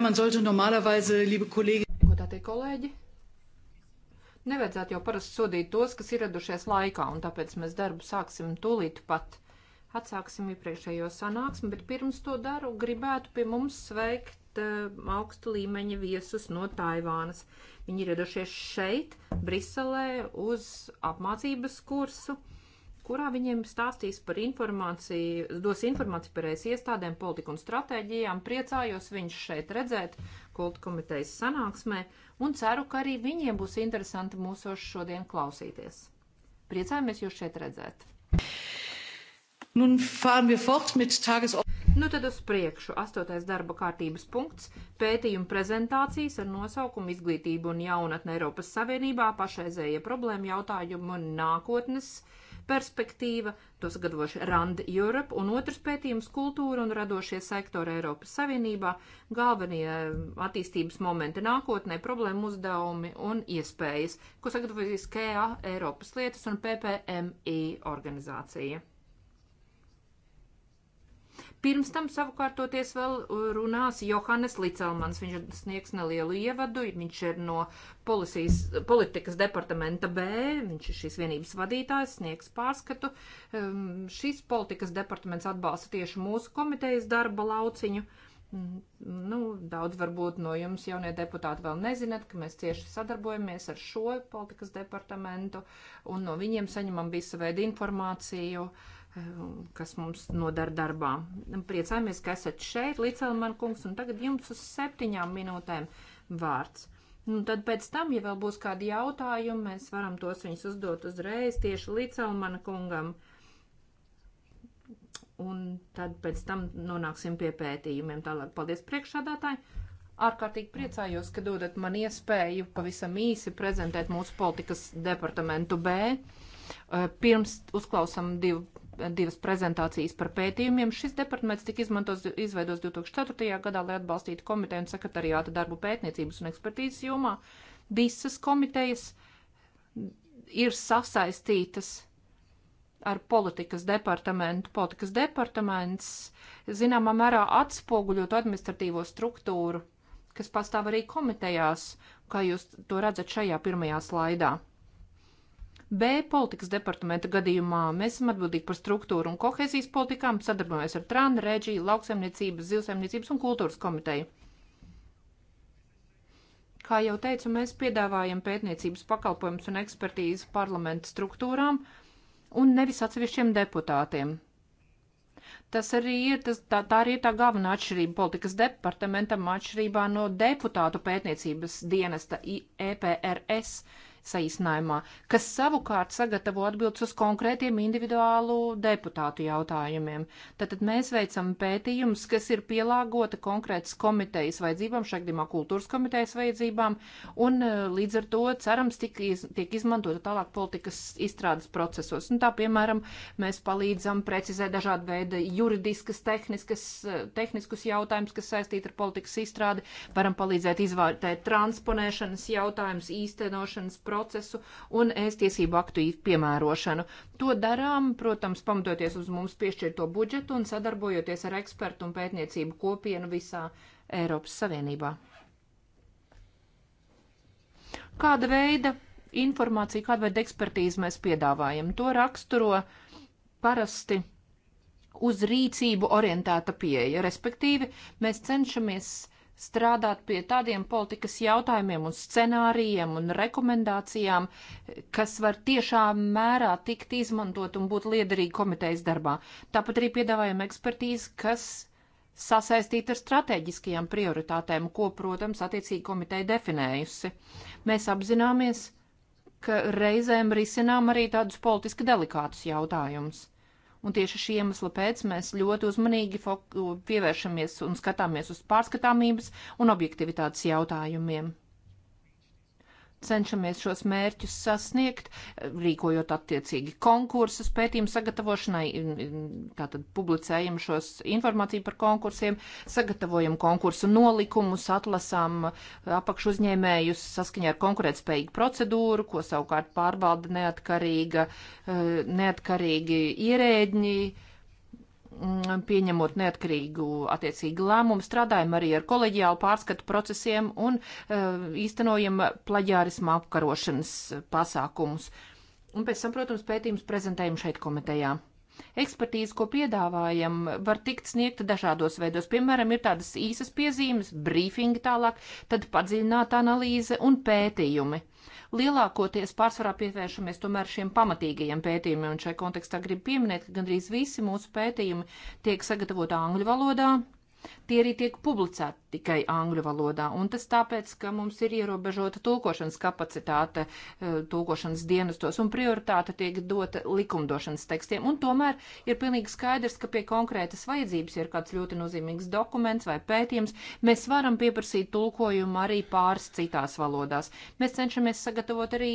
Man sollte normalerweise, liebe kolēģi, godātie kolēģi, nevajadzētu jau parasti sodīt tos, kas ir ieradušies laikā, un tāpēc mēs darbu sāksim tūlīt pat. Atsāksim iepriekšējo sanāksmi, bet pirms to daru gribētu pie mums sveikt uh, augstu līmeņa viesus no Taivānas. Viņi ir ieradušies šeit, Briselē, uz apmācības kursu. Uh, kurā viņiem stāstīs par informāciju, dos informāciju par es iestādēm, politiku un stratēģijām. Priecājos viņus šeit redzēt kultu komitejas sanāksmē un ceru, ka arī viņiem būs interesanti mūsos šodien klausīties. Priecājamies jūs šeit redzēt. Nun fahren wir fort mit Tagesordnung. Nu tad uz priekšu. Astotais darba kārtības punkts - pētījuma prezentācijas ar nosaukumu Izglītība un jaunatne Eiropas Savienībā - pašreizējie problēma jautājumi un nākotnes perspektīva, to sagatavojuši Rand Europe, un otrs pētījums - kultūra un radošie sektori Eiropas Savienībā, galvenie eh, attīstības momenti nākotnē, problēmu uzdevumi un iespējas, ko sagatavojas KA Eiropas lietas un PPMI organizācija. Pirms tam savukārtoties vēl uh, runās Johannes Licelmans. Viņš sniegs nelielu ievadu, viņš ir no policijas, politikas departamenta B, viņš ir šīs vienības vadītājs, sniegs pārskatu. Um, šis politikas departaments atbalsta tieši mūsu komitejas darba lauciņu. Mm, nu, daudz varbūt no jums jaunie deputāti vēl nezinat, ka mēs cieši sadarbojamies ar šo politikas departamentu un no viņiem saņemam visu veidu informāciju. Uh, kas mums nodara darbā. Priecājamies, ka esat šeit, Līcelman kungs, un tagad jums uz septiņām minūtēm vārds. Un nu, tad pēc tam, ja vēl būs kādi jautājumi, mēs varam tos viņus uzdot uzreiz tieši Līcelman kungam. Un tad pēc tam nonāksim pie pētījumiem tālāk. Paldies priekšādātāji! Ārkārtīgi priecājos, ka dodat man iespēju pavisam īsi prezentēt mūsu politikas departamentu B. Pirms uzklausam divu divas prezentācijas par pētījumiem. Šis departaments tika izmantos, izveidos 2004. gadā, lai atbalstītu komiteju un sekretariāta darbu pētniecības un ekspertīzes jomā. Visas komitejas ir sasaistītas ar politikas departamentu. Politikas departaments, zināmā mērā, atspoguļo to administratīvo struktūru, kas pastāv arī komitejās, kā jūs to redzat šajā pirmajā slaidā. B politikas departamenta gadījumā mēs esam atbildīgi par struktūru un kohezijas politikām, sadarbojamies ar Trānu, Rēģiju, lauksaimniecības, zilsaimniecības un kultūras komiteju. Kā jau teicu, mēs piedāvājam pētniecības pakalpojumus un ekspertīzi parlamenta struktūrām un nevis atsevišķiem deputātiem. Tas arī ir tas, tā, tā arī ir tā galvenā atšķirība politikas departamentam atšķirībā no deputātu pētniecības dienesta EPRS, saīsinājumā, kas savukārt sagatavo atbildes uz konkrētiem individuālu deputātu jautājumiem. Tātad mēs veicam pētījumus, kas ir pielāgota konkrētas komitejas vajadzībām, šajā gadījumā kultūras komitejas vajadzībām, un eh, līdz ar to cerams tik, iz, tiek izmantota tālāk politikas izstrādes procesos. Un tā, piemēram, mēs palīdzam precizēt dažādu veidu juridiskas, tehniskas, eh, tehniskus jautājumus, kas saistīti ar politikas izstrādi, varam palīdzēt izvērtēt transponēšanas jautājumus, īstenošanas procesu un ēst tiesību aktu piemērošanu. To darām, protams, pamatoties uz mums piešķirto budžetu un sadarbojoties ar ekspertu un pētniecību kopienu visā Eiropas Savienībā. Kāda veida informācija, kāda veida ekspertīzi mēs piedāvājam? To raksturo parasti uz rīcību orientēta pieeja, respektīvi mēs cenšamies uh, strādāt pie tādiem politikas jautājumiem un scenārijiem un rekomendācijām, kas var tiešā mērā tikt izmantot un būt liederīgi komitejas darbā. Tāpat arī piedāvājam ekspertīzi, kas sasaistīta ar strateģiskajām prioritātēm, ko, protams, attiecīgi komiteja definējusi. Mēs apzināmies, ka reizēm risinām arī tādus politiski delikātus jautājumus Un tieši šī iemesla pēc mēs ļoti uzmanīgi pievēršamies un skatāmies uz pārskatāmības un objektivitātes jautājumiem cenšamies šos mērķus sasniegt, rīkojot attiecīgi konkursus pētījumu sagatavošanai, tātad publicējam šos informāciju par konkursiem, sagatavojam konkursu nolikumus, atlasām apakšu uzņēmējus saskaņā ar konkurētspējīgu procedūru, ko savukārt pārvalda neatkarīga, eh, neatkarīgi ierēģi Mm, pieņemot neatkarīgu attiecīgu lēmumu, strādājam arī ar koleģiālu pārskatu procesiem un eh, īstenojam plaģārismu apkarošanas pasākumus. Un pēc tam, protams, pētījums prezentējam šeit komitejā. Ekspertīze, ko piedāvājam, var tikt sniegta dažādos veidos. Piemēram, ir tādas īsas piezīmes, brīfingi tālāk, tad padziļināta analīze un pētījumi lielākoties pārsvarā pievēršamies tomēr šiem pamatīgajiem pētījumiem, un šai kontekstā gribu pieminēt, ka gandrīz visi mūsu pētījumi tiek sagatavoti angļu valodā, tie arī tiek publicēti tikai angļu valodā. Un tas tāpēc, ka mums ir ierobežota tulkošanas kapacitāte eh, tulkošanas dienestos un prioritāte tiek dota likumdošanas tekstiem. Un tomēr ir pilnīgi skaidrs, ka pie konkrētas vajadzības ir kāds ļoti nozīmīgs dokuments vai pētījums. Mēs varam pieprasīt tulkojumu arī pāris citās valodās. Mēs cenšamies sagatavot arī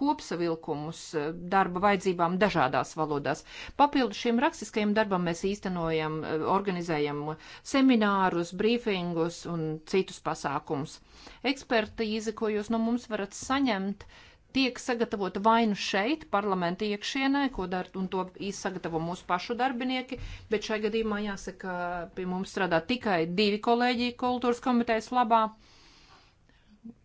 kopsavilkumus eh, darba vajadzībām dažādās valodās. Papildus šiem rakstiskajiem darbam mēs īstenojam, eh, organizējam seminārus seminārus, brīfingus un citus pasākumus. Ekspertīze, ko jūs no mums varat saņemt, tiek sagatavota vainu šeit, parlamenta iekšienē, ko dar, un to sagatavo mūsu pašu darbinieki, bet šajā gadījumā jāsaka, pie mums strādā tikai divi kolēģi kultūras komitejas labā. Uh,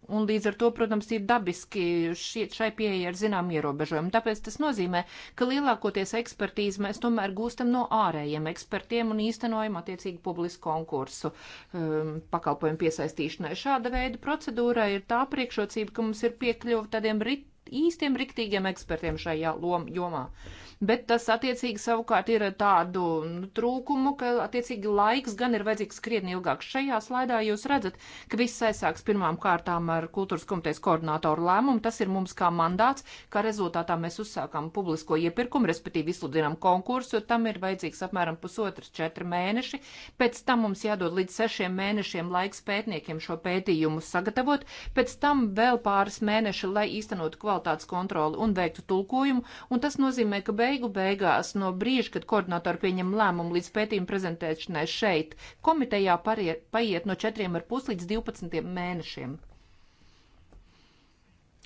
Un līdz ar to, protams, ir dabiski šie, šai pieeja ar zinām ierobežojumu. Tāpēc tas nozīmē, ka lielākoties ekspertīzi mēs tomēr gūstam no ārējiem ekspertiem un īstenojam attiecīgi publisku konkursu um, pakalpojumu piesaistīšanai. Šāda veida procedūra ir tā priekšrocība, ka mums ir piekļuva tādiem rit, īstiem, riktīgiem ekspertiem šajā lom, jomā. Uh, bet tas attiecīgi savukārt ir tādu nu, trūkumu, ka attiecīgi laiks gan ir vajadzīgs krietni ilgāks. Šajā slaidā jūs redzat, ka viss aizsāks pirmām kārtām ar kultūras komitejas koordinātoru lēmumu. Tas ir mums kā mandāts, kā rezultātā mēs uzsākām publisko iepirkumu, respektīvi izsludinām konkursu, tam ir vajadzīgs apmēram pusotras četri mēneši. Pēc tam mums jādod līdz sešiem mēnešiem laiks pētniekiem šo pētījumu sagatavot, pēc tam vēl pāris mēneši, lai īstenotu kvalitātes kontroli un veiktu tulkojumu, un tas nozīmē, ka beigās beigu beigās, no brīža, kad koordinatori pieņem lēmumu līdz pētījuma prezentēšanai šeit, komitejā pariet, paiet no 4,5 līdz 12 mēnešiem.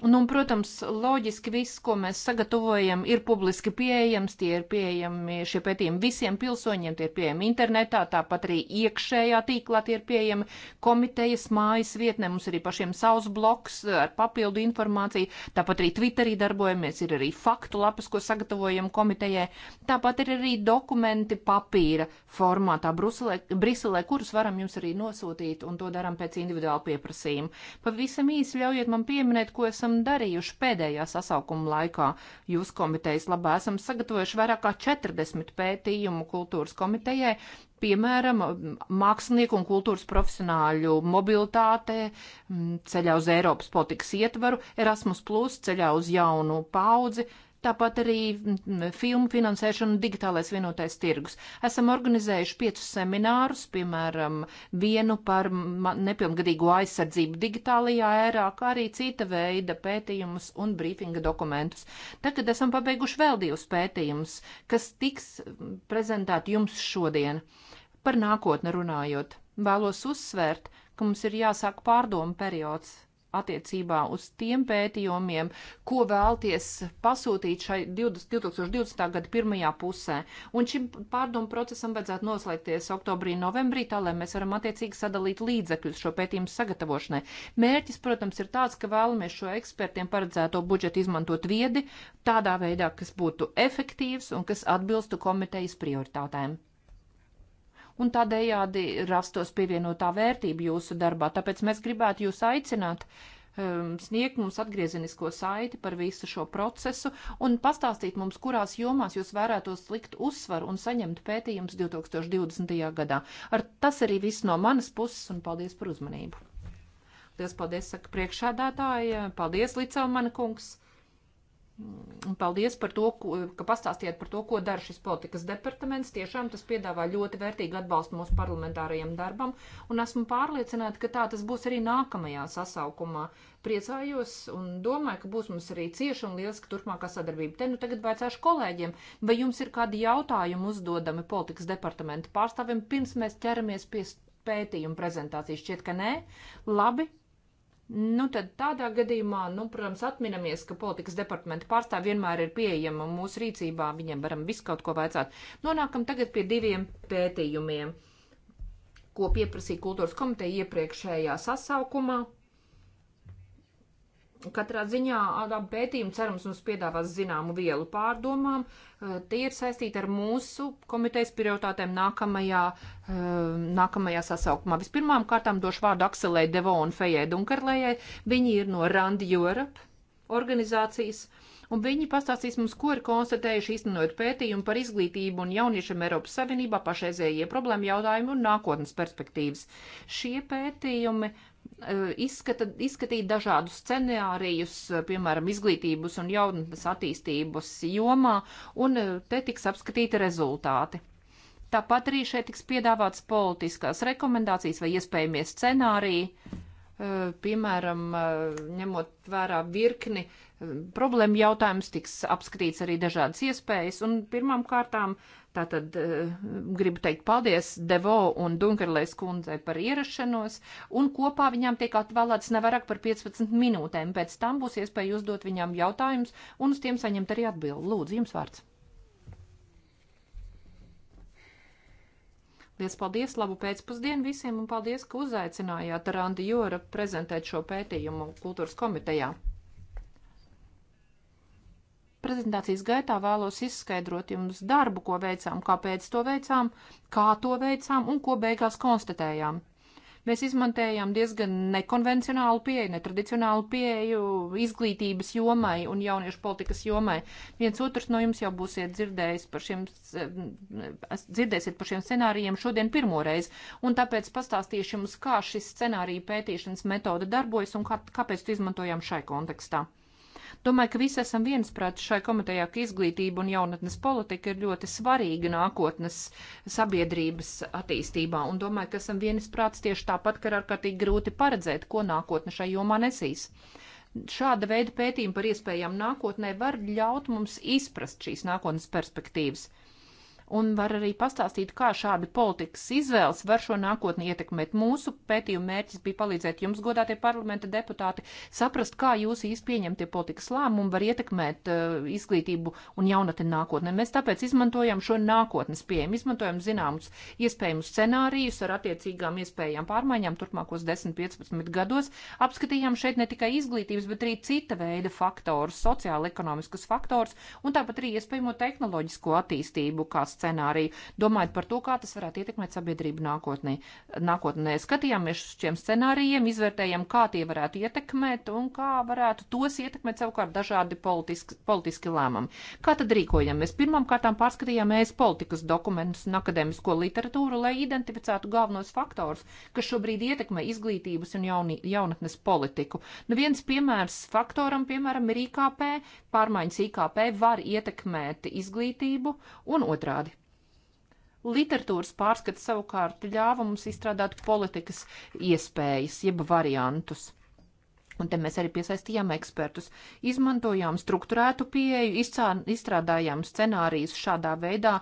Nu, un, protams, loģiski viss, ko mēs sagatavojam, ir publiski pieejams, tie ir pieejami šie pētījumi visiem pilsoņiem, tie ir pieejami internetā, tāpat arī iekšējā tīklā tie ir pieejami komitejas mājas vietnē, mums arī pašiem savs bloks ar papildu informāciju, tāpat arī Twitterī darbojamies, ir arī faktu lapas, ko sagatavojam komitejai, tāpat ir arī dokumenti papīra formātā Bruselē, Briselē, kurus varam jums arī nosūtīt, un to darām pēc individuāla pieprasījuma. Pavisam īsi ļaujiet man pieminēt, ko esam esam darījuši pēdējā sasaukuma laikā. Jūs komitejas labā esam sagatavojuši vairāk kā 40 pētījumu kultūras komitejai, piemēram, mākslinieku un kultūras profesionāļu mobilitāte, mm, ceļā uz Eiropas politikas ietvaru, Erasmus, ceļā uz jaunu paudzi. Tāpat arī mm, filmu finansēšana un digitālais vienotais tirgus. Esam organizējuši piecus seminārus, piemēram, vienu par nepilngadīgo aizsardzību digitālajā ērā, kā arī cita veida pētījumus un brīfinga dokumentus. Tagad esam pabeiguši vēl divus pētījumus, kas tiks mm, prezentēti jums šodien. Par nākotni runājot, vēlos uzsvērt, ka mums ir jāsāk pārdomu periods attiecībā uz tiem pētījumiem, ko vēlties pasūtīt šai 20, 2020. gada pirmajā pusē. Un šim pārdomu procesam vajadzētu noslēgties oktobrī, novembrī, tā lai mēs varam attiecīgi sadalīt līdzekļus šo pētījumu sagatavošanai. Mērķis, protams, ir tāds, ka vēlamies šo ekspertiem paredzēto budžetu izmantot viedi, tādā veidā, kas būtu efektīvs un kas atbilstu komitejas prioritātēm un tādējādi rastos pievienotā vērtība jūsu darbā. Tāpēc mēs gribētu jūs aicināt um, sniegt mums atgriezenisko saiti par visu šo procesu un pastāstīt mums, kurās jomās jūs vērētos likt uzsvaru un saņemt pētījumus 2020. gadā. Ar tas arī viss no manas puses un paldies par uzmanību. Lielas paldies, saka priekšādātāja. Paldies, Licau, mana kungs. Un paldies par to, ko, ka pastāstījāt par to, ko dara šis politikas departaments. Tiešām tas piedāvā ļoti vērtīgu atbalstu mūsu parlamentārajam darbam, un esmu pārliecināta, ka tā tas būs arī nākamajā sasaukumā. Priecājos un domāju, ka būs mums arī cieša un lieliska turpmākā sadarbība. Te nu tagad vajadzēšu kolēģiem, vai jums ir kādi jautājumi uzdodami politikas departamenta pārstāvim, pirms mēs ķeramies pie pētījuma prezentācijas. Šķiet, ka nē. Labi, Nu, tad tādā gadījumā, nu, protams, atminamies, ka politikas departamenta pārstāvja vienmēr ir pieejama mūsu rīcībā, viņiem varam visu kaut ko vajadzāt. Nonākam tagad pie diviem pētījumiem, ko pieprasīja kultūras komiteja iepriekšējā sasaukumā. Katrā ziņā abi pētījumi cerams mums piedāvās zināmu vielu pārdomām. Tie ir saistīti ar mūsu komitejas prioritātēm nākamajā, nākamajā sasaukumā. Vispirmām kārtām došu vārdu Akselē Devo un Fejē Dunkarlējai. Viņi ir no Rand Europe organizācijas un viņi pastāstīs mums, ko ir konstatējuši īstenojot pētījumu par izglītību un jauniešiem Eiropas Savienībā pašreizējie problēma jautājumi un nākotnes perspektīvas. Šie pētījumi Eh, izskata, izskatīt dažādus scenārijus, eh, piemēram, izglītības un jaunatnes attīstības jomā, un eh, te tiks apskatīti rezultāti. Tāpat arī šeit tiks piedāvāts politiskās rekomendācijas vai iespējamie scenāriji, piemēram, ņemot vērā virkni problēma jautājums, tiks apskatīts arī dažādas iespējas. Un pirmām kārtām tātad eh, gribu teikt paldies Devo un Dunkerlēs kundzei par ierašanos, un kopā viņām tiek atvēlēts nevairāk par 15 minūtēm. Pēc tam būs iespēja uzdot viņām jautājumus un uz tiem saņemt arī atbildi. Lūdzu, jums vārds. Liels paldies, labu pēcpusdienu visiem un paldies, ka uzaicinājāt Randi Jora prezentēt šo pētījumu kultūras komitejā. Prezentācijas gaitā vēlos izskaidrot jums darbu, ko veicām, kāpēc to veicām, kā to veicām un ko beigās konstatējām. Mēs izmantojām diezgan nekonvencionālu pieeju, netradicionālu pieeju izglītības jomai un jauniešu politikas jomai. Viens otrs no jums jau būsiet dzirdējis par šiem, eh, dzirdēsiet par šiem scenārijiem šodien pirmoreiz, un tāpēc pastāstīšu jums, kā šis scenārija pētīšanas metoda darbojas un kā, kāpēc to izmantojām šai kontekstā. Domāju, ka visi esam viensprāti šai komitejā, ka izglītība un jaunatnes politika ir ļoti svarīga nākotnes sabiedrības attīstībā, un domāju, ka esam viensprāts tieši tāpat, ka ir ārkārtīgi grūti paredzēt, ko nākotne šai jomā nesīs šāda veida pētījumi par iespējām nākotnē var ļaut mums izprast šīs nākotnes perspektīvas un var arī pastāstīt, kā šāda politikas izvēles var šo nākotni ietekmēt. Mūsu pētījuma mērķis bija palīdzēt jums, godātie parlamenta deputāti, saprast, kā jūs īsti pieņemtie politikas lēmumi var ietekmēt uh, izglītību un jaunatni nākotnē. Mēs tāpēc izmantojam šo nākotnes pieejamu, izmantojam zināmus iespējamus scenārijus ar attiecīgām iespējām pārmaiņām turpmākos 10-15 gados. Apskatījām šeit ne tikai izglītības, bet arī cita veida faktorus, sociāla ekonomiskus faktorus un tāpat arī iespējamo tehnoloģisko attīstību, kas scenāriju, domājot par to, kā tas varētu ietekmēt sabiedrību nākotnē. nākotnē. Skatījāmies uz šiem scenārijiem, izvērtējām, kā tie varētu ietekmēt un kā varētu tos ietekmēt savukārt dažādi politiski, politiski lēmumi. Kā tad rīkojamies? Pirmām kārtām pārskatījām mēs politikas dokumentus un akadēmisko literatūru, lai identificētu galvenos faktors, kas šobrīd ietekmē izglītības un jauni, jaunatnes politiku. Nu, viens piemērs faktoram, piemēram, ir IKP. Pārmaiņas IKP var ietekmēt izglītību un otrādi. Literatūras pārskats savukārt ļāva mums izstrādāt politikas iespējas, jeb variantus. Un te mēs arī piesaistījām ekspertus, izmantojām struktūrētu pieeju, izcā, izstrādājām scenārijus šādā veidā,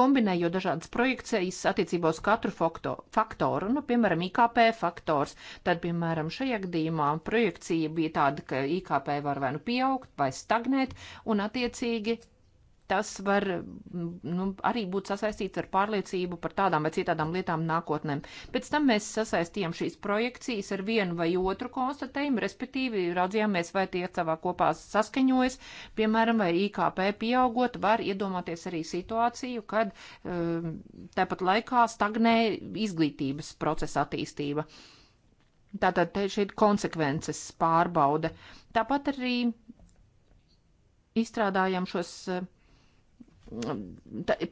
kombinējot dažādas projekcijas attiecībā uz katru fakto, faktoru, nu, piemēram, IKP faktors. Tad, piemēram, šajā gadījumā projekcija bija tāda, ka IKP var vai nu pieaugt, vai stagnēt, un attiecīgi tas var mm, nu, arī būt sasaistīts ar pārliecību par tādām vai citām lietām nākotnē. Pēc tam mēs sasaistījām šīs projekcijas ar vienu vai otru konstatējumu, respektīvi raudzījāmies, vai tie savā kopā saskaņojas, piemēram, vai IKP pieaugot, var iedomāties arī situāciju, kad um, tāpat laikā stagnē izglītības procesa attīstība. Tātad šeit konsekvences pārbauda. Tāpat arī izstrādājam šos uh,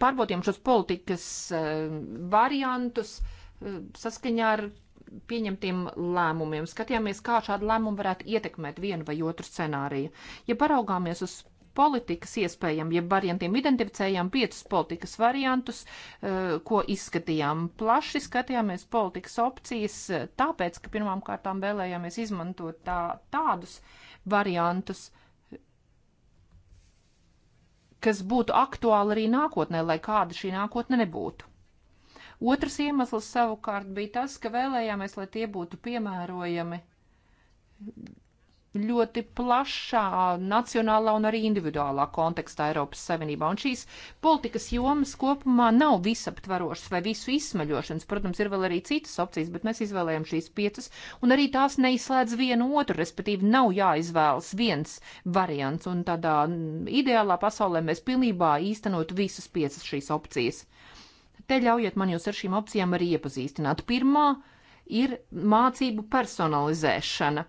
pārbaudījām šos politikas eh, variantus eh, saskaņā ar pieņemtiem lēmumiem. Skatījāmies, kā šādi lēmumi varētu ietekmēt vienu vai otru scenāriju. Ja paraugāmies uz politikas iespējām, jeb variantiem identificējām piecus politikas variantus, eh, ko izskatījām. Plaši skatījāmies politikas opcijas, tāpēc, ka pirmām kārtām vēlējāmies izmantot tā, tādus variantus, uh, kas būtu aktuāli arī nākotnē, lai kāda šī nākotne nebūtu. Otrs iemesls savukārt bija tas, ka vēlējāmies, lai tie būtu piemērojami ļoti plašā nacionālā un arī individuālā kontekstā Eiropas Savienībā. Un šīs politikas jomas kopumā nav visaptvarošas vai visu izsmaļošanas. Protams, ir vēl arī citas opcijas, bet mēs izvēlējam šīs piecas, un arī tās neizslēdz vienu otru, respektīvi nav jāizvēlas viens variants, un tādā ideālā pasaulē mēs pilnībā īstenot visas piecas šīs opcijas. Te ļaujiet man jūs ar šīm opcijām arī iepazīstināt. Pirmā ir mācību personalizēšana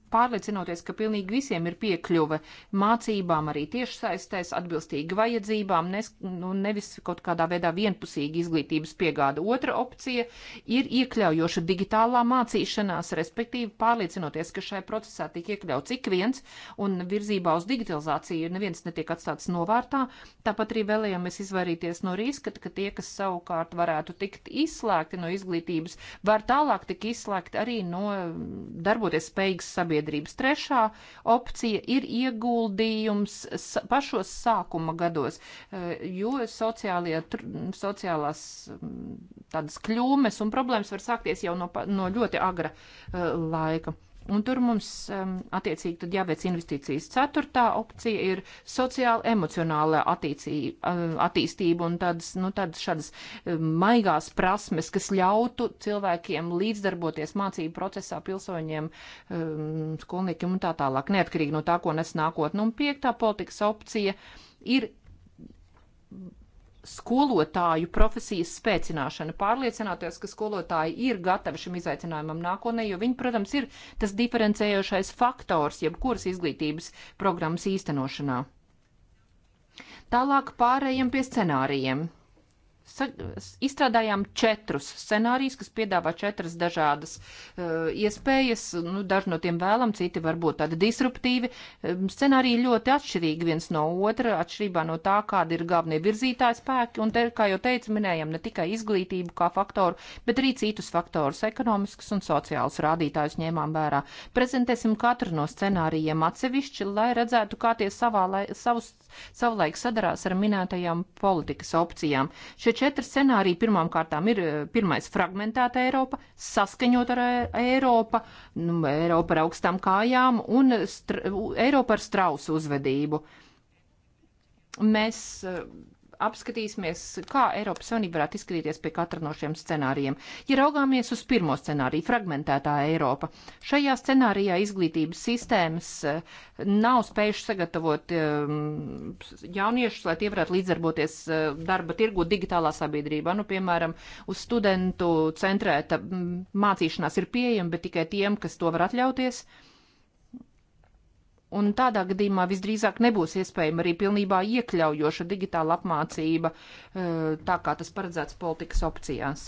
pārliecinoties, ka pilnīgi visiem ir piekļuve mācībām, arī tiešsaistēs, atbilstīgi vajadzībām, nes, nu, nevis kaut kādā veidā vienpusīgi izglītības piegāda. Otra opcija ir iekļaujoša digitālā mācīšanās, respektīvi pārliecinoties, ka šai procesā tiek iekļauts ik viens un virzībā uz digitalizāciju neviens netiek atstāts novārtā. Tāpat arī vēlējāmies izvairīties no riska, ka tie, kas savukārt varētu tikt izslēgti no izglītības, var tālāk tik izslēgti arī no darboties spējīgas sabiedrības sabiedrības. Trešā opcija ir ieguldījums pašos sākuma gados, eh, jo sociālie, sociālās mm, tādas kļūmes un problēmas var sākties jau no, no ļoti agra eh, laika. Un tur mums um, attiecīgi tad jāveic investīcijas. Ceturtā opcija ir sociāla emocionāla attīstība un tādas, nu, tādas šādas maigās prasmes, kas ļautu cilvēkiem līdzdarboties mācību procesā, pilsoņiem, um, skolniekiem un tā tālāk, neatkarīgi no tā, ko nes nākotnē. Nu, un piektā politikas opcija ir skolotāju profesijas spēcināšana, pārliecināties, ka skolotāji ir gatavi šim izaicinājumam nākotnē, jo viņi, protams, ir tas diferencējošais faktors jebkuras izglītības programmas īstenošanā. Tālāk pārējiem pie scenārijiem sa, izstrādājām četrus scenārijus, kas piedāvā četras dažādas uh, iespējas. Nu, daži no tiem vēlam, citi varbūt tādi disruptīvi. Um, scenāriji ļoti atšķirīgi viens no otra, atšķirībā no tā, kāda ir galvenie virzītāji spēki. Un te, kā jau teicu, minējam ne tikai izglītību kā faktoru, bet arī citus faktorus - ekonomiskus un sociālus rādītājus ņēmām vērā. Prezentēsim katru no scenārijiem atsevišķi, lai redzētu, kā tie savā, lai, savus savulaik sadarās ar minētajām politikas opcijām. Šie četri scenāriji pirmām kārtām ir eh, pirmais fragmentēta Eiropa, saskaņot ar Eiropa, nu, Eiropa ar augstām kājām un Eiropa ar strausu uzvedību. Mēs eh, apskatīsimies, kā Eiropas Savienība varētu izskatīties pie katra no šiem scenārijiem. Ja raugāmies uz pirmo scenāriju, fragmentētā Eiropa, šajā scenārijā izglītības sistēmas eh, nav spējušas sagatavot ehm, jauniešus, lai tie varētu līdzdarboties eh, darba tirgu digitālā sabiedrībā. Nu, piemēram, uz studentu centrēta mācīšanās ir pieejama, bet tikai tiem, kas to var atļauties. Un tādā gadījumā visdrīzāk nebūs iespējama arī pilnībā iekļaujoša digitāla apmācība, eh, tā kā tas paredzēts politikas opcijās.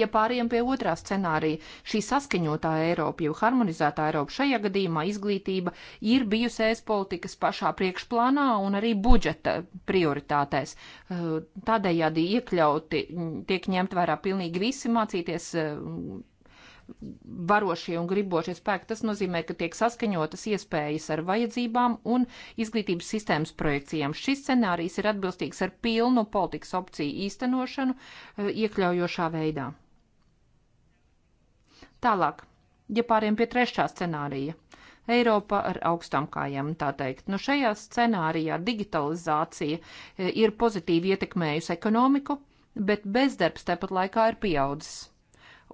Ja pāriem pie otrā scenārija, šī saskaņotā Eiropa, jau harmonizētā Eiropa, šajā gadījumā izglītība ir bijusi ēst politikas pašā priekšplānā un arī budžeta prioritātēs. Eh, tādējādi iekļauti tiek ņemt vērā pilnīgi visi mācīties eh, varošie un gribošie spēki. Tas nozīmē, ka tiek saskaņotas iespējas ar vajadzībām un izglītības sistēmas projekcijām. Šis scenārijs ir atbilstīgs ar pilnu politikas opciju īstenošanu eh, iekļaujošā veidā. Tālāk, ja pāriem pie trešā scenārija. Eiropa ar augstām kājām, tā teikt. Nu, šajā scenārijā digitalizācija eh, ir pozitīvi ietekmējusi ekonomiku, bet bezdarbs tepat laikā ir pieaudzis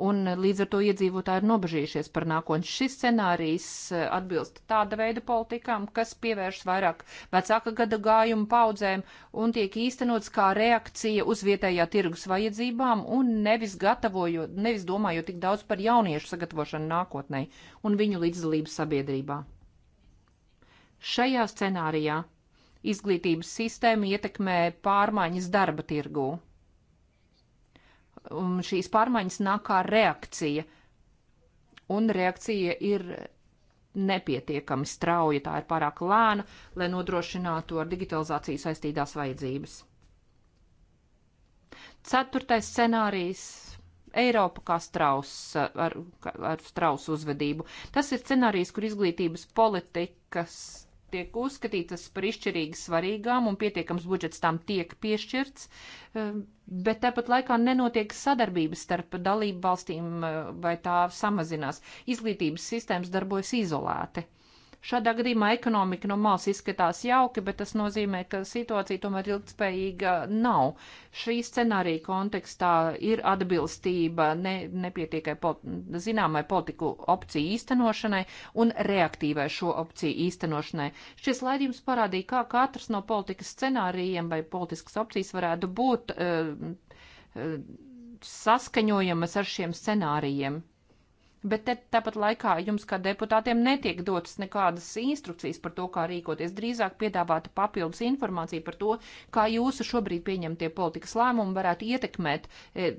un līdz ar to iedzīvotāji ir nobežījušies par nākotni. Šis scenārijs eh, atbilst tāda veida politikām, kas pievērš vairāk vecāka gada gājuma paudzēm un tiek īstenots kā reakcija uz vietējā tirgus vajadzībām un nevis gatavojot, nevis domājot tik daudz par jauniešu sagatavošanu nākotnē un viņu līdzdalību sabiedrībā. Šajā scenārijā izglītības sistēma ietekmē pārmaiņas darba tirgū un šīs pārmaiņas nāk kā reakcija. Un reakcija ir nepietiekami strauja, tā ir pārāk lēna, lai nodrošinātu ar digitalizāciju saistītās vajadzības. Ceturtais scenārijs Eiropa kā strauss, ar, ar strausu uzvedību. Tas ir scenārijs, kur izglītības politikas tiek uzskatītas par izšķirīgi svarīgām un pietiekams budžets tām tiek piešķirts, eh, bet tāpat laikā nenotiek sadarbības starp dalību valstīm eh, vai tā samazinās. Izglītības sistēmas darbojas izolēti. Šādā gadījumā ekonomika no malas izskatās jauki, bet tas nozīmē, ka situācija tomēr ilgspējīga nav. Šī scenārija kontekstā ir atbilstība ne, nepietiekai pol zināmai politiku opciju īstenošanai un reaktīvai šo opciju īstenošanai. Šis laidījums parādīja, kā katrs no politikas scenārijiem vai politiskas opcijas varētu būt uh, uh, saskaņojamas ar šiem scenārijiem bet te, tāpat laikā jums kā deputātiem netiek dotas nekādas instrukcijas par to, kā rīkoties. Drīzāk piedāvāta papildus informācija par to, kā jūsu šobrīd pieņemtie politikas lēmumi varētu ietekmēt e,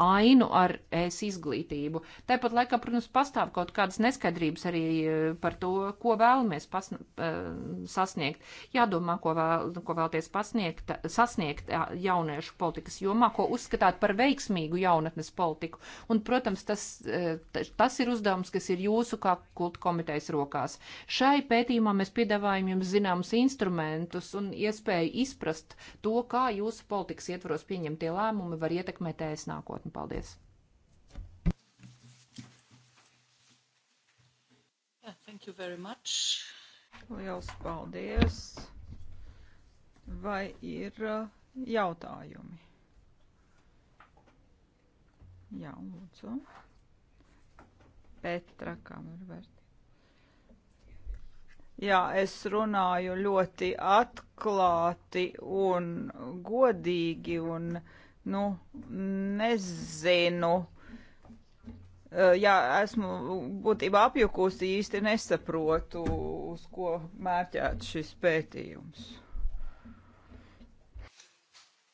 ainu ar es izglītību. Tāpat laikā, protams, pastāv kaut kādas neskaidrības arī e, par to, ko vēlamies pasn... E, sasniegt. Jādomā, ko, vēl, ko vēlties pasniegt, sasniegt jauniešu politikas jomā, ko uzskatāt par veiksmīgu jaunatnes politiku. Un, protams, tas, e, tas ir uzdevums, kas ir jūsu kā kulta komitejas rokās. Šai pētījumā mēs piedāvājam jums zināmus instrumentus un iespēju izprast to, kā jūsu politikas ietvaros pieņemtie lēmumi var ietekmēt ēs nākotnē. Paldies! Thank you very much. Liels paldies! Vai ir uh, jautājumi? Jā, lūdzu. Petra, kam ir vērtīgi? Jā, es runāju ļoti atklāti un godīgi un uh, Nu, nezinu. Eh, jā, esmu būtībā apjukusi īsti nesaprotu, uz ko mērķēts šis pētījums.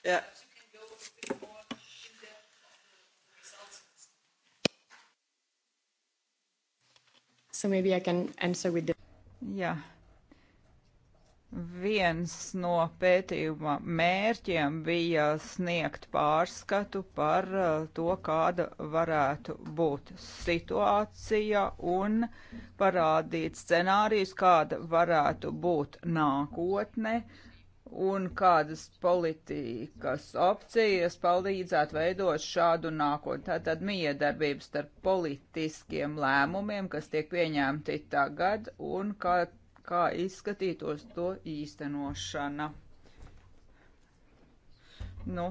Jā. So maybe I can answer with the... Jā. Yeah. Viens no pētījuma mērķiem bija sniegt pārskatu par uh, to, kāda varētu būt situācija un parādīt scenārijus, kāda varētu būt nākotne un kādas politikas opcijas palīdzētu veidot šādu nākotni. Tātad miedarbības starp politiskiem lēmumiem, kas tiek pieņemti tagad un kā kā izskatītos to īstenošana. Nu,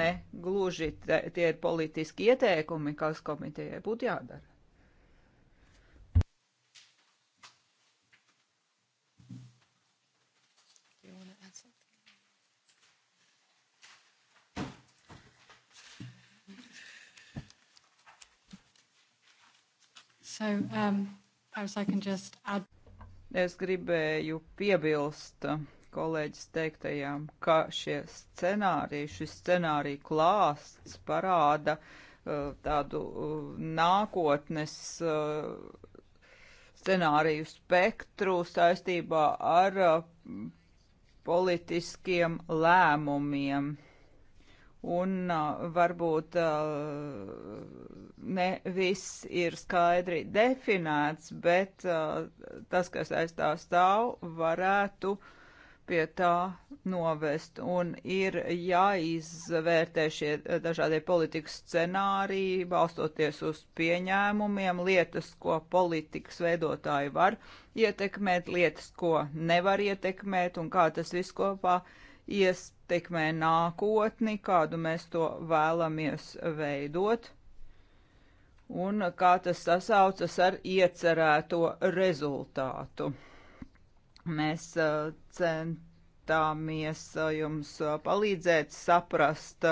ne, gluži te, tie ir politiski ieteikumi, kas komitejai būtu jādara. So um, perhaps I can just add. Es gribēju piebilst kolēģis teiktajām, ka šie scenāriji, šis scenārija klāsts parāda uh, tādu uh, nākotnes uh, scenāriju spektru saistībā ar uh, politiskiem lēmumiem un varbūt ne viss ir skaidri definēts, bet tas, kas aiz tā stāv, varētu pie tā novest. Un ir jāizvērtē šie dažādie politikas scenāriji, balstoties uz pieņēmumiem, lietas, ko politikas veidotāji var ietekmēt, lietas, ko nevar ietekmēt, un kā tas viss kopā uh, ietekmē nākotni, kādu mēs to vēlamies veidot, un kā tas sasaucas ar iecerēto rezultātu. Mēs uh, centāmies uh, jums uh, palīdzēt saprast,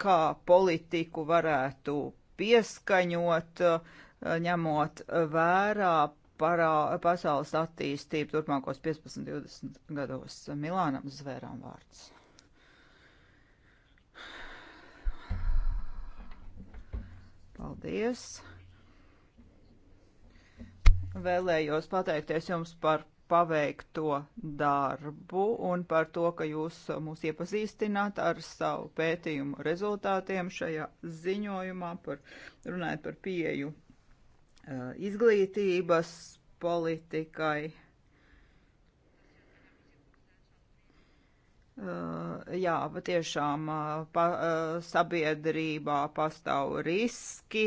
kā politiku varētu pieskaņot, ņemot vērā parā, pasaules attīstību turpmākos 15-20 gados. Milānam zvērām vārds. Paldies! Vēlējos pateikties jums par paveikto darbu un par to, ka jūs mūs iepazīstināt ar savu pētījumu rezultātiem šajā ziņojumā par runājot par pieju Eh, izglītības politikai. Eh, jā, patiešām eh, pa, sabiedrībā pastāv riski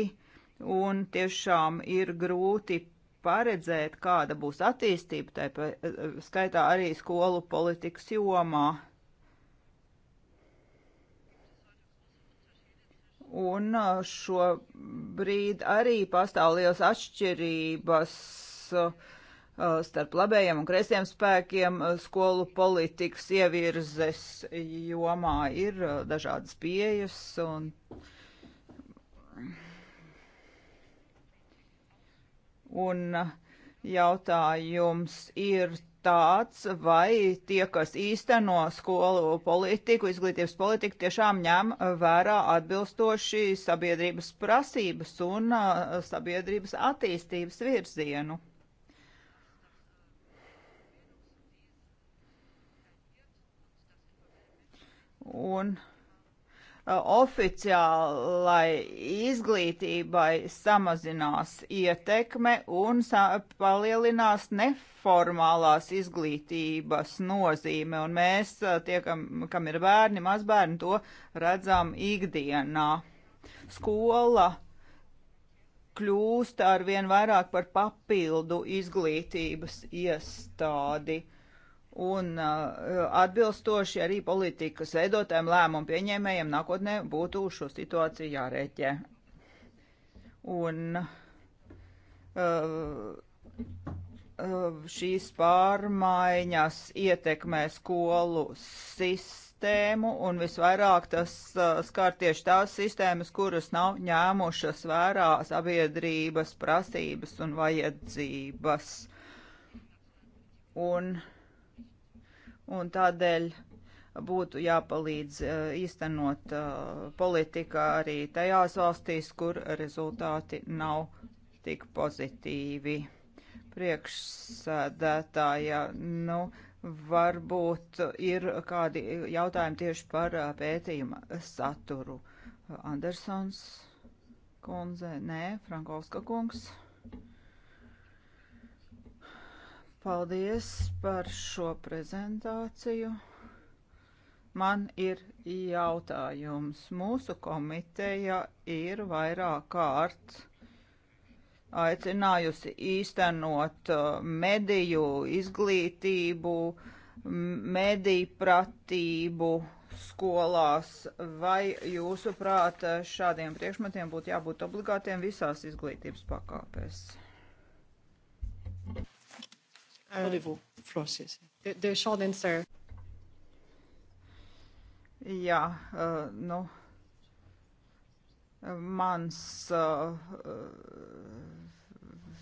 un tiešām ir grūti paredzēt, kāda būs attīstība, tai skaitā arī skolu politikas jomā. Un šo šobrīd arī pastāv liels atšķirības uh, starp labējiem un kreisiem spēkiem uh, skolu politikas ievirzes jomā ir uh, dažādas pieejas un. Un jautājums ir tāds, vai tie, kas īsteno skolu politiku, izglītības politiku, tiešām ņem vērā atbilstoši sabiedrības prasības un uh, sabiedrības attīstības virzienu. Un Uh, oficiālai izglītībai samazinās ietekme un sa palielinās neformālās izglītības nozīme, un mēs uh, tie, kam, kam ir bērni, mazbērni, to redzam ikdienā. Skola kļūst ar vien vairāk par papildu izglītības iestādi. Uh, un uh, atbilstoši arī politikas veidotājiem lēmumu pieņēmējiem nākotnē būtu uz šo situāciju jārēķē. Un uh, uh, šīs pārmaiņas ietekmē skolu sistēmu un visvairāk tas uh, skar tieši tās sistēmas, kuras nav ņēmušas vērā sabiedrības prasības un vajadzības. Un uh, un tādēļ būtu jāpalīdz eh, īstenot eh, politikā arī tajās valstīs, kur rezultāti nav tik pozitīvi. Priekšsēdētāja, nu, varbūt ir kādi jautājumi tieši par eh, pētījuma saturu. Andersons kundze, nē, Frankovska kungs. Paldies par šo prezentāciju. Man ir jautājums. Mūsu komiteja ir vairāk kārt aicinājusi īstenot uh, mediju izglītību, mediju pratību skolās. Vai jūsuprāt uh, šādiem priekšmetiem būtu jābūt obligātiem visās izglītības pakāpēs? Avez-vous, euh, Florsies? The short answer. Jā, uh, nu, mans uh,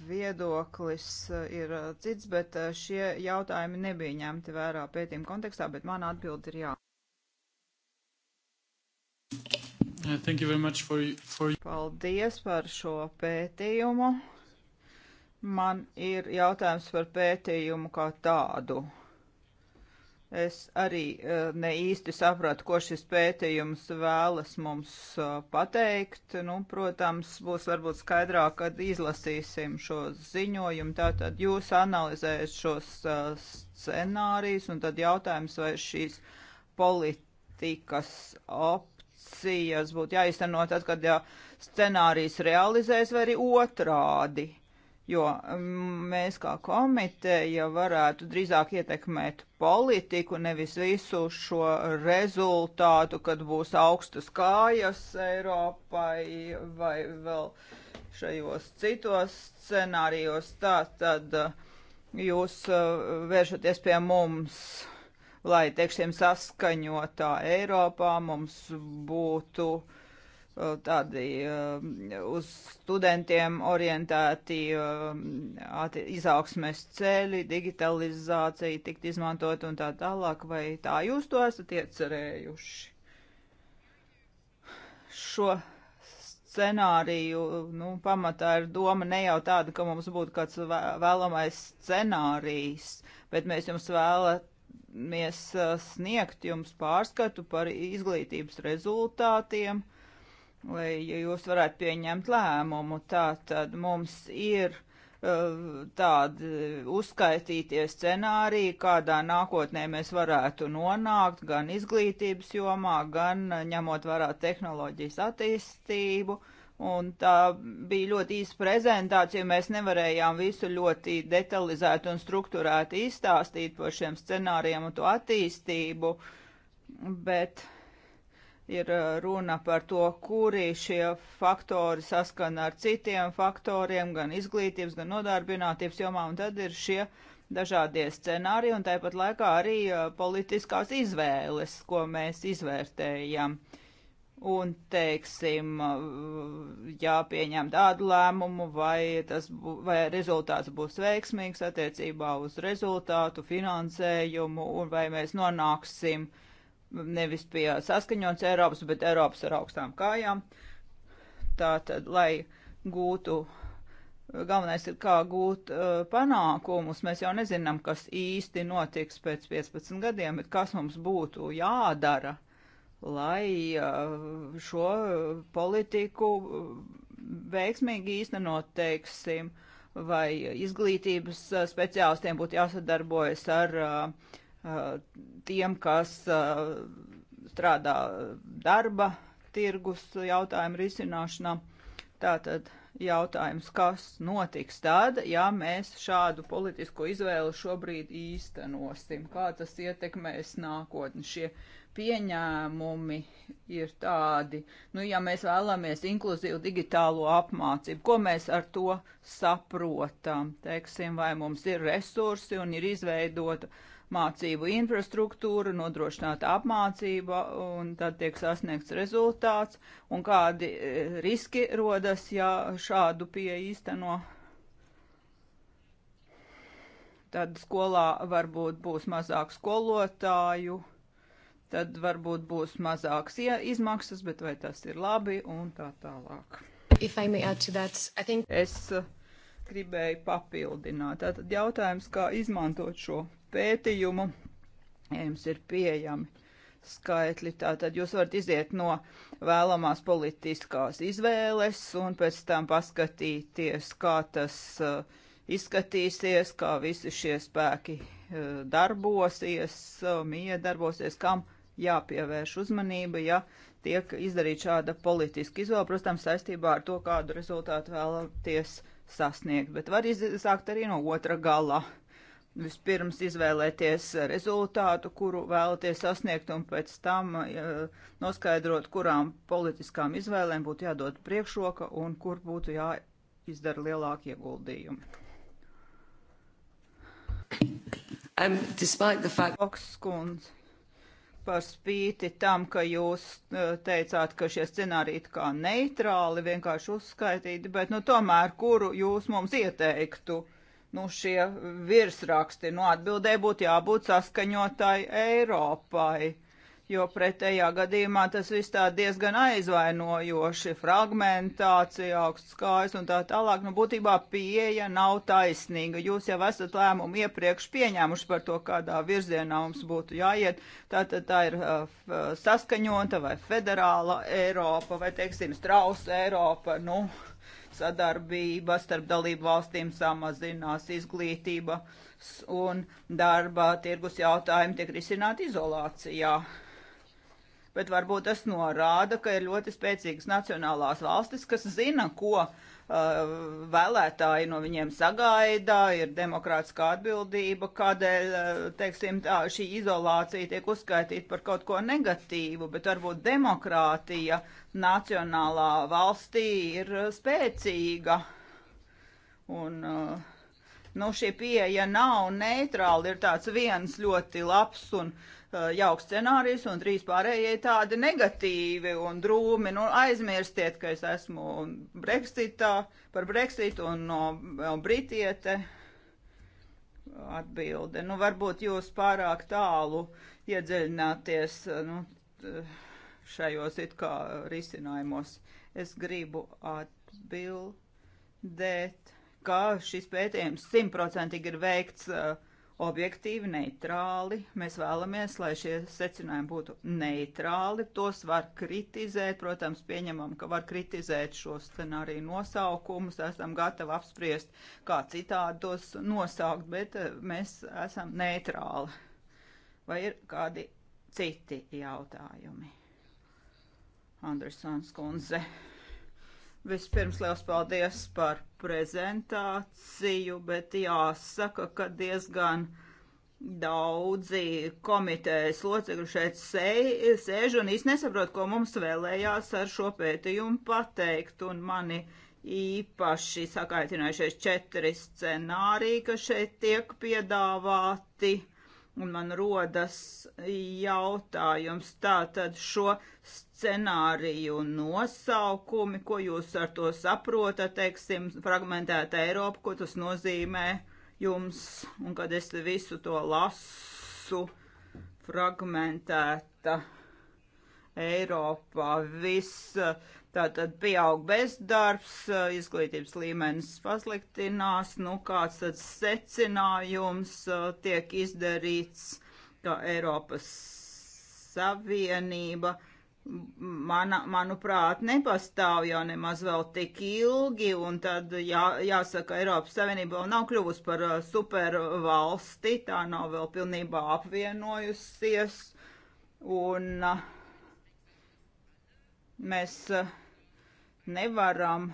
viedoklis uh, ir uh, cits, bet uh, šie jautājumi nebija ņemti vērā pētījuma kontekstā, bet mana atbilde ir jā. Thank you very much for, for... Paldies par šo pētījumu. Man ir jautājums par pētījumu kā tādu. Es arī e, ne īsti saprotu, ko šis pētījums vēlas mums e, pateikt. Nu, protams, būs varbūt skaidrāk, kad izlasīsim šo ziņojumu. Tātad jūs analizējat šos e, scenārijus un tad jautājums, vai šīs politikas opcijas būtu jāizteno tad, kad jā, scenārijs realizēs vai arī otrādi jo mm, mēs kā komiteja varētu drīzāk ietekmēt politiku, nevis visu šo rezultātu, kad būs augstas kājas Eiropai vai vēl šajos citos scenārijos. Tā tad eh, jūs eh, vēršaties pie mums, lai, teiksim, saskaņotā Eiropā mums būtu uh, tādi eh, uz studentiem orientēti eh, izaugsmes ceļi, digitalizācija tikt izmantot un tā tālāk, vai tā jūs to esat iecerējuši? Šo scenāriju, nu, pamatā ir doma ne jau tāda, ka mums būtu kāds vēlamais scenārijs, bet mēs jums vēlamies mēs eh, sniegt jums pārskatu par izglītības rezultātiem, uh, lai jūs varētu pieņemt lēmumu. Tā tad mums ir uh, tādi uzskaitītie scenāriji, kādā nākotnē mēs varētu nonākt, gan izglītības jomā, gan ņemot vērā tehnoloģijas attīstību. Un tā bija ļoti īsa prezentācija. Mēs nevarējām visu ļoti detalizēti un struktūrēti izstāstīt par šiem scenārijiem un to attīstību, bet uh, ir uh, runa par to, kuri šie faktori saskana ar citiem faktoriem, gan izglītības, gan nodarbinātības jomā, un tad ir šie dažādie scenāriji, un tāpat laikā arī uh, politiskās izvēles, ko mēs izvērtējam. Un, teiksim, uh, jāpieņem tādu lēmumu, vai, tas, vai rezultāts būs veiksmīgs attiecībā uz rezultātu, finansējumu, un vai mēs nonāksim uh, nevis pie saskaņots Eiropas, bet Eiropas ar augstām kājām. Tātad, lai gūtu, galvenais ir kā gūt uh, panākumus, mēs jau nezinām, kas īsti notiks pēc 15 gadiem, bet kas mums būtu jādara, lai uh, šo politiku uh, veiksmīgi īstenot, teiksim, vai izglītības uh, speciālistiem būtu jāsadarbojas ar uh, Eh, tiem, kas eh, strādā darba tirgus jautājumu risināšanā. Tātad jautājums, kas notiks tad, ja mēs šādu politisko izvēli šobrīd īstenosim, kā tas ietekmēs nākotni. Šie pieņēmumi ir tādi, nu, ja mēs vēlamies inkluzīvu digitālo apmācību, ko mēs ar to saprotam, teiksim, vai mums ir resursi un ir izveidota uh, mācību infrastruktūru, nodrošināt apmācību, un tad tiek sasniegts rezultāts, un kādi e, riski rodas, ja šādu pieeja īsteno. Tad skolā varbūt būs mazāk skolotāju, tad varbūt būs mazāks izmaksas, bet vai tas ir labi un tā tālāk. That, think... Es e, gribēju papildināt. Tātad jautājums, kā izmantot šo pētījumu. Jums ir pieejami skaitļi. Tātad jūs varat iziet no vēlamās politiskās izvēles un pēc tam paskatīties, kā tas uh, izskatīsies, kā visi šie spēki uh, darbosies, uh, mija darbosies, kam jāpievērš uzmanība, ja tiek izdarīta šāda politiska izvēle, protams, saistībā ar to, kādu rezultātu vēlaties sasniegt, bet var izsākt arī no otra gala vispirms izvēlēties rezultātu, kuru vēlaties sasniegt, un pēc tam noskaidrot, kurām politiskām izvēlēm būtu jādod priekšroka un kur būtu jāizdara lielāki ieguldījumi. Um, fact... Okskundz, par spīti tam, ka jūs uh, teicāt, ka šie scenāriji it kā neitrāli, vienkārši uzskaitīti, bet nu tomēr kuru jūs mums ieteiktu? Uh, nu, šie virsraksti, nu, atbildē būtu jābūt saskaņotai Eiropai, jo pretējā gadījumā tas viss tā diezgan aizvainojoši, fragmentācija, augsts kājas un tā tālāk, nu, būtībā pieeja nav taisnīga. Jūs jau esat lēmumu iepriekš pieņēmuši par to, kādā virzienā mums būtu jāiet. Tātad tā ir uh, saskaņota vai federāla Eiropa vai, teiksim, strausa Eiropa, nu, uh, sadarbība starp dalību valstīm samazinās, izglītības un darba tirgus jautājumi tiek risināti izolācijā. Bet varbūt tas norāda, ka ir ļoti spēcīgas nacionālās valstis, kas zina, ko uh, Eh, vēlētāji no viņiem sagaida, ir demokrātiskā atbildība, kādēļ, eh, teiksim, tā, šī izolācija tiek uzskaitīta par kaut ko negatīvu, bet varbūt demokrātija nacionālā valstī ir eh, spēcīga. Un, uh, nu, šī pieeja nav neitrāla, ir tāds viens ļoti labs un Eh, jauks scenārijs, un trīs pārējie tādi negatīvi un drūmi. Nu, aizmirstiet, ka es esmu Brexitā, par Brexitu un no, no Britiete. Atbilde. Nu, varbūt jūs pārāk tālu iedziļināties eh, nu, šajos it kā risinājumos. Es gribu atbildēt, ka šis pētījums simtprocentīgi ir veikts uh, objektīvi, neitrāli. Mēs vēlamies, lai šie secinājumi būtu neitrāli. Tos var kritizēt, protams, pieņemam, ka var kritizēt šo scenāriju nosaukumus, esam gatavi apspriest, kā citādi tos nosaukt, bet eh, mēs esam neitrāli. Vai ir kādi citi jautājumi? Andersons kundze. Vispirms liels paldies par prezentāciju, bet jāsaka, ka diezgan daudzi komitejas locekļi šeit sēž un īsti nesaprot, ko mums vēlējās ar šo pētījumu pateikt, un mani īpaši sakaitinājušies četri scenāriji, kas šeit tiek piedāvāti, un man rodas jautājums tātad šo scenāriju scenāriju nosaukumi, ko jūs ar to saprotat, teiksim, fragmentēta Eiropa, ko tas nozīmē jums, un kad es visu to lasu, fragmentēta Eiropā, viss tātad pieaug bezdarbs, izglītības līmenis pasliktinās, nu kāds tad secinājums tiek izdarīts, ka Eiropas Savienība mana, manuprāt, nepastāv jau nemaz vēl tik ilgi, un tad jā, jāsaka, Eiropas Savienība vēl nav kļuvusi par uh, supervalsti, tā nav vēl pilnībā apvienojusies, un uh, mēs uh, nevaram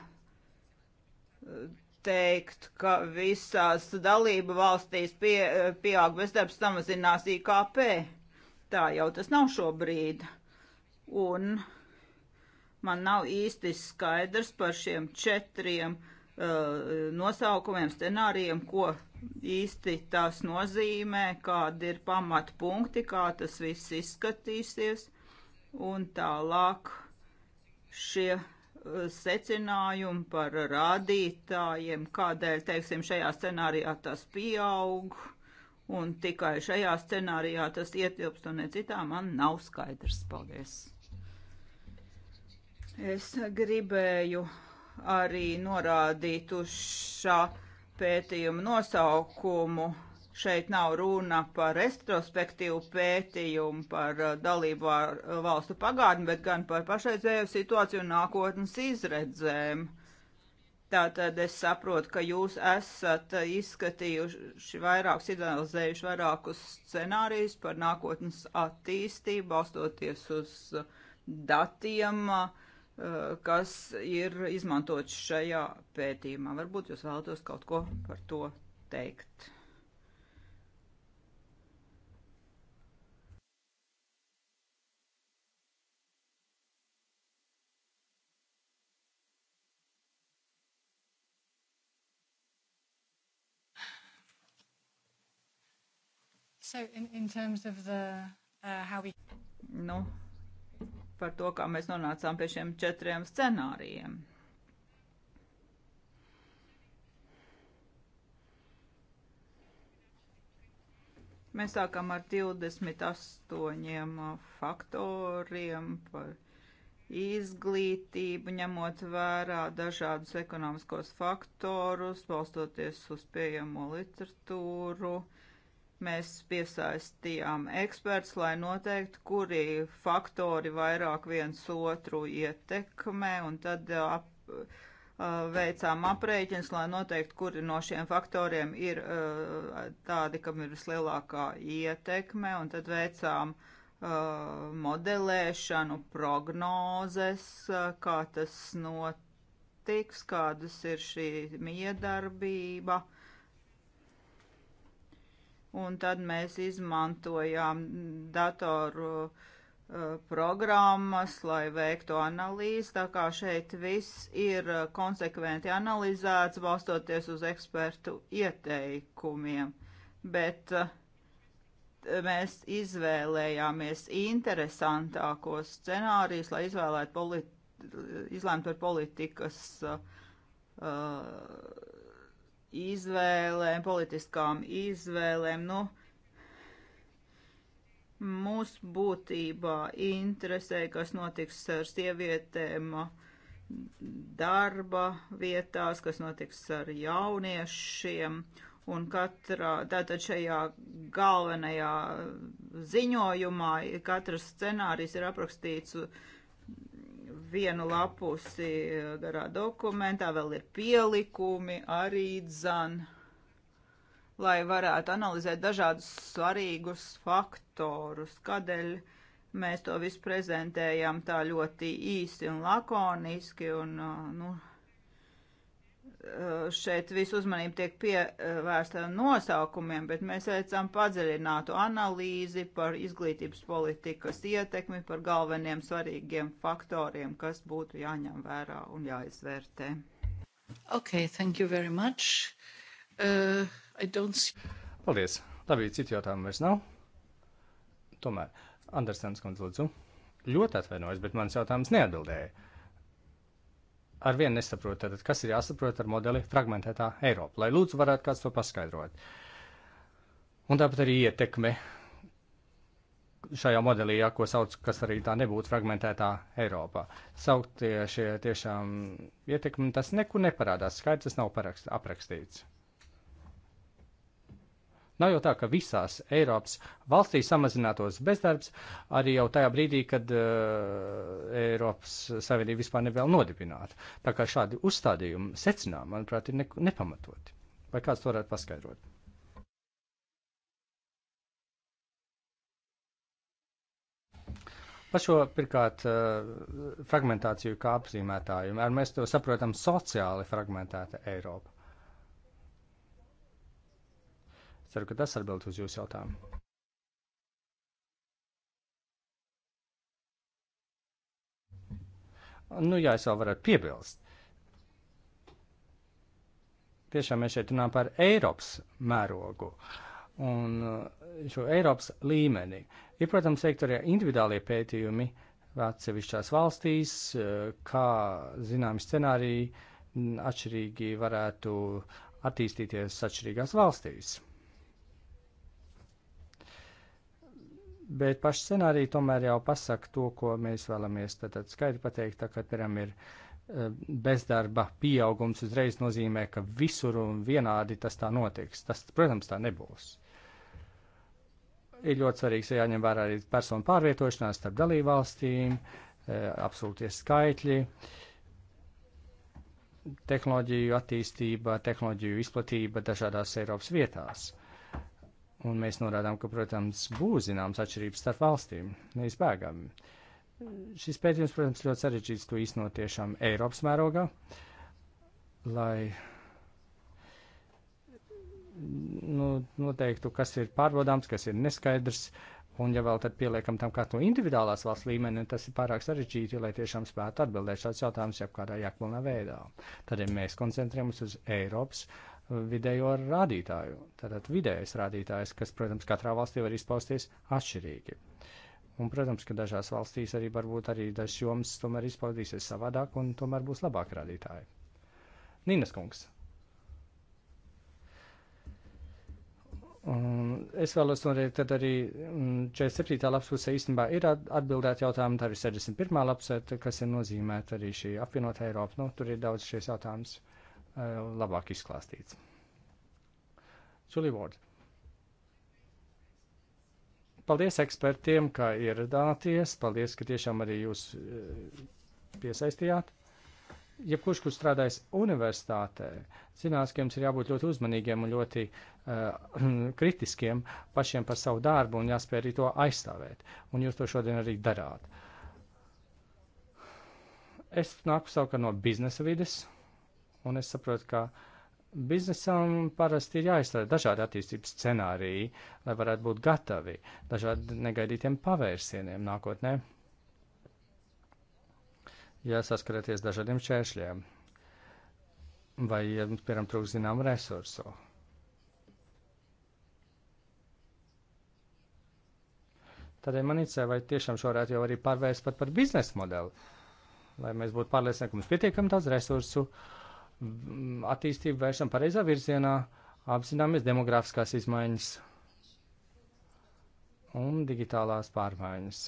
teikt, ka visās dalība valstīs pie, pieaug bezdarbs samazinās IKP. Tā jau tas nav šobrīd. Uh, un man nav īsti skaidrs par šiem četriem uh, nosaukumiem, scenārijiem, ko īsti tās nozīmē, kādi ir pamatpunkti, kā tas viss izskatīsies, un tālāk šie uh, secinājumi par rādītājiem, kādēļ, teiksim, šajā scenārijā tas pieaug, un tikai šajā scenārijā tas ietilpst, un ne citā man nav skaidrs. Paldies! Es gribēju arī norādīt uz šā pētījuma nosaukumu. Šeit nav runa par retrospektīvu pētījumu, par uh, dalību ar uh, valstu pagātni, bet gan par pašreizējo situāciju un nākotnes izredzēm. Tātad es saprotu, ka jūs esat uh, izskatījuši vairākus, idealizējuši vairākus scenārijus par nākotnes attīstību, balstoties uz datiem, uh, Eh, kas ir izmantots šajā pētījumā. Varbūt jūs vēlatos kaut ko par to teikt. So in, in terms of the uh, how we... Nu, par to, kā mēs nonācām pie šiem četriem scenārijiem. Mēs sākam ar 28 uh, faktoriem par izglītību, ņemot vērā dažādus ekonomiskos faktorus, balstoties uz pieejamo literatūru, uh, Mēs piesaistījām eksperts, lai noteiktu, kuri faktori vairāk viens otru ietekmē, un tad uh, ap, uh, veicām aprēķins, lai noteiktu, kuri no šiem faktoriem ir uh, tādi, kam ir vislielākā ietekme, un tad veicām uh, modelēšanu, prognozes, kā tas notiks, kādas ir šī miedarbība un tad mēs izmantojām datoru uh, programmas, lai veiktu analīzi, tā kā šeit viss ir uh, konsekventi analizēts, balstoties uz ekspertu ieteikumiem, bet uh, mēs izvēlējāmies interesantākos scenārijus, lai izvēlētu politi izlēmt par politikas uh, uh izvēlēm, politiskām izvēlēm. Nu, mūs būtībā interesē, kas notiks ar sievietēm darba vietās, kas notiks ar jauniešiem. Un katrā, tātad šajā galvenajā ziņojumā katrs scenārijs ir aprakstīts uh, vienu lapusi eh, garā dokumentā, vēl ir pielikumi arī dzan, lai varētu analizēt dažādus svarīgus faktorus, kādēļ mēs to visu prezentējam tā ļoti īsi un lakoniski un, eh, nu, Eh, šeit visu uzmanību tiek pievērsta nosaukumiem, bet mēs veicam padziļinātu analīzi par izglītības politikas ietekmi, par galveniem svarīgiem faktoriem, kas būtu jāņem vērā un jāizvērtē. Ok, thank you very much. Uh, I don't see. Paldies. Labi, citu jautājumu vairs nav. Tomēr, Andersens, kundze, lūdzu. Ļoti atvainojos, bet mans jautājums neatbildēja ar vienu nesaprotu, tātad, kas ir jāsaprot ar modeli fragmentētā Eiropa, lai lūdzu varētu kāds to paskaidrot. Un tāpat arī ietekme šajā modelī, ja, ko sauc, kas arī tā nebūtu fragmentētā Eiropā. Saukt šie tiešām ietekmi, tas nekur neparādās, skaidrs nav parakst, aprakstīts. Nav jau tā, ka visās Eiropas valstīs samazinātos bezdarbs arī jau tajā brīdī, kad uh, Eiropas Savienība vispār nevēl nodibināt. Tā kā šādi uzstādījumi secinājumi, manuprāt, ir ne, nepamatoti. Vai kāds to varētu paskaidrot? Par šo pirmkārt eh, fragmentāciju kā apzīmētāju, mēs to saprotam sociāli fragmentēta Eiropa. Ceru, ka tas atbild uz jūsu jautājumu. Nu, jā, es vēl varētu piebilst. Tiešām mēs šeit runājam par Eiropas mērogu un uh, šo Eiropas līmeni. Ir, protams, veikt arī individuālie pētījumi atsevišķās valstīs, uh, kā zināmi scenāriji mm, atšķirīgi varētu attīstīties atšķirīgās valstīs. Bet paši scenāriji tomēr jau pasaka to, ko mēs vēlamies. Tad, tad skaidri pateikt, tā, ka piram ir eh, bezdarba pieaugums uzreiz nozīmē, ka visur un vienādi tas tā notiks. Tas, protams, tā nebūs. Ir ļoti svarīgs jāņem vērā arī personu pārvietošanās starp dalībvalstīm, eh, absolūties skaitļi, tehnoloģiju attīstība, tehnoloģiju izplatība dažādās Eiropas vietās. Un mēs norādām, ka, protams, būs zināmas atšķirības starp valstīm, neizbēgami. Šis pētījums, protams, ļoti sarežģīts to īstenot tiešām Eiropas mērogā, lai nu, noteiktu, kas ir pārbaudāms, kas ir neskaidrs, un ja vēl tad pieliekam tam kādu individuālās valsts līmeni, tas ir pārāk sarežģīti, lai tiešām spētu atbildēt šāds jautājums jebkādā jākvilnā veidā. Tad, ja mēs koncentrējamies uz Eiropas vidējo rādītāju. Tātad vidējais rādītājs, kas, protams, katrā valstī var izpausties atšķirīgi. Un, protams, ka dažās valstīs arī varbūt arī dažs joms tomēr izpaudīsies savādāk un tomēr būs labāk rādītāji. Nīnas kungs. Un es vēlos norādīt, tad arī 47. Mm, lapspusē īstenībā ir atbildēti jautājumi, tā arī 61. lapsē, kas ir nozīmēta arī šī apvienotā Eiropa. Nu, tur ir daudz šies jautājums. Uh, Eh, labāk izklāstīts. Julie Ward. Paldies ekspertiem, ka ieradāties. Paldies, ka tiešām arī jūs eh, piesaistījāt. Jebkurš, kurš strādājis universitātē, zinās, ka jums ir jābūt ļoti uzmanīgiem un ļoti uh, kritiskiem pašiem par savu darbu un jāspēj arī to aizstāvēt. Un jūs to šodien arī darāt. Es nāku savukārt no biznesa vides, Un es saprotu, ka biznesam parasti ir jāizstrādā dažādi attīstības scenāriji, lai varētu būt gatavi dažādi negaidītiem pavērsieniem nākotnē, ja saskaraties dažādiem šķēršļiem vai, ja, piemēram, trūkst zinām resursu. Tādēļ man interesē, vai tiešām šo varētu jau arī pārvērst pat par biznesa modeli, lai mēs būtu pārliecināti, ka mums pietiekami daudz resursu, uh, attīstību vēršam pareizā virzienā, apzināmies demografiskās izmaiņas un digitālās pārmaiņas.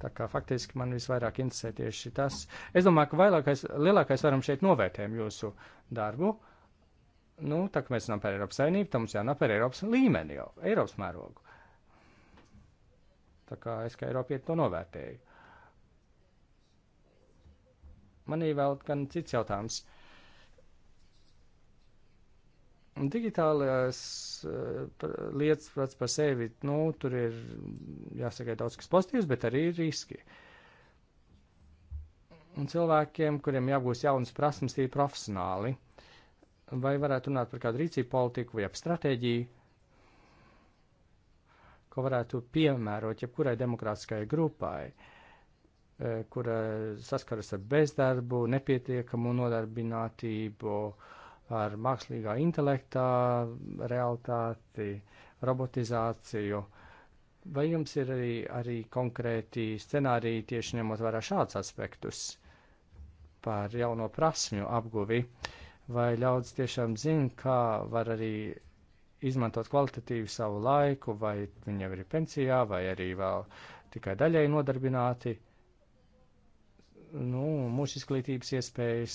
Tā kā faktiski man visvairāk interesē tieši tas. Es domāju, ka vairākais, lielākais varam šeit novērtējam jūsu darbu. Nu, tā kā mēs runājam par Eiropas saimnību, tad mums jānāk par Eiropas līmeni jau, Eiropas mērogu. Tā kā es kā Eiropieti to novērtēju. Man ir vēl gan cits jautājums. Digitālās eh, lietas pats par sevi, nu, tur ir jāsaka daudz kas pozitīvs, bet arī riski. Un cilvēkiem, kuriem jāgūst jaunas prasmes, ir profesionāli, vai varētu runāt par kādu rīcību politiku vai ap stratēģiju, ko varētu piemērot jebkurai demokrātiskai grupai. Uh, E, kura saskaras ar bezdarbu, nepietiekamu nodarbinātību, ar mākslīgā intelektā realitāti, robotizāciju. Vai jums ir arī, arī konkrēti scenāriji tieši ņemot vērā šādus aspektus par jauno prasmju apguvi, vai ļauds tiešām zina, kā var arī izmantot kvalitatīvi savu laiku, vai viņi jau ir pensijā, vai arī vēl tikai daļai nodarbināti? nu, mūsu izglītības iespējas,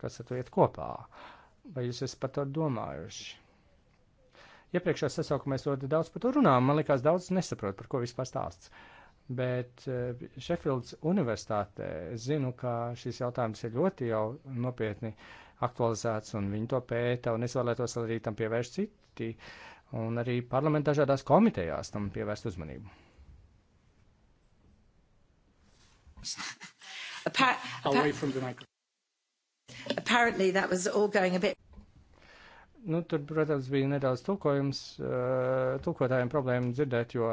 kas ar to iet kopā. Vai jūs esat par to domājuši? Iepriekšējā sasaukumā mēs ļoti daudz par to runājām. Man liekas, daudz nesaprot, par ko vispār stāsts. Bet Šefildas eh, universitātē es zinu, ka šis jautājums ir ļoti jau nopietni aktualizēts, un viņi to pēta, un es vēlētos arī tam pievērst citi, un arī parlamentu dažādās komitejās tam pievērst uzmanību. Appa- away from the microphone. Apparently that was all going a bit. Nu, tur, protams, bija nedaudz tulkojums, uh, tulkotājiem problēma dzirdēt, jo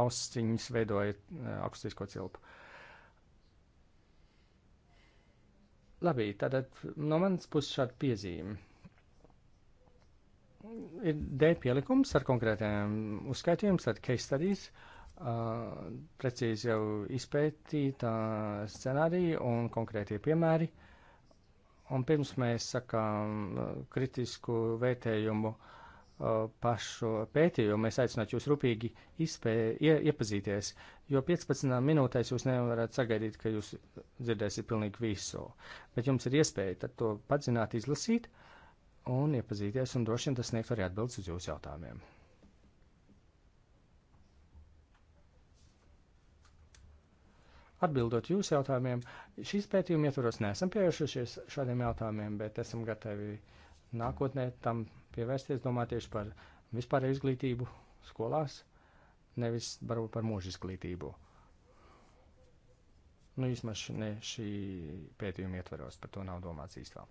austiņas veidoja uh, akustisko cilpu. Labi, tātad no manas puses šāda piezīme. Ir D pielikums ar konkrētiem uzskaitījumiem, tad case studies. Uh, uh, precīzi jau izpētīta scenārija un konkrētie piemēri. Un pirms mēs sakām uh, kritisku vērtējumu uh, pašu pētījumu, mēs aicinātu jūs rūpīgi izpē, ie, iepazīties, jo 15 minūtēs jūs nevarat sagaidīt, ka jūs dzirdēsiet pilnīgi visu. Bet jums ir iespēja to padzināt, izlasīt un iepazīties, un droši vien tas sniegs arī atbildes uz jūsu jautājumiem. Atbildot jūsu jautājumiem, šīs pētījuma ietvaros neesam pievēršušies šādiem jautājumiem, bet esam gatavi nākotnē tam pievērsties, domāt tieši par vispārēju izglītību skolās, nevis varbūt par mūža izglītību. Nu, vismaz ne šī pētījuma ietvaros, par to nav domāts īstā.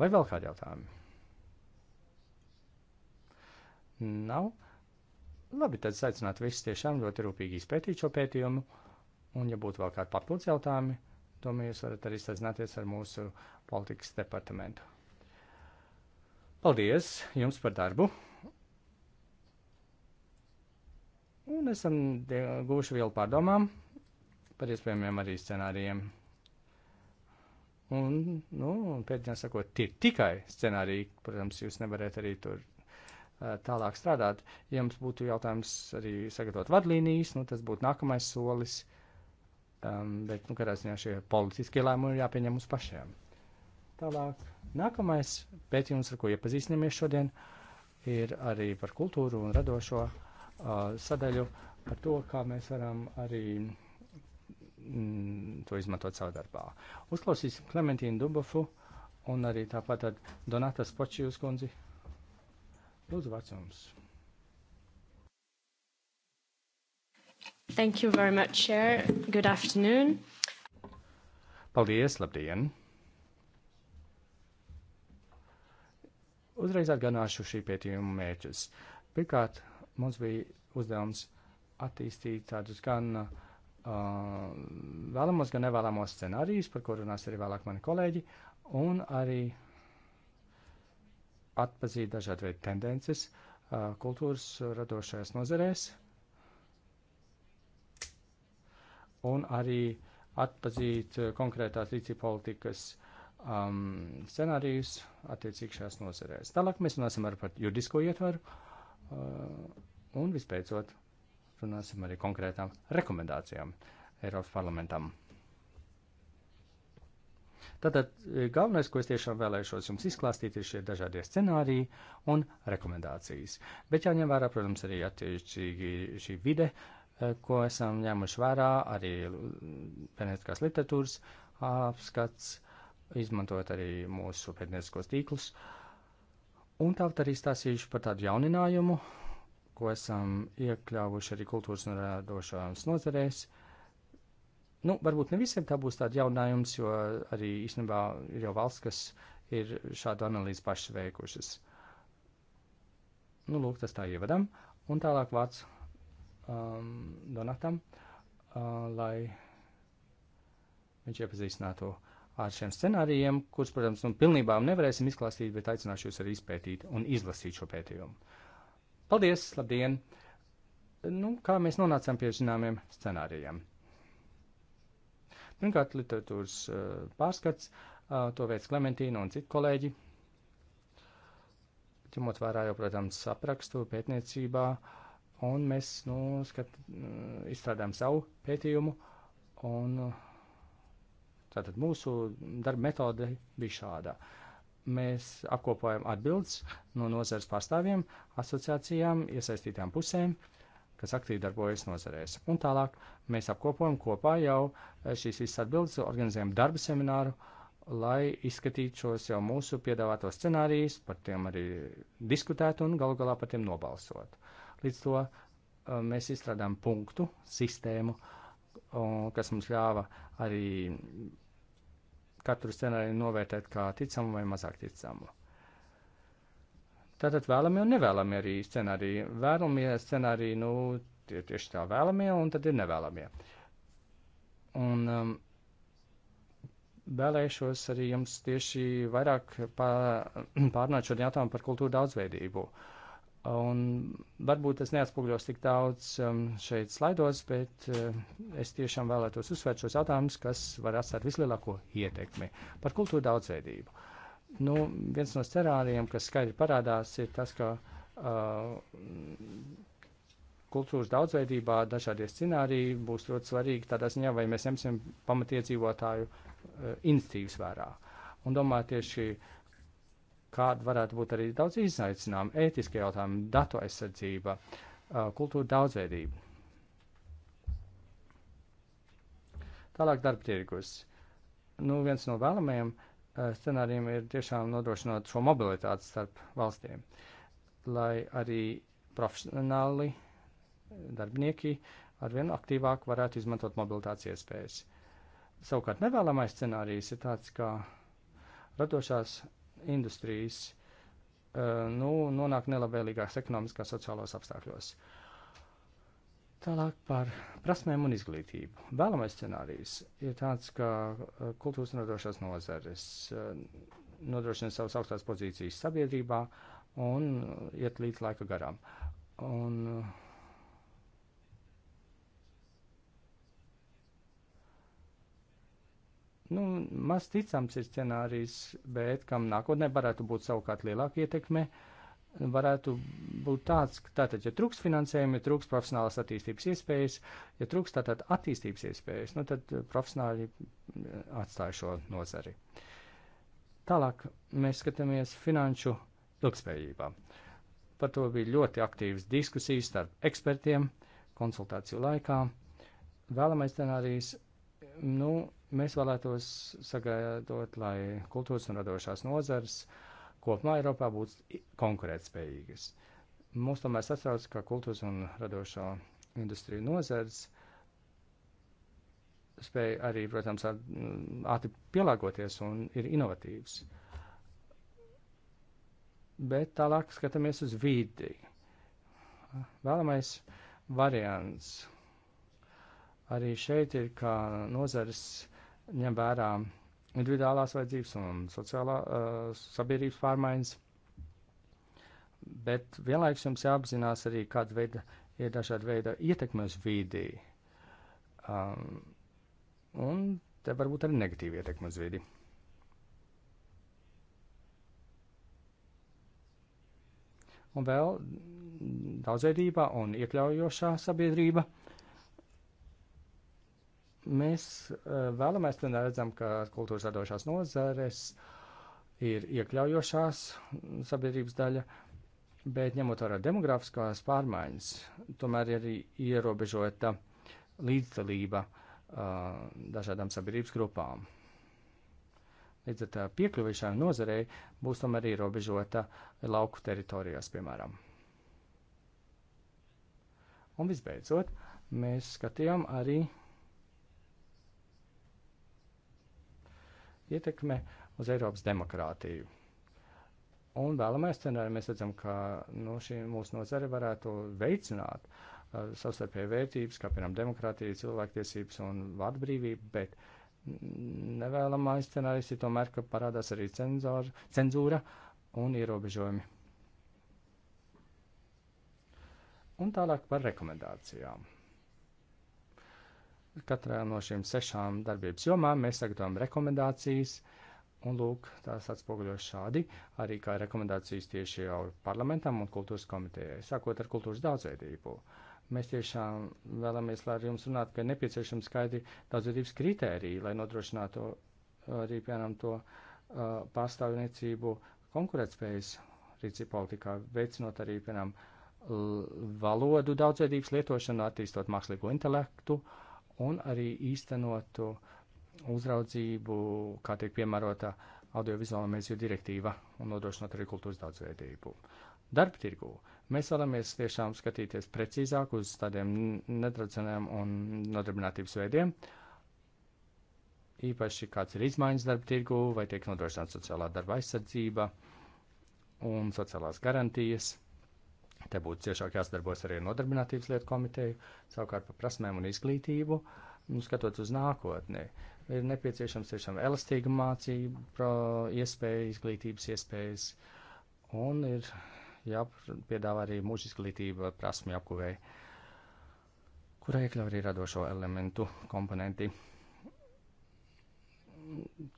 Vai vēl kādi jautājumi? Nav. Labi, tad aicinātu visus tiešām ļoti rūpīgi izpētīt šo pētījumu, un, ja būtu vēl kādi papildus jautājumi, domāju, jūs varat arī sazināties ar mūsu politikas departamentu. Paldies jums par darbu! Un esam gūši vielu pārdomām par iespējamiem arī scenārijiem. Un, nu, pēdējā sakot, tie tikai scenāriji, protams, jūs nevarat arī tur Eh, tālāk strādāt. Ja mums būtu jautājums arī sagatavot vadlīnijas, nu, tas būtu nākamais solis. Um, bet, nu, kādā ziņā šie politiskie lēmumi ir jāpieņem mums pašiem. Tālāk, nākamais pētījums, ar ko iepazīstināmies šodien, ir arī par kultūru un radošo uh, sadaļu, par to, kā mēs varam arī mm, to izmantot savā darbā. Uzklausīsim Klementīnu Dubofu un arī tāpat ar Donatas Počījus kundzi Lūdzu, vecums. Thank you very much, Chair. Good afternoon. Paldies, labdien! Uzreiz atgādināšu šī pētījuma mērķus. Pirmkārt, mums bija uzdevums attīstīt tādus gan uh, vēlamos, gan nevēlamos scenārijus, par kuriem runās arī vēlāk mani kolēģi, un arī atpazīt dažādu veidu tendences kultūras radošajās nozarēs un arī atpazīt konkrētās rīcība politikas um, scenārijus attiecīgi šajās nozarēs. Tālāk mēs runāsim arī par juridisko ietvaru uh, un vispēcot runāsim arī konkrētām rekomendācijām Eiropas parlamentam. Tātad e, galvenais, ko es tiešām vēlēšos jums izklāstīt, ir šie dažādie scenāriji un rekomendācijas. Bet jāņem vērā, protams, arī attiecīgi šī vide, e, ko esam ņēmuši vērā, arī pētnieciskās literatūras apskats, izmantojot arī mūsu pētnieciskos tīklus. Un tāpat arī stāstīšu par tādu jauninājumu, ko esam iekļāvuši arī kultūras un rādošās nozarēs. Uh, Nu, varbūt ne visiem tā būs tāda jaunājums, jo arī īstenībā ir jau valsts, kas ir šādu analīzi paši veikušas. Nu, lūk, tas tā ievadam. Un tālāk vārds um, Donatam, uh, lai viņš iepazīstinātu ar šiem scenārijiem, kurus, protams, nu, pilnībā nevarēsim izklāstīt, bet aicināšu jūs arī izpētīt un izlasīt šo pētījumu. Paldies, labdien! Nu, kā mēs nonācām pie zināmiem scenārijiem? Pirmkārt, nu, literatūras pārskats, to veids Klementīna un citi kolēģi. Ņemot vērā jau, protams, aprakstu pētniecībā, un mēs, nu, skat, izstrādājam savu pētījumu, un tātad mūsu darba metode bija šāda. Mēs apkopojam atbildes no nozares pārstāvjiem, asociācijām, iesaistītām pusēm, uh, kas aktīvi darbojas nozarēs. Un tālāk mēs apkopojam kopā jau eh, šīs visas atbildes, organizējam darba semināru, lai izskatītu šos jau mūsu piedāvātos scenārijus, par tiem arī diskutētu un galu galā par tiem nobalsot. Līdz to eh, mēs izstrādājam punktu sistēmu, kas mums ļāva arī katru scenāriju novērtēt kā ticamu vai mazāk ticamu. Tātad vēlamie un nevēlamie arī scenāriji. Vēlamie scenāriji, nu, tie tieši tā vēlamie, un tad ir nevēlamie. Un um, vēlēšos arī jums tieši vairāk pārnāt šo jautājumu par kultūru daudzveidību. Un varbūt tas neatspūgļos tik daudz um, šeit slaidos, bet uh, es tiešām vēlētos uzsvērt šos jautājumus, kas var atstāt vislielāko ietekmi par kultūru daudzveidību. Uh, Nu, viens no scenārijiem, kas skaidri parādās, ir tas, ka uh, kultūras daudzveidībā dažādie scenāriji būs ļoti svarīgi tādā ziņā, vai mēs ņemsim pamatiedzīvotāju uh, instīvas vērā. Un domāju tieši, kāda varētu būt arī daudz izaicinājumu, ētiskie jautājumi, datu aizsardzība, uh, kultūra daudzveidība. Tālāk darba tirgus. Nu, viens no vēlamajiem uh, Eh, scenārijiem ir tiešām nodrošināt šo mobilitāti starp valstīm, lai arī profesionāli darbinieki arvien aktīvāk varētu izmantot mobilitātes iespējas. Savukārt nevēlamais scenārijs ir tāds, ka radošās industrijas eh, nu, nonāk nelabvēlīgās ekonomiskās sociālos apstākļos. Uh, Tālāk par prasmēm un izglītību. Vēlamais scenārijs ir tāds, ka eh, kultūras un radošās nozares eh, nodrošina savas augstās pozīcijas sabiedrībā un eh, iet līdz laika garām. Un, nu, maz ticams ir scenārijs, bet kam nākotnē varētu būt savukārt lielāka ietekme. Uh, varētu būt tāds, ka tātad, ja trūks finansējumi, ja trūks profesionālās attīstības iespējas, ja trūks tātad attīstības iespējas, nu tad eh, profesionāļi eh, atstāja šo nozari. Tālāk mēs skatāmies finanšu ilgspējībā. Par to bija ļoti aktīvas diskusijas starp ekspertiem konsultāciju laikā. Vēlamais scenārijs, nu, mēs vēlētos sagaidot, lai kultūras un radošās nozars uh, kopumā Eiropā būtu konkurētspējīgas. Mums tomēr satrauc, ka kultūras un radošā industrija nozars spēja arī, protams, mm, ātri pielāgoties un ir inovatīvs. Bet tālāk skatāmies uz vidi. Vēlamais variants arī šeit ir, ka nozars ņem vērā individuālās vajadzības un sociālā uh, sabiedrības pārmaiņas, bet vienlaiks jums jāapzinās arī, kāda veida ir dažāda veida ietekme uz vidi. Um, un te varbūt arī negatīva ietekme uz vidi. Un vēl daudzveidība un iekļaujošā sabiedrība – Mēs eh, vēlamies, tad redzam, ka kultūras radošās nozares ir iekļaujošās sabiedrības daļa, bet ņemot vērā demografiskās pārmaiņas, tomēr ir arī ierobežota līdzdalība uh, dažādām sabiedrības grupām. Līdz ar tā piekļuvi šai nozarei būs tomēr ierobežota lauku teritorijās, piemēram. Un visbeidzot, mēs skatījām arī ietekme uz Eiropas demokrātiju. Un vēlamais scenārijā mēs redzam, ka nu, šī mūsu nozare varētu veicināt uh, savstarpēju vērtības, kā piemēram demokrātija, cilvēktiesības un vārdu brīvību, bet nevēlamais scenārijs ir tomēr, ka parādās arī cenzor, cenzūra un ierobežojumi. Un tālāk par rekomendācijām katrā no šīm sešām darbības jomām mēs sagatavojam rekomendācijas, un lūk, tās atspoguļo šādi, arī kā rekomendācijas tieši jau parlamentam un kultūras komitejai, sākot ar kultūras daudzveidību. Mēs tiešām vēlamies, lai ar jums runātu, ka ir nepieciešams skaidri daudzveidības kritēriji, lai nodrošinātu arī, piemēram, to uh, pārstāvniecību konkurētspējas rīcību politikā, veicinot arī, piemēram, valodu daudzveidības lietošanu, attīstot mākslīgo intelektu, uh, un arī īstenotu uzraudzību, kā tiek piemērota audiovizuāla mēdīju direktīva un nodrošinot arī kultūras daudzveidību. Darba tirgū mēs vēlamies tiešām skatīties precīzāk uz tādiem netradicionāliem un nodarbinātības veidiem. Īpaši kāds ir izmaiņas darba tirgū, vai tiek nodrošināta sociālā darba aizsardzība un sociālās garantijas Te būtu ciešāk jāsadarbojas arī ar Nodarbinātības lietu komiteju, savukārt par prasmēm un izglītību, un nu, skatot uz nākotni. Ir nepieciešams tiešām elastīga mācība, iespēja, izglītības iespējas, un ir jāpiedāvā arī mūža izglītība prasmi apkuvēja, kurā iekļauj arī radošo elementu komponenti.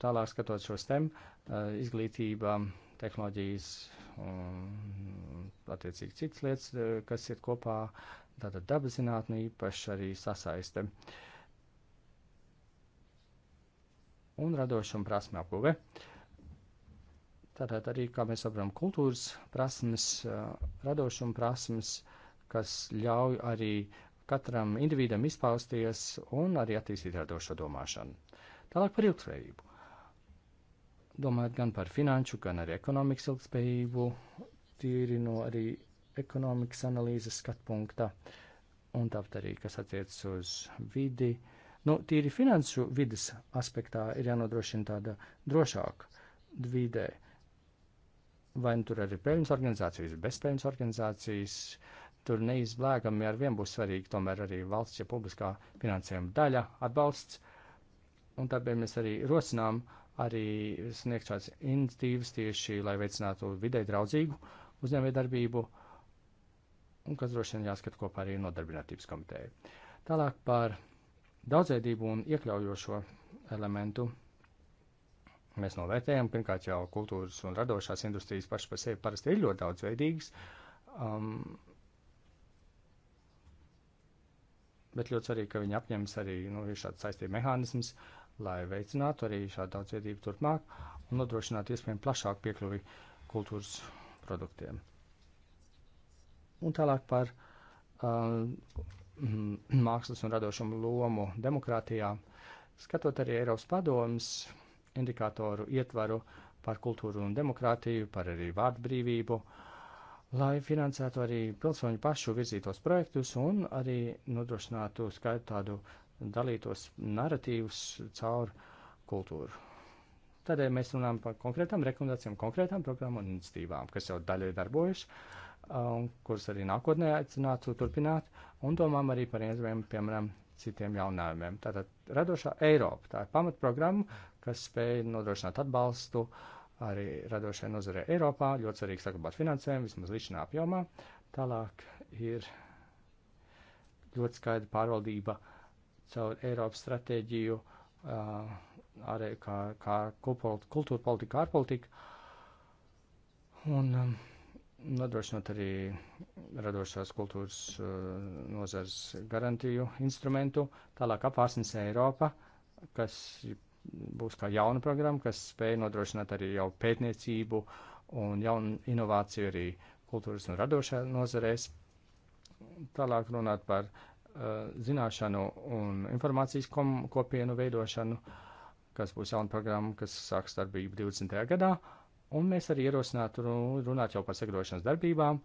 Tālāk skatot šo STEM, eh, izglītība, tehnoloģijas un attiecīgi citas lietas, eh, kas ir kopā, tātad dabas zinātne īpaši arī sasaiste. Un radošuma prasme apguve. Tātad arī, kā mēs saprotam, kultūras prasmes, eh, radošuma prasmes, kas ļauj arī katram individam izpausties un arī attīstīt radošo domāšanu. Tālāk par ilgspējību domājot gan par finanšu, gan arī ekonomikas ilgspējību, tīri no arī ekonomikas analīzes skatpunktā, un tāpat arī, kas attiecas uz vidi. Nu, tīri finansu vidas aspektā ir jānodrošina tāda drošāka vidē. Vai nu tur arī peļņas organizācijas, bezpeļņas organizācijas, tur neizblēgami ar vien būs svarīgi tomēr arī valsts, ja publiskā finansējuma daļa atbalsts, un tāpēc mēs arī rosinām arī sniegt šāds inicitīvas tieši, lai veicinātu vidē draudzīgu uh, uzņēmējdarbību, un kas droši vien jāskata kopā arī nodarbinātības komiteju. Tālāk par daudzveidību un iekļaujošo elementu. Mēs novērtējam, pirmkārt, jau kultūras un radošās industrijas pašas par sevi parasti ir ļoti daudzveidīgas, um, bet ļoti svarīgi, ka viņi apņems arī nu, šādu saistību mehānismus, lai veicinātu arī šādu daudzveidību turpmāk un nodrošinātu iespējami plašāku piekļuvi kultūras produktiem. Un tālāk par uh, mākslas un radošumu lomu demokrātijā. Skatot arī Eiropas padomus indikātoru ietvaru par kultūru un demokrātiju, par arī vārdu brīvību, lai finansētu arī pilsoņu pašu virzītos projektus un arī nodrošinātu skaitu tādu dalītos narratīvus caur kultūru. Tādēļ mēs runājam par konkrētām rekomendācijām, konkrētām programmu un iniciatīvām, kas jau daļai darbojas, un kuras arī nākotnē aicinātu turpināt, un domām arī par iespējām, piemēram, citiem jaunājumiem. Tātad radošā Eiropa, tā ir pamatprogramma, kas spēj nodrošināt atbalstu arī radošai nozarei Eiropā, ļoti svarīgi saglabāt finansējumu, vismaz līdzinā apjomā. Tālāk ir ļoti skaidra pārvaldība caur Eiropas stratēģiju. Uh, arī kā, kā kultūra politika, ārpolitika. Un um, nodrošinot arī radošās kultūras uh, nozars garantiju instrumentu, tālāk apvārsnes Eiropa, kas būs kā jauna programma, kas spēja nodrošināt arī jau pētniecību un jaunu inovāciju arī kultūras un radošā nozarēs. Tālāk runāt par uh, zināšanu un informācijas kom, kopienu veidošanu. Uh, kas būs jauna programma, kas sāks darbību 20. gadā, un mēs arī ierosinātu runāt jau par sagrošanas darbībām,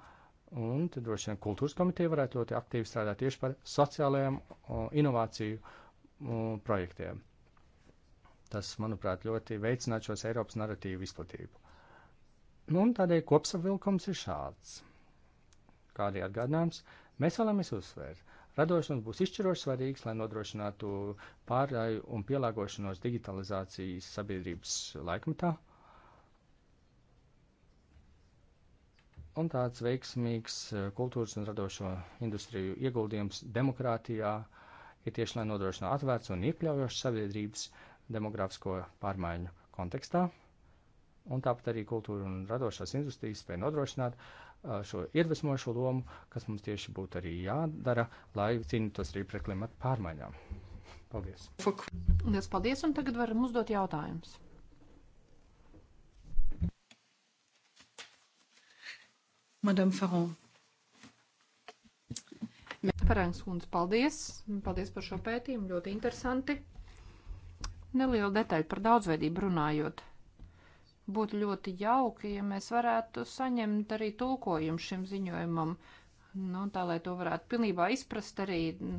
un tad droši vien kultūras komiteja varētu ļoti aktīvi strādāt tieši par sociālajiem inovāciju projektiem. Tas, manuprāt, ļoti veicinātu šos Eiropas narratīvu izplatību. Nu, un tādēļ kopsavilkums ir šāds. Kā arī atgādinājums, mēs vēlamies uzsvērt, Radošums būs izšķiroši svarīgs, lai nodrošinātu pārēju un pielāgošanos digitalizācijas sabiedrības laikmetā. Un tāds veiksmīgs eh, kultūras un radošo industriju ieguldījums demokrātijā ir tieši, lai nodrošinātu atvērts un iekļaujošs sabiedrības demografisko pārmaiņu kontekstā. Un tāpat arī kultūra un radošās industrijas spēja nodrošināt uh, šo iedvesmojošo lomu, kas mums tieši būtu arī jādara, lai cīnītos arī pret klimatu pārmaiņām. Paldies! Liels paldies, un tagad varam uzdot jautājumus. Madame Faron. Parēns kundze, paldies! Paldies par šo pētījumu, ļoti interesanti. Neliela detaļa par daudzveidību runājot. Būtu ļoti jauki, ja mēs varētu saņemt arī tulkojumu šim ziņojumam, nu, tā lai to varētu pilnībā izprast arī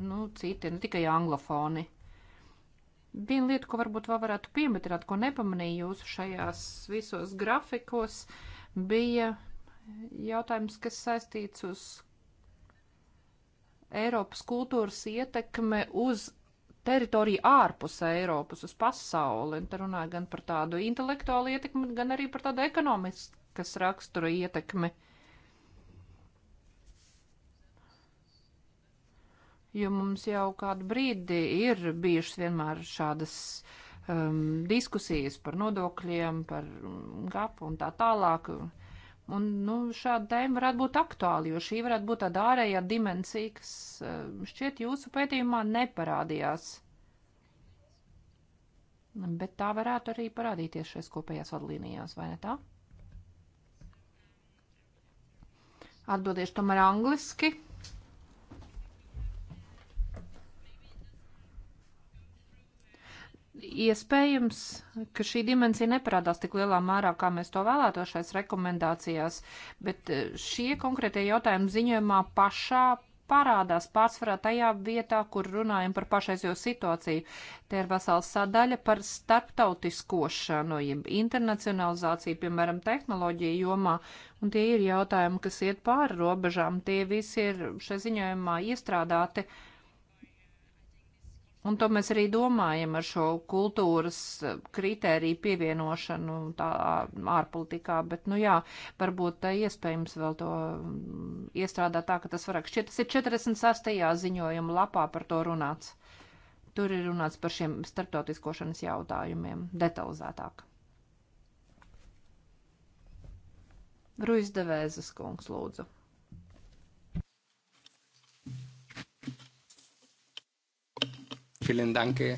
nu, citi, ne tikai anglofoni. Viena lieta, ko varbūt vēl varētu piemetināt, ko nepamanīju jūsu šajās visos grafikos, bija jautājums, kas saistīts uz Eiropas kultūras ietekme uz teritoriju ārpus Eiropas, uz pasauli. Un te runāja gan par tādu intelektuālu ietekmi, gan arī par tādu ekonomiskas rakstura ietekmi. Jo mums jau kādu brīdi ir bijušas vienmēr šādas um, diskusijas par nodokļiem, par um, gapu un tā tālāk. Un, Un, nu, šāda tēma varētu būt aktuāla, jo šī varētu būt tāda ārējā dimensija, kas eh, šķiet jūsu pētījumā neparādījās. Bet tā varētu arī parādīties šajās kopējās vadlīnijās, vai ne tā? Atbildiešu tomēr angliski. iespējams, ka šī dimensija neparādās tik lielā mērā, kā mēs to vēlētos šais rekomendācijās, bet e, šie konkrētie jautājumi ziņojumā pašā parādās pārsvarā tajā vietā, kur runājam par pašreizējo situāciju. Te ir vesela sadaļa par starptautiskošanu, jeb internacionalizāciju, piemēram, tehnoloģiju jomā, un tie ir jautājumi, kas iet pāri robežām, tie visi ir šajā ziņojumā iestrādāti. Uh, Un to mēs arī domājam ar šo kultūras eh, kritēriju pievienošanu tā ārpolitikā, bet, nu jā, varbūt tā eh, iespējams vēl to mm, iestrādāt tā, ka tas varētu šķiet. Tas ir 46. ziņojuma lapā par to runāts. Tur ir runāts par šiem starptautiskošanas jautājumiem detalizētāk. Ruiz Devēzes kungs lūdzu. Vielen danke,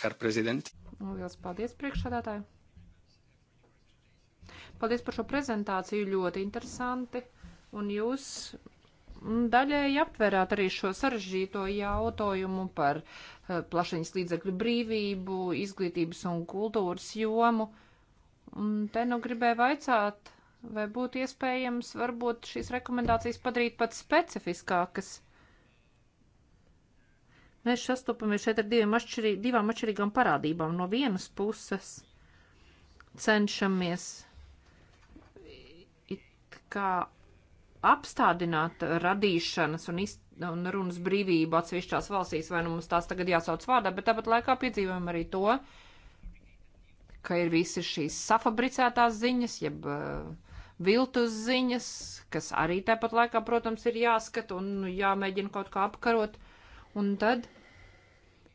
Herr Prezident. Lielas paldies, priekšsādātāji. Paldies par šo prezentāciju, ļoti interesanti. Un jūs daļēji aptverāt arī šo sarežģīto jautājumu par eh, plašiņas līdzekļu brīvību, izglītības un kultūras jomu. Un te nu gribēju vaicāt, vai būtu iespējams varbūt šīs rekomendācijas padarīt pat specifiskākas Mēs sastopamies šeit ar diviem atšķirī, divām atšķirīgām parādībām. No vienas puses cenšamies it kā apstādināt radīšanas un, iz, un runas brīvību atsevišķās valstīs, vai nu mums tās tagad jāsauc vārdā, bet tāpat laikā piedzīvojam arī to, ka ir visas šīs safabricētās ziņas, jeb uh, viltus ziņas, kas arī tāpat laikā, protams, ir jāskata un jāmēģina kaut kā apkarot. Uh, Un tad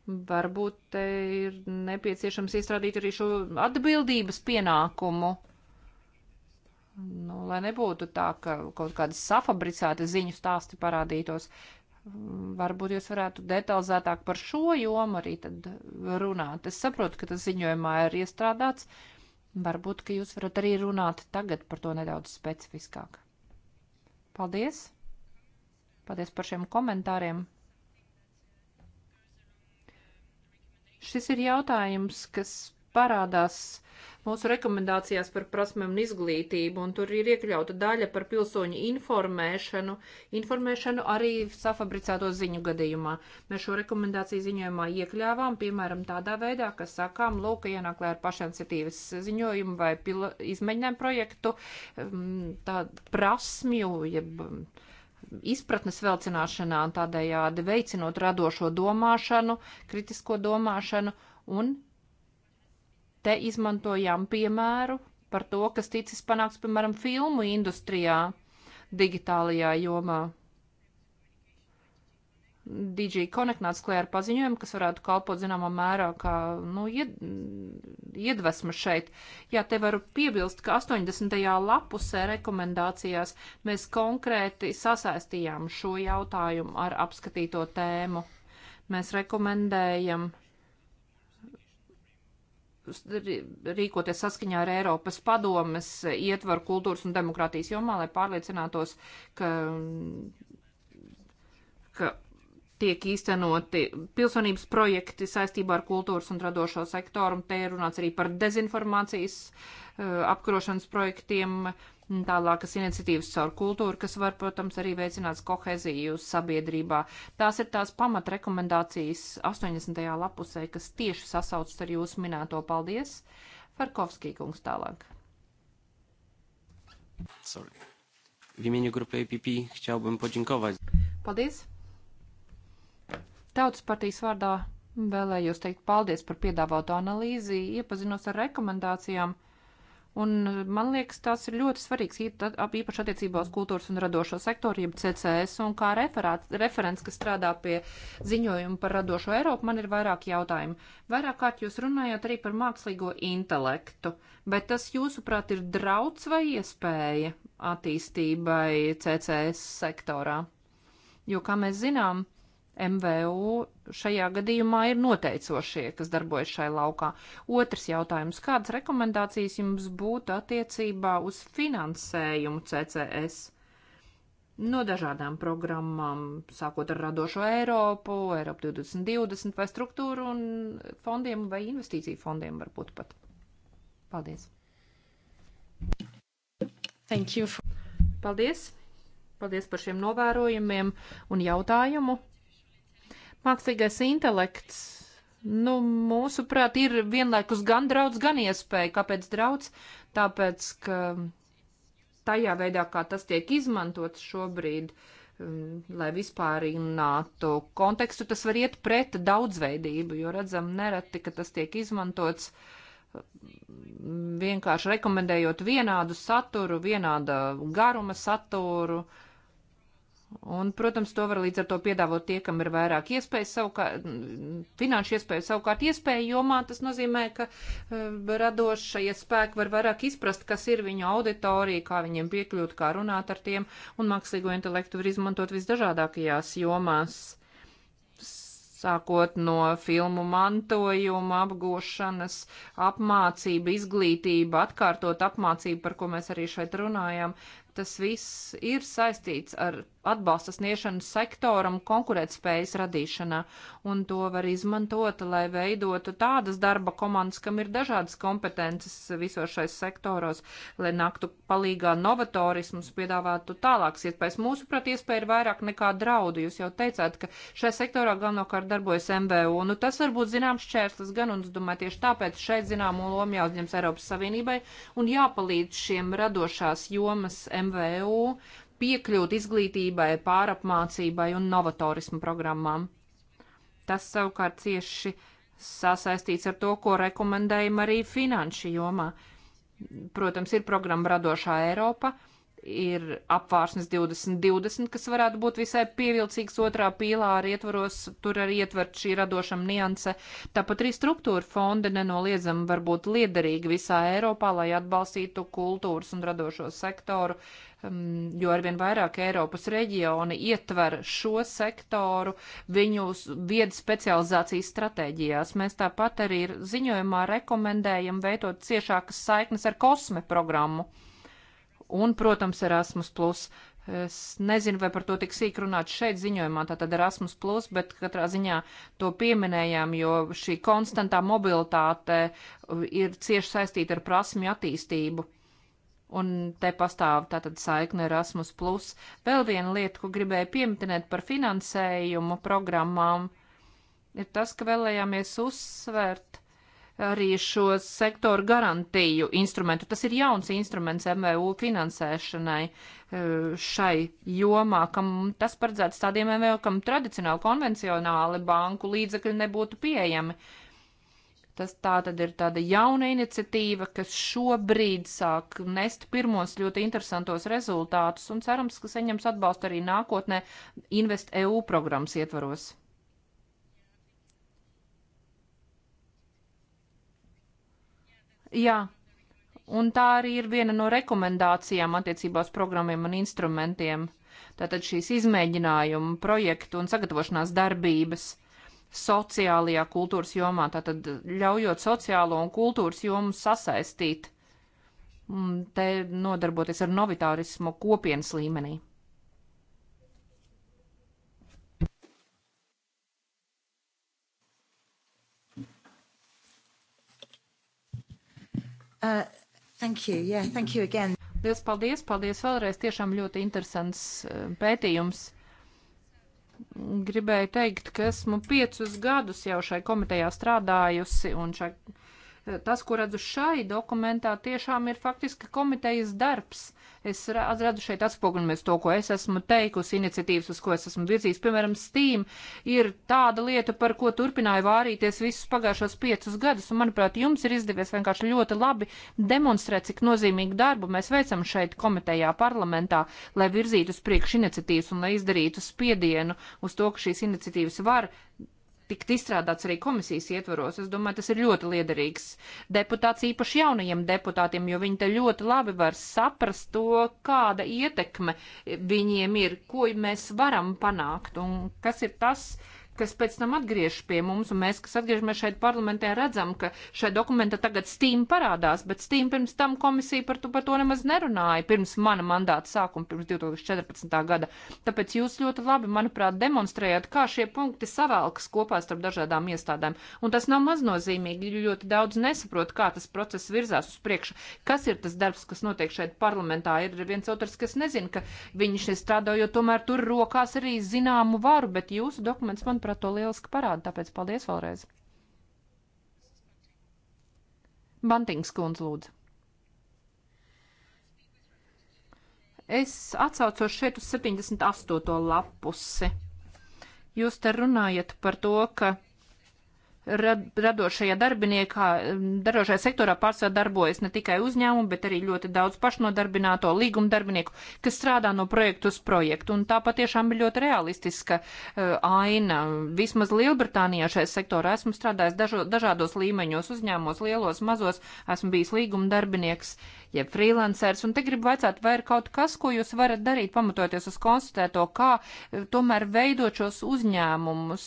varbūt te ir nepieciešams iestrādīt arī šo atbildības pienākumu. Nu, lai nebūtu tā, ka kaut kādas safabricētas ziņu stāsti parādītos, varbūt jūs varētu detalizētāk par šo jomu arī tad runāt. Es saprotu, ka tas ziņojumā ir iestrādāts. Varbūt, ka jūs varat arī runāt tagad par to nedaudz specifiskāk. Paldies! Paldies par šiem komentāriem! Šis ir jautājums, kas parādās mūsu rekomendācijās par prasmēm un izglītību, un tur ir iekļauta daļa par pilsoņu informēšanu, informēšanu arī safabricēto ziņu gadījumā. Mēs šo rekomendāciju ziņojumā iekļāvām, piemēram, tādā veidā, ka sakām, lūk, ienāk lai ar pašiniciatīvas ziņojumu vai izmēģinājumu projektu, um, tā prasmju, jeb. Ja izpratnes velcināšanā un tādējādi veicinot radošo domāšanu, kritisko domāšanu, un te izmantojām piemēru par to, kas ticis panāks, piemēram, filmu industrijā, digitālajā jomā. DG Connect nāca klajā ar paziņojumu, kas varētu kalpot zināmā mērā kā nu, ied, iedvesma šeit. Jā, te varu piebilst, ka 80. lapusē rekomendācijās mēs konkrēti sasaistījām šo jautājumu ar apskatīto tēmu. Mēs rekomendējam rīkoties saskaņā ar Eiropas padomes ietvaru kultūras un demokrātijas jomā, lai pārliecinātos, ka ka tiek īstenoti pilsonības projekti saistībā ar kultūras un radošo sektoru, un te ir runāts arī par dezinformācijas eh, apkarošanas projektiem, tālākas iniciatīvas caur kultūru, kas var, protams, arī veicināt koheziju sabiedrībā. Tās ir tās pamatrekomendācijas 80. lapusē, kas tieši sasaucas ar jūsu minēto paldies. Farkovskī kungs tālāk. Sorry. W imieniu grupy APP chciałbym podziękować. Paldies. Tautas partijas vārdā vēlējos teikt paldies par piedāvāto analīzi, iepazinos ar rekomendācijām. Un man liekas, tās ir ļoti svarīgas, īpaši attiecībā uz kultūras un radošo sektoru, jeb CCS, un kā referāt, referents, kas strādā pie ziņojuma par radošo Eiropu, man ir vairāk jautājumu. Vairāk kārt jūs runājāt arī par mākslīgo intelektu, bet tas, jūsuprāt, ir drauds vai iespēja attīstībai CCS sektorā? Jo, kā mēs zinām, MVU šajā gadījumā ir noteicošie, kas darbojas šai laukā. Otrs jautājums - kādas rekomendācijas jums būtu attiecībā uz finansējumu CCS? No dažādām programmām, sākot ar Radošo Eiropu, Eiropu 2020 vai struktūru un fondiem vai investīciju fondiem varbūt pat. Paldies! Thank you. For... Paldies! Paldies par šiem novērojumiem un jautājumu. Mākslīgais intelekts, nu, mūsuprāt, ir vienlaikus gan draudz, gan iespēja. Kāpēc draudz? Tāpēc, ka tajā veidā, kā tas tiek izmantots šobrīd, um, lai vispārinātu kontekstu, tas var iet pret daudzveidību, jo redzam nereti, ka tas tiek izmantots um, vienkārši rekomendējot vienādu saturu, vienāda garuma saturu, uh, Un, protams, to var līdz ar to piedāvot tie, kam ir vairāk iespējas, savukārt, finanšu iespēju, savukārt iespēju jomā. Tas nozīmē, ka uh, radošie spēki var vairāk izprast, kas ir viņu auditorija, kā viņiem piekļūt, kā runāt ar tiem, un mākslīgo intelektu var izmantot visdažādākajās jomās. Sākot no filmu mantojuma, apgūšanas, apmācība, izglītība, atkārtot apmācību, par ko mēs arī šeit runājam, tas viss ir saistīts ar atbalsta sniegšanas sektoram konkurētspējas radīšanā, un to var izmantot, lai veidotu tādas darba komandas, kam ir dažādas kompetences visos šais sektoros, lai naktu palīgā novatorismus, piedāvātu tālākas iespējas. Mūsuprāt, iespēja ir vairāk nekā draudu. Jūs jau teicāt, ka šai sektorā galvenokārt darbojas MVU. Nu, tas varbūt zināms šķērslis gan, un es domāju, tieši tāpēc šeit zināmu lomu jāuzņems Eiropas Savienībai un jāpalīdz šiem radošās jomas MVU piekļūt izglītībai, pārapmācībai un novatorismu programmām. Tas savukārt cieši sasaistīts ar to, ko rekomendējam arī finanšu jomā. Protams, ir programma Radošā Eiropa, ir apvārsnes 2020, kas varētu būt visai pievilcīgs otrā pīlāra ietvaros, tur arī ietvert šī radošam nianse. Tāpat arī struktūra fonda nenoliedzami var būt liederīga visā Eiropā, lai atbalstītu kultūras un radošo sektoru Um, jo arvien vairāk Eiropas reģioni ietver šo sektoru viņu viedas specializācijas stratēģijās. Mēs tāpat arī ziņojumā rekomendējam veidot ciešākas saiknes ar kosme programmu un, protams, Erasmus. Es nezinu, vai par to tik sīk runāt šeit ziņojumā, tātad Erasmus, bet katrā ziņā to pieminējām, jo šī konstantā mobilitāte ir cieši saistīta ar prasmju attīstību Un te pastāv tātad saikne Erasmus. Vēl viena lieta, ko gribēju pieminēt par finansējumu programmām, ir tas, ka vēlējāmies uzsvērt arī šo sektoru garantiju instrumentu. Tas ir jauns instruments MVU finansēšanai e, šai jomā, kam tas paredzēts tādiem MVU, kam tradicionāli konvencionāli banku līdzekļi nebūtu pieejami. Uh, Tas tā tad ir tāda jauna iniciatīva, kas šobrīd sāk nest pirmos ļoti interesantos rezultātus un cerams, ka saņems atbalstu arī nākotnē Invest EU programmas ietvaros. Jā, un tā arī ir viena no rekomendācijām attiecībā uz programmiem un instrumentiem. Tātad šīs izmēģinājumu projektu un sagatavošanās darbības sociālajā kultūras jomā, tātad ļaujot sociālo un kultūras jomu sasaistīt, te nodarboties ar novitārismu kopienas līmenī. Uh, thank you. Yeah, thank you again. Liels paldies, paldies vēlreiz. Tiešām ļoti interesants uh, pētījums gribēju teikt, ka esmu piecus gadus jau šai komitejā strādājusi, un šai, tas, ko redzu šai dokumentā, tiešām ir faktiski komitejas darbs. Es atradu šeit atspoguļamies to, ko es esmu teikusi, iniciatīvas, uz ko es esmu virzījis. Piemēram, Steam ir tāda lieta, par ko turpināju vārīties visus pagājušos piecus gadus, un, manuprāt, jums ir izdevies vienkārši ļoti labi demonstrēt, cik nozīmīgu darbu mēs veicam šeit komitejā parlamentā, lai virzītu uz priekšu iniciatīvas un lai izdarītu spiedienu uz to, ka šīs iniciatīvas var tikt izstrādāts arī komisijas ietvaros. Es domāju, tas ir ļoti liederīgs deputāts īpaši jaunajiem deputātiem, jo viņi te ļoti labi var saprast to, kāda ietekme viņiem ir, ko mēs varam panākt un kas ir tas, uh, kas pēc tam atgriež pie mums, un mēs, kas atgriežamies šeit parlamentē, redzam, ka šai dokumenta tagad Steam parādās, bet Steam pirms tam komisija par to, par to nemaz nerunāja, pirms mana mandāta sākuma, pirms 2014. gada. Tāpēc jūs ļoti labi, manuprāt, demonstrējat, kā šie punkti savēlkas kopā starp dažādām iestādēm. Un tas nav maznozīmīgi, jo ļoti daudz nesaprot, kā tas process virzās uz priekšu. Kas ir tas darbs, kas notiek šeit parlamentā? Ir viens otrs, kas nezina, ka viņš strādā, jo tomēr tur rokās arī zināmu varu, bet jūsu dokuments, manuprāt, manuprāt, to lieliski parāda, tāpēc paldies vēlreiz. Bantings kundz lūdzu. Es atsaucos šeit uz 78. lapusi. Jūs te runājat par to, ka radošajā darbiniekā, darošajā sektorā pārsvarā darbojas ne tikai uzņēmumi, bet arī ļoti daudz pašnodarbināto līguma darbinieku, kas strādā no projektu uz projektu. Un tā patiešām ir ļoti realistiska uh, aina. Vismaz Lielbritānijā šajā sektorā esmu strādājis dažo, dažādos līmeņos, uzņēmos, lielos, mazos, esmu bijis līguma darbinieks jeb freelancers. Un te gribu vaicāt, vai ir kaut kas, ko jūs varat darīt, pamatoties uz konstatēto, kā eh, tomēr veidot šos uzņēmumus,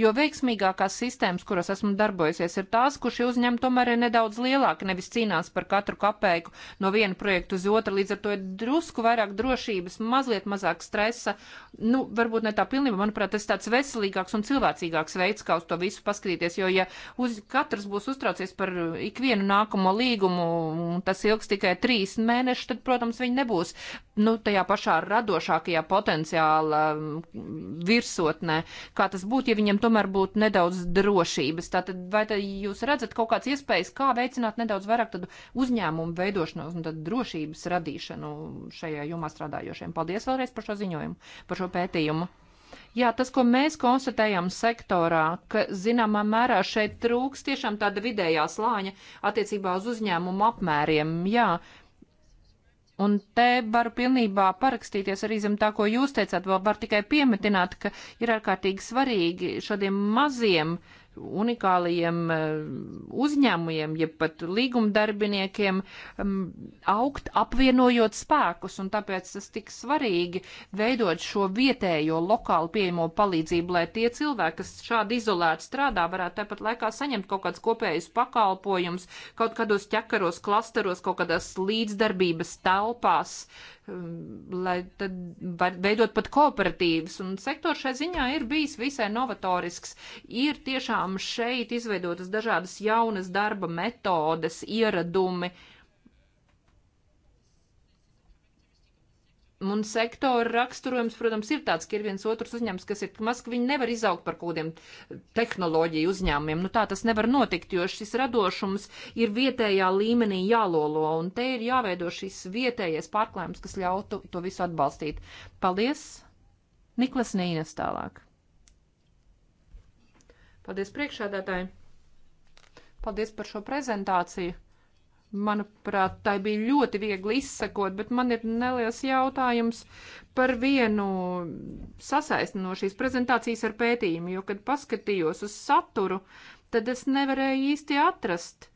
jo veiksmīgākās sistēmas, kuras esmu darbojusies, ir tās, kur šie uzņēmumi tomēr ir nedaudz lielāki, nevis cīnās par katru kapeiku no viena projekta uz otru, līdz ar to ir drusku vairāk drošības, mazliet mazāk stresa, nu, varbūt ne tā pilnībā, manuprāt, tas ir tāds veselīgāks un cilvēcīgāks veids, kā uz to visu paskatīties, jo ja uz katrs būs uztraucies par eh, ikvienu nākamo līgumu, tas ilgs tikai tikai trīs mēneši, tad, protams, viņi nebūs nu, tajā pašā radošākajā potenciāla mm, virsotnē, kā tas būtu, ja viņiem tomēr būtu nedaudz drošības. Tātad, vai tad jūs redzat kaut kāds iespējas, kā veicināt nedaudz vairāk tādu uzņēmumu veidošanos un tad drošības radīšanu šajā jomā strādājošiem? Paldies vēlreiz par šo ziņojumu, par šo pētījumu. Jā, tas, ko mēs konstatējam sektorā, ka zināmā mērā šeit trūks tiešām tāda vidējā slāņa attiecībā uz uzņēmumu apmēriem. Jā, Un te varu pilnībā parakstīties arī zem tā, ko jūs teicāt, vēl var tikai piemetināt, ka ir ārkārtīgi svarīgi šādiem maziem uh, unikālajiem eh, uzņēmumiem, jeb pat līgumdarbiniekiem mm, augt apvienojot spēkus, un tāpēc tas tik svarīgi veidot šo vietējo lokālu pieejamo palīdzību, lai tie cilvēki, kas šādi izolēti strādā, varētu tāpat laikā saņemt kaut kādus kopējus pakalpojumus, kaut kādos ķekaros, klasteros, kaut kādās līdzdarbības telpās, mm, lai tad var veidot pat kooperatīvas, un sektors šai ziņā ir bijis visai novatorisks, ir tiešām tiešām šeit izveidotas dažādas jaunas darba metodes, ieradumi. Un sektora raksturojums, protams, ir tāds, ka ir viens otrs uzņēmums, kas ir maz, ka viņi nevar izaugt par kaut kādiem tehnoloģiju uzņēmumiem. Nu tā tas nevar notikt, jo šis radošums ir vietējā līmenī jālolo, un te ir jāveido šis vietējais pārklājums, kas ļautu to visu atbalstīt. Paldies! Niklas Nīnes tālāk. Paldies priekšādātāji! Paldies par šo prezentāciju! Manuprāt, tā bija ļoti viegli izsakot, bet man ir neliels jautājums par vienu sasaisti no šīs prezentācijas ar pētījumu, jo, kad paskatījos uz saturu, tad es nevarēju īsti atrast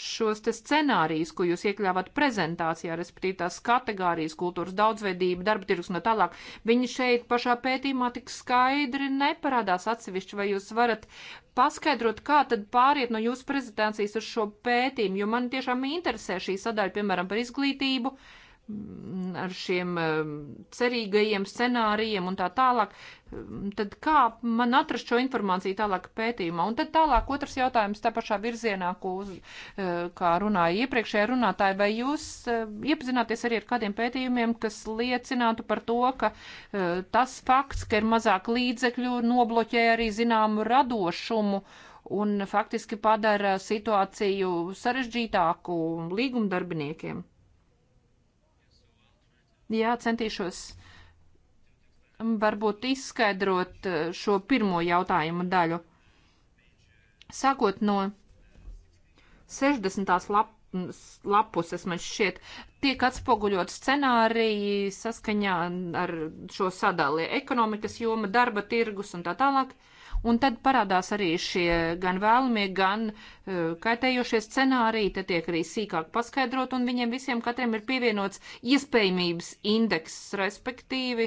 šos te scenārijus, ko jūs iekļāvāt prezentācijā, respektīvi tās kategorijas, kultūras daudzveidība, darba tirgus un no tālāk, viņi šeit pašā pētījumā tik skaidri neparādās atsevišķi, vai jūs varat paskaidrot, kā tad pāriet no jūsu prezentācijas uz šo pētījumu, jo man tiešām interesē šī sadaļa, piemēram, par izglītību. Uh, Mm, ar šiem mm, cerīgajiem scenārijiem un tā tālāk. Mm, tad kā man atrast šo informāciju tālāk pētījumā? Un tad tālāk otrs jautājums tā pašā virzienā, ko, eh, kā runāja iepriekšējā runātāja, vai jūs eh, iepazināties arī ar kādiem pētījumiem, kas liecinātu par to, ka eh, tas fakts, ka ir mazāk līdzekļu, nobloķē arī zināmu radošumu un faktiski padara situāciju sarežģītāku līgumdarbiniekiem? Jā, centīšos um, varbūt izskaidrot uh, šo pirmo jautājumu daļu. Sākot no 60. Lap, lapuses, man šķiet, tiek atspoguļot scenāriji saskaņā ar šo sadali - ekonomikas joma, darba tirgus un tā tālāk. Uh, Un tad parādās arī šie gan vēlamie, gan uh, kaitējošie scenāriji, te tiek arī sīkāk paskaidrot, un viņiem visiem katram ir pievienots iespējamības indeks, respektīvi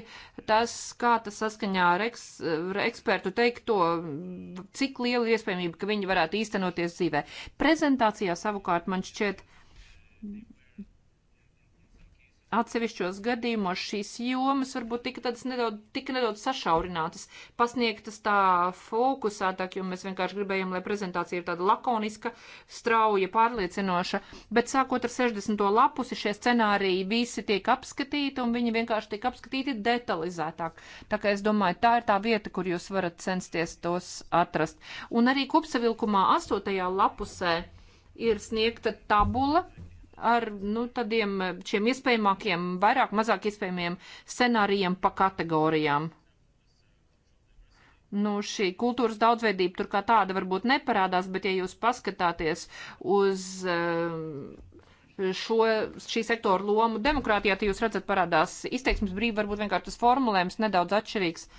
tas, kā tas saskaņā ar, eks, ar eh, ekspertu teikto, cik liela iespējamība, ka viņi varētu īstenoties dzīvē. Prezentācijā savukārt man šķiet Atsevišķos gadījumos šīs jomas varbūt tika tādas nedaudz, tika nedaudz sašaurinātas, pasniegtas tā fokusētāk, jo mēs vienkārši gribējām, lai prezentācija ir tāda lakoniska, strauja, pārliecinoša, bet sākot ar 60. lapusi šie scenāriji visi tiek apskatīti un viņi vienkārši tiek apskatīti detalizētāk. Tā kā es domāju, tā ir tā vieta, kur jūs varat censties tos atrast. Un arī kopsavilkumā 8. lapusē ir sniegta tabula ar nu, tādiem eh, šiem iespējamākiem, vairāk mazāk iespējamiem scenārijiem pa kategorijām. Nu, šī kultūras daudzveidība tur kā tāda varbūt neparādās, bet ja jūs paskatāties uz eh, šo, šī sektora lomu demokrātijā, tad jūs redzat parādās izteiksmes brīvi, varbūt vienkārši tas formulējums nedaudz atšķirīgs.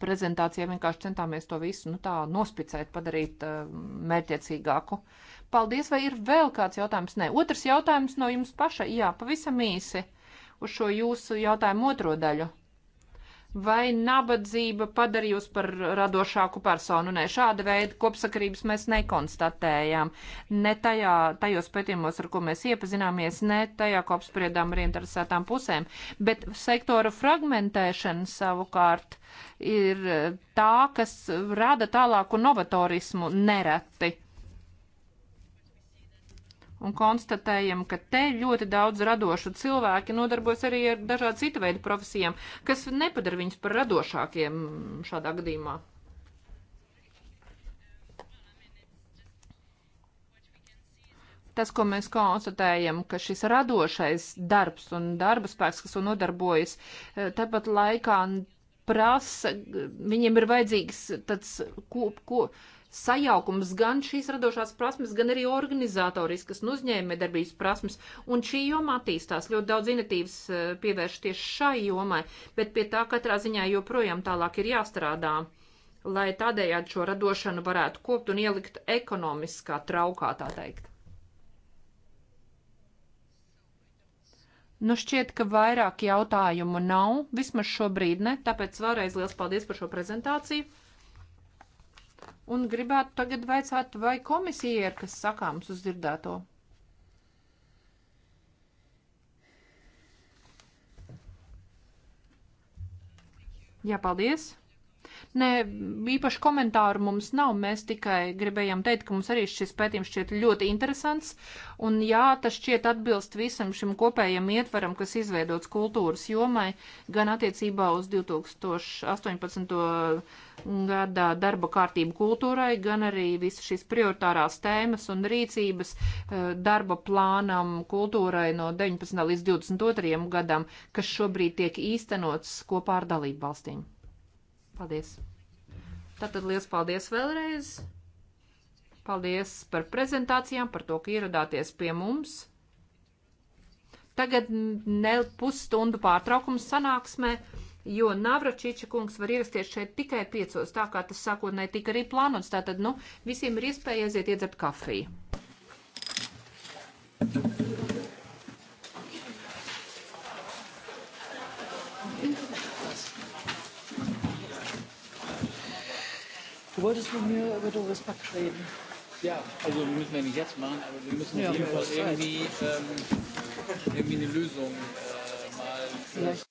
Prezentācijā vienkārši centāmies to visu nu, tā nospicēt, padarīt eh, mērķiecīgāku. Uh, Paldies, vai ir vēl kāds jautājums? Nē, otrs jautājums no jums paša. Jā, pavisam īsi uz šo jūsu jautājumu otro daļu. Vai nabadzība padarījusi par radošāku personu? Nē, šāda veida kopsakarības mēs nekonstatējām. Ne tajā, tajos pētījumos, ar ko mēs iepazināmies, ne tajā, ko apspriedām ar interesētām pusēm. Bet sektora fragmentēšana savukārt ir tā, kas rada tālāku novatorismu nereti un konstatējam, ka te ļoti daudz radošu cilvēki nodarbojas arī ar dažādu citu veidu profesijām, kas nepadara viņus par radošākiem šādā gadījumā. Tas, ko mēs konstatējam, ka šis radošais darbs un darba spēks, kas to nodarbojas, eh, tāpat laikā prasa, viņiem ir vajadzīgs tāds kop, kop, sajaukums gan šīs radošās prasmes, gan arī organizatoriskas un uzņēmējdarbības prasmes. Un šī joma attīstās. Ļoti daudz iniciatīvas eh, pievērš tieši šai jomai, bet pie tā katrā ziņā joprojām tālāk ir jāstrādā, lai tādējādi šo radošanu varētu kopt un ielikt ekonomiskā traukā, tā teikt. Nu šķiet, ka vairāk jautājumu nav, vismaz šobrīd ne, tāpēc vēlreiz liels paldies par šo prezentāciju un gribētu tagad vaicāt, vai komisija ir kas sakāms uz dzirdēto. Jā, paldies! Nē, īpaši komentāru mums nav. Mēs tikai gribējām teikt, ka mums arī šis pētījums šķiet ļoti interesants. Un jā, tas šķiet atbilst visam šim kopējam ietveram, kas izveidots kultūras jomai, gan attiecībā uz 2018. gadā darba kārtību kultūrai, gan arī visas šīs prioritārās tēmas un rīcības eh, darba plānam kultūrai no 19. līdz 22. gadam, kas šobrīd tiek īstenots kopā ar dalību valstīm. Paldies! Tātad liels paldies vēlreiz! Paldies par prezentācijām, par to, ka ieradāties pie mums. Tagad ne pusstundu pārtraukums sanāksmē, jo Navračiča kungs var ierasties šeit tikai piecos, tā kā tas sākotnēji tika arī plānots. Tātad, nu, visiem ir iespēja aiziet iedzert kafiju. Thank you. Du wolltest mit mir über Doris Pack reden. Ja, also müssen wir nicht jetzt machen, aber wir müssen ja, auf jeden Fall irgendwie, ähm, irgendwie eine Lösung äh, mal. Vielleicht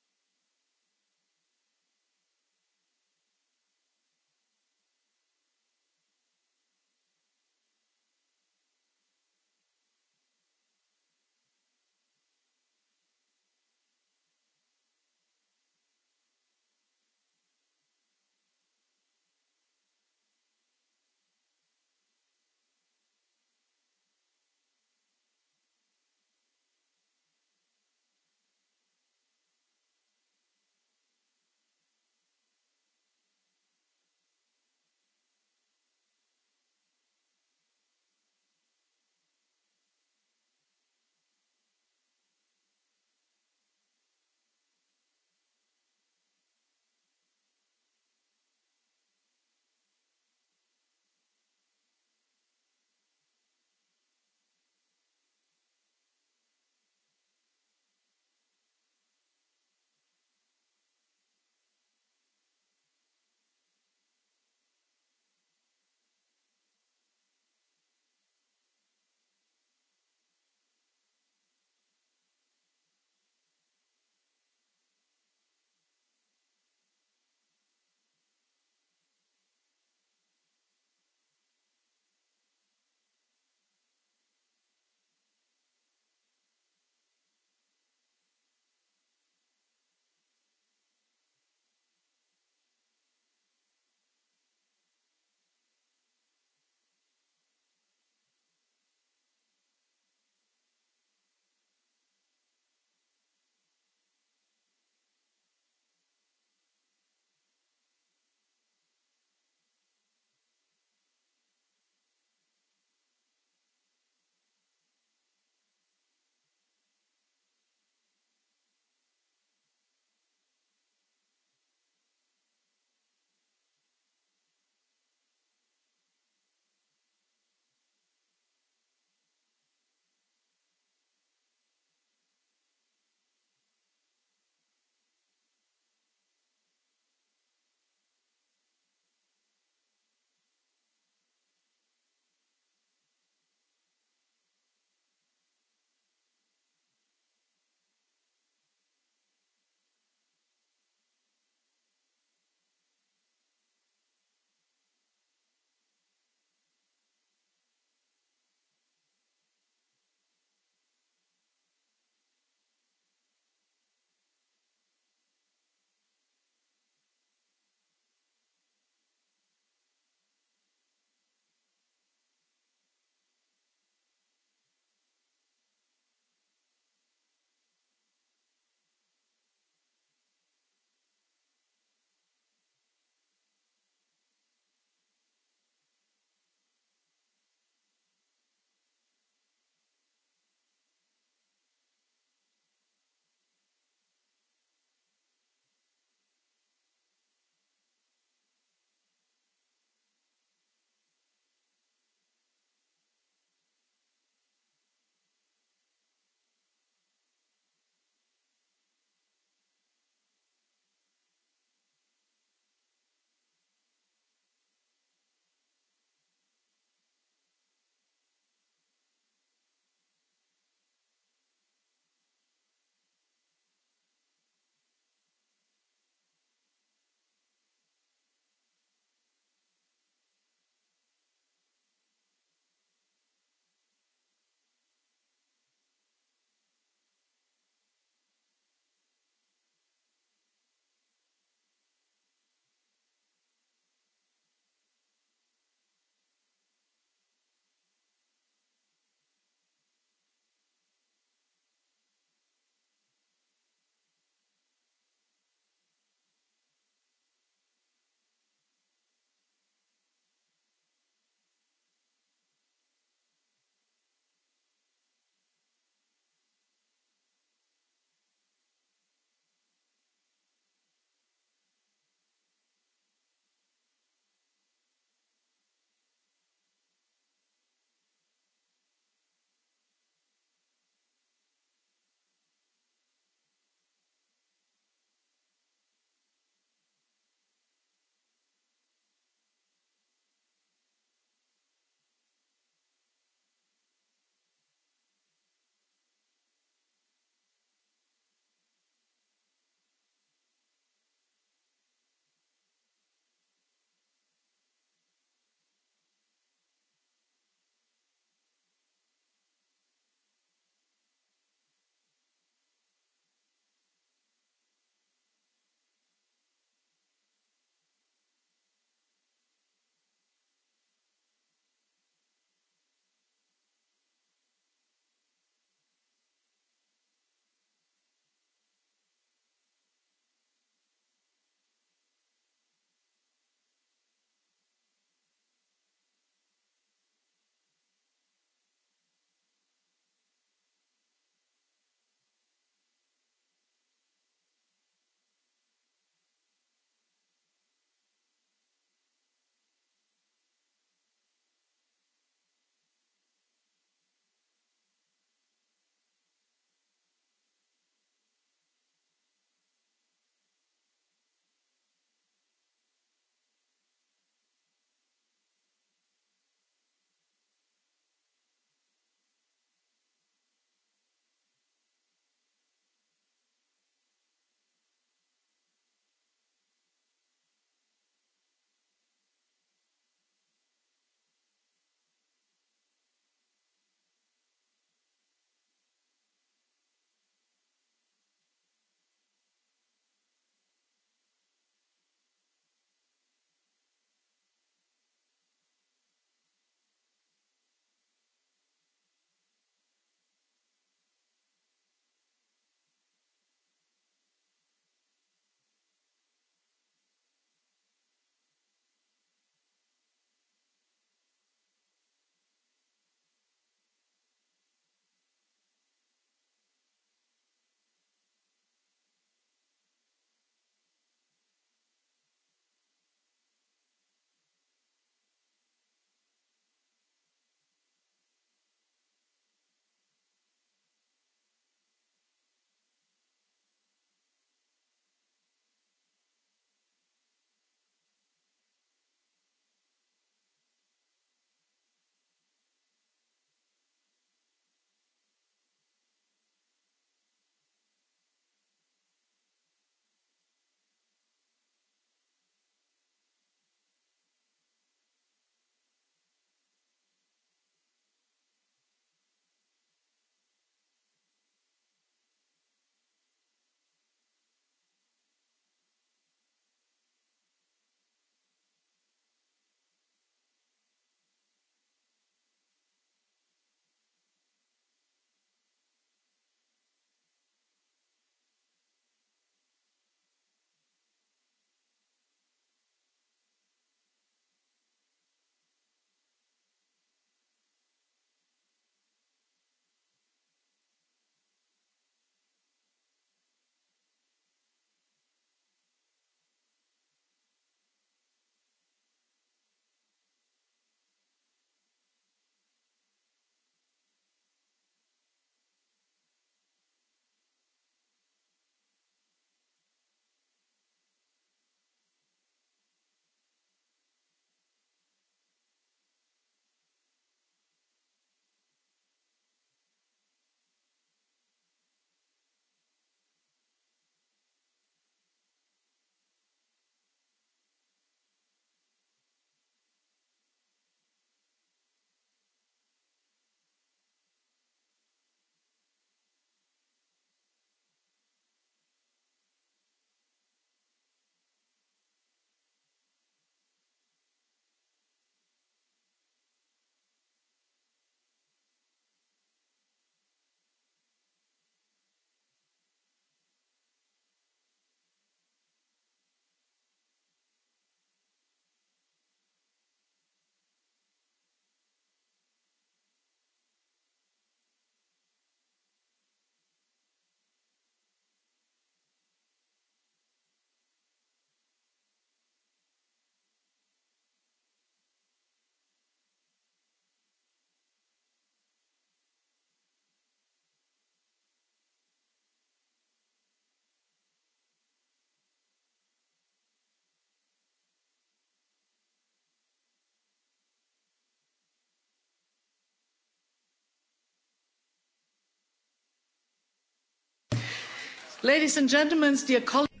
Ladies and gentlemen, dear colleagues.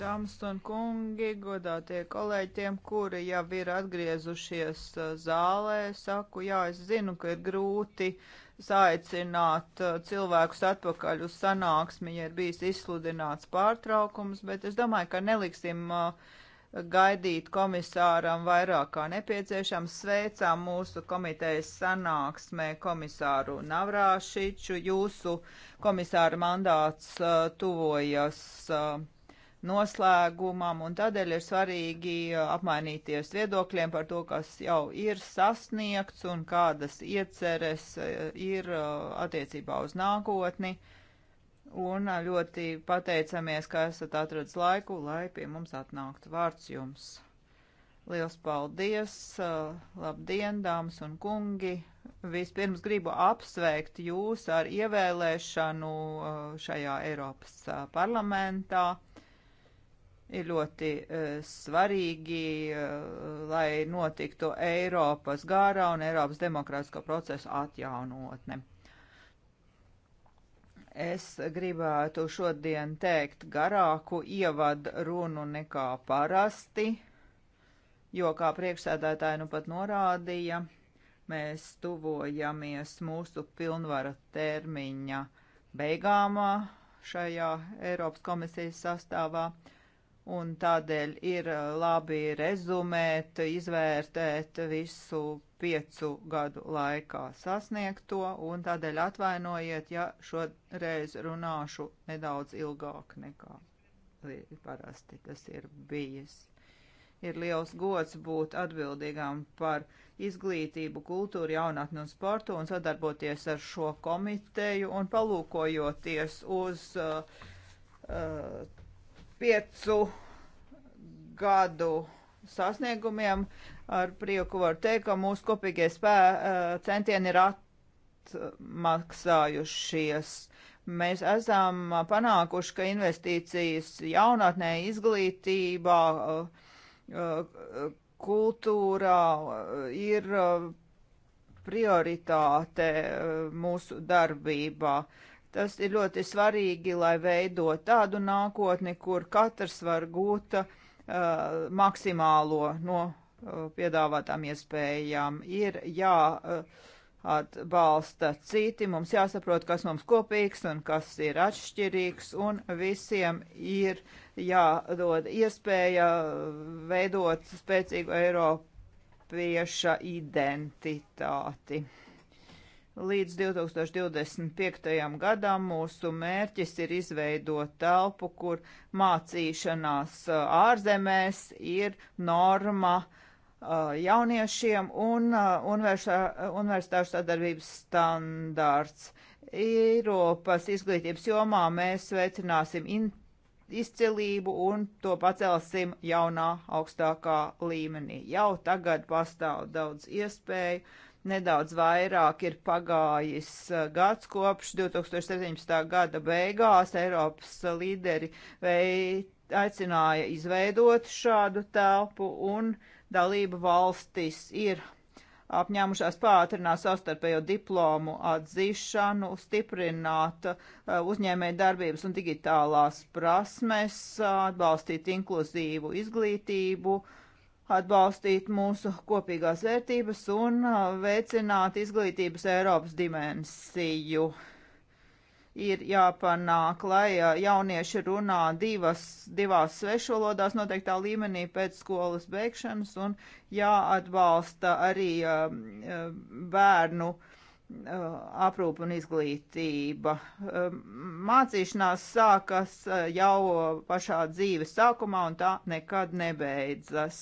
Dāmas un kungi, godātie kolēģi, tiem, kuri jau ir atgriezušies uh, zālē, saku, jā, es zinu, ka ir grūti saicināt uh, cilvēkus atpakaļ uz sanāksmi, ja ir bijis izsludināts pārtraukums, bet es domāju, ka neliksim uh, gaidīt komisāram vairāk kā nepieciešams. Sveicām mūsu komitejas sanāksmē komisāru Navrāšiču. Jūsu komisāra mandāts uh, tuvojas uh, noslēgumam, un tādēļ ir svarīgi uh, apmainīties viedokļiem par to, kas jau ir sasniegts un kādas ieceres uh, ir uh, attiecībā uz nākotni. Uh, un ļoti pateicamies, ka esat atradis laiku, lai pie mums atnāktu vārds jums. Liels paldies! Uh, labdien, dāmas un kungi! Vispirms gribu apsveikt jūs ar ievēlēšanu uh, šajā Eiropas uh, parlamentā. Ir ļoti svarīgi, lai notiktu Eiropas gārā un Eiropas demokrātisko procesu atjaunotne. Es gribētu šodien teikt garāku ievadu runu nekā parasti, jo, kā priekšsēdētāji nu pat norādīja, mēs tuvojamies mūsu pilnvara termiņa beigām šajā Eiropas komisijas sastāvā, un tādēļ ir labi rezumēt, izvērtēt visu piecu gadu laikā sasniegto, un tādēļ atvainojiet, ja šoreiz runāšu nedaudz ilgāk nekā parasti tas ir bijis. Ir liels gods būt atbildīgām par izglītību, kultūru, jaunatni un sportu un sadarboties ar šo komiteju un palūkojoties uz uh, uh, piecu gadu sasniegumiem, Ar prieku var teikt, ka mūsu kopīgie spē, eh, centieni ir atmaksājušies. Mēs esam panākuši, ka investīcijas jaunatnē, izglītībā, eh, eh, kultūrā ir prioritāte mūsu darbībā. Tas ir ļoti svarīgi, lai veidot tādu nākotni, kur katrs var gūt uh, maksimālo no Uh, piedāvātām iespējām. Ir jāatbalsta uh, citi, mums jāsaprot, kas mums kopīgs un kas ir atšķirīgs, un visiem ir jādod iespēja veidot spēcīgu Eiropieša identitāti. Līdz 2025. gadam mūsu mērķis ir izveidot telpu, kur mācīšanās uh, ārzemēs ir norma uh, jauniešiem un universitāšu sadarbības standārts. Eiropas izglītības jomā mēs veicināsim izcilību un to pacelsim jaunā augstākā līmenī. Jau tagad pastāv daudz iespēju, nedaudz vairāk ir pagājis gads kopš 2017. gada beigās Eiropas līderi veid, aicināja izveidot šādu telpu un uh, dalību valstis ir apņēmušās pātrināt savstarpējo diplomu atzīšanu, stiprināt uh, uzņēmēju darbības un digitālās prasmes, uh, atbalstīt inkluzīvu izglītību, atbalstīt mūsu kopīgās vērtības un uh, veicināt izglītības Eiropas dimensiju ir jāpanāk, lai jaunieši runā divas, divās svešvalodās noteiktā līmenī pēc skolas beigšanas un jāatbalsta arī uh, bērnu uh, aprūpa un izglītība. Uh, mācīšanās sākas jau pašā dzīves sākumā un tā nekad nebeidzas.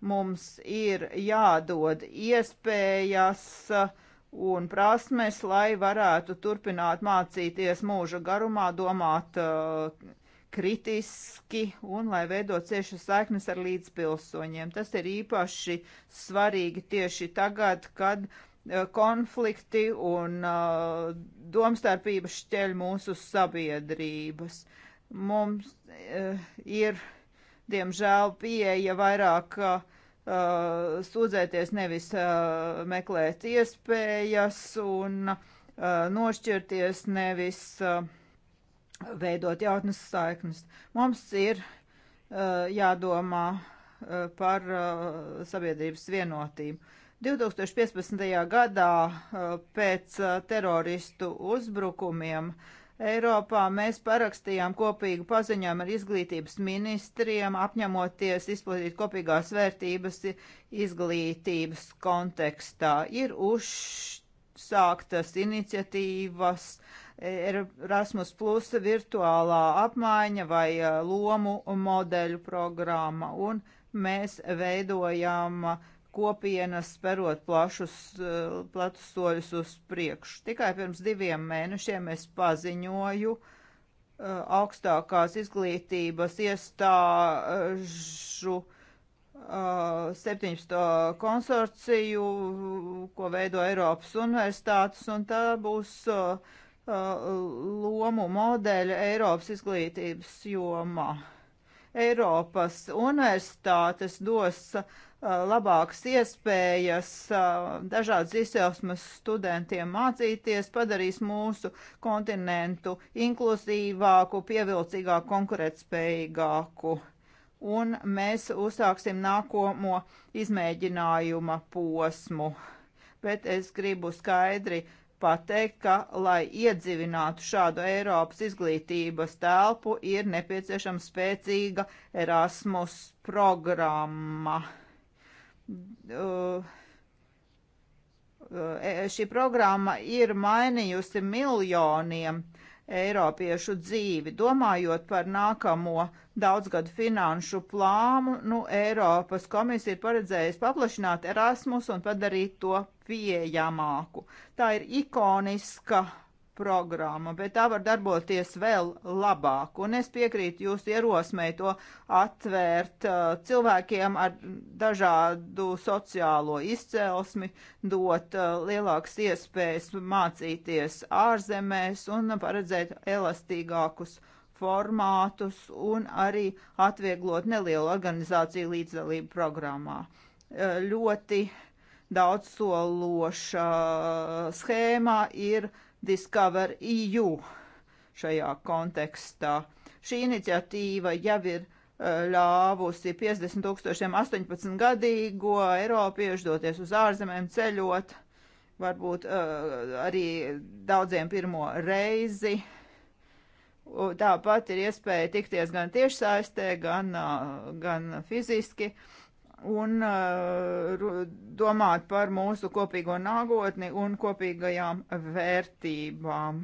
Mums ir jādod iespējas uh, un prasmes, lai varētu turpināt mācīties mūža garumā, domāt uh, kritiski un lai veidot cieši saiknes ar līdzpilsoņiem. Tas ir īpaši svarīgi tieši tagad, kad uh, konflikti un uh, domstarpības šķeļ mūsu sabiedrības. Mums uh, ir, diemžēl, pieeja vairāk uh, uh, sūdzēties, nevis uh, meklēt iespējas un uh, nošķirties, nevis uh, veidot jautnas saiknes. Mums ir uh, jādomā uh, par uh, sabiedrības vienotību. 2015. gadā uh, pēc uh, teroristu uzbrukumiem uh, Eiropā mēs parakstījām kopīgu paziņojumu ar izglītības ministriem, apņemoties izplatīt kopīgās vērtības izglītības kontekstā. Ir uzsāktas iniciatīvas Erasmus Plus virtuālā apmaiņa vai lomu modeļu programma, un mēs veidojam uh, kopienas sperot plašus, eh, platus soļus uz priekšu. Tikai pirms diviem mēnešiem es paziņoju eh, augstākās izglītības iestāžu 17. Eh, konsorciju, ko veido Eiropas universitātes, un tā būs lomu modeļa Eiropas izglītības jomā. Eiropas universitātes dos uh, labākas iespējas dažādas izcelsmes studentiem mācīties, padarīs mūsu kontinentu inklusīvāku, pievilcīgāku, konkurētspējīgāku. Un mēs uzsāksim nākamo izmēģinājuma posmu. Bet es gribu skaidri pateikt, ka, lai iedzīvinātu šādu Eiropas izglītības telpu, ir nepieciešama spēcīga Erasmus programma uh, šī programma ir mainījusi miljoniem Eiropiešu dzīvi. Domājot par nākamo daudzgadu finanšu plānu, nu, Eiropas komisija ir paredzējusi paplašināt Erasmus un padarīt to pieejamāku. Tā ir ikoniska programma, bet tā var darboties vēl labāk. Un es piekrītu jūs ierosmei to atvērt uh, cilvēkiem ar dažādu sociālo izcelsmi, dot uh, lielākas iespējas mācīties ārzemēs un paredzēt elastīgākus formātus un arī atvieglot nelielu organizāciju līdzdalību programmā. Uh, ļoti daudz sološa uh, schēmā ir uh, Discover EU šajā kontekstā. Šī iniciatīva jau ir e, ļāvusi 50 tūkstošiem 18 gadīgo Eiropiešu doties uz ārzemēm ceļot, varbūt e, arī daudziem pirmo reizi. Tāpat ir iespēja tikties gan tiešsaistē, gan, e, gan fiziski. Uh, un uh, domāt par mūsu kopīgo nākotni un kopīgajām vērtībām.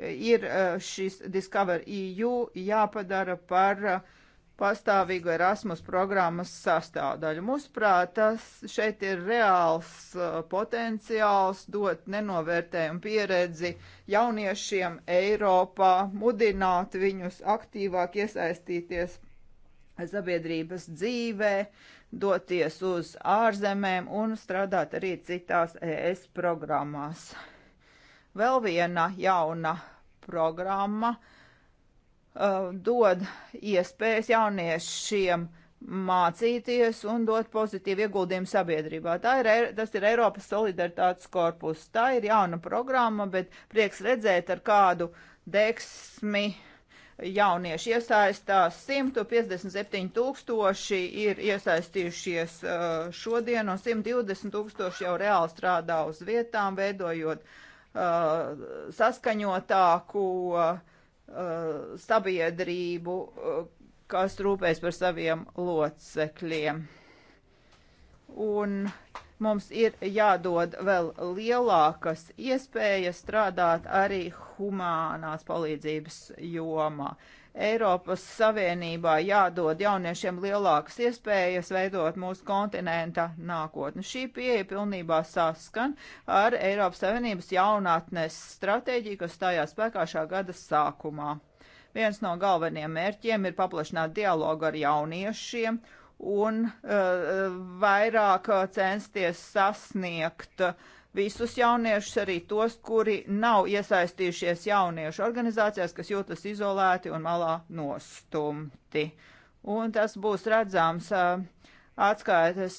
Ir uh, šis Discover EU jāpadara par uh, pastāvīgu Erasmus programmas sastāvdaļu. Mūsuprāt, tas šeit ir reāls potenciāls dot nenovērtējumu pieredzi jauniešiem Eiropā, mudināt viņus aktīvāk iesaistīties sabiedrības dzīvē, uh, doties uz ārzemēm un strādāt arī citās ES programmās. Vēl viena jauna programma uh, dod iespējas jauniešiem mācīties un dot pozitīvu ieguldījumu sabiedrībā. Tā ir, tas ir Eiropas solidaritātes korpus. Tā ir jauna programma, bet prieks redzēt, ar kādu deksmi uh, jaunieši iesaistās. 157 tūkstoši ir iesaistījušies uh, šodien, un 120 tūkstoši jau reāli strādā uz vietām, veidojot uh, saskaņotāku uh, sabiedrību, kas rūpēs par saviem locekļiem. Un Mums ir jādod vēl lielākas iespējas strādāt arī humānās palīdzības jomā. Eiropas Savienībā jādod jauniešiem lielākas iespējas veidot mūsu kontinenta nākotni. Šī pieeja pilnībā saskan ar Eiropas Savienības jaunatnes stratēģiju, kas stājās spēkā šā gada sākumā. Viens no galvenajiem mērķiem ir paplašināt dialogu ar jauniešiem un eh, vairāk eh, censties sasniegt eh, visus jauniešus, arī tos, kuri nav iesaistījušies jauniešu organizācijās, kas jūtas izolēti un malā nostumti. Un tas būs redzams atskaites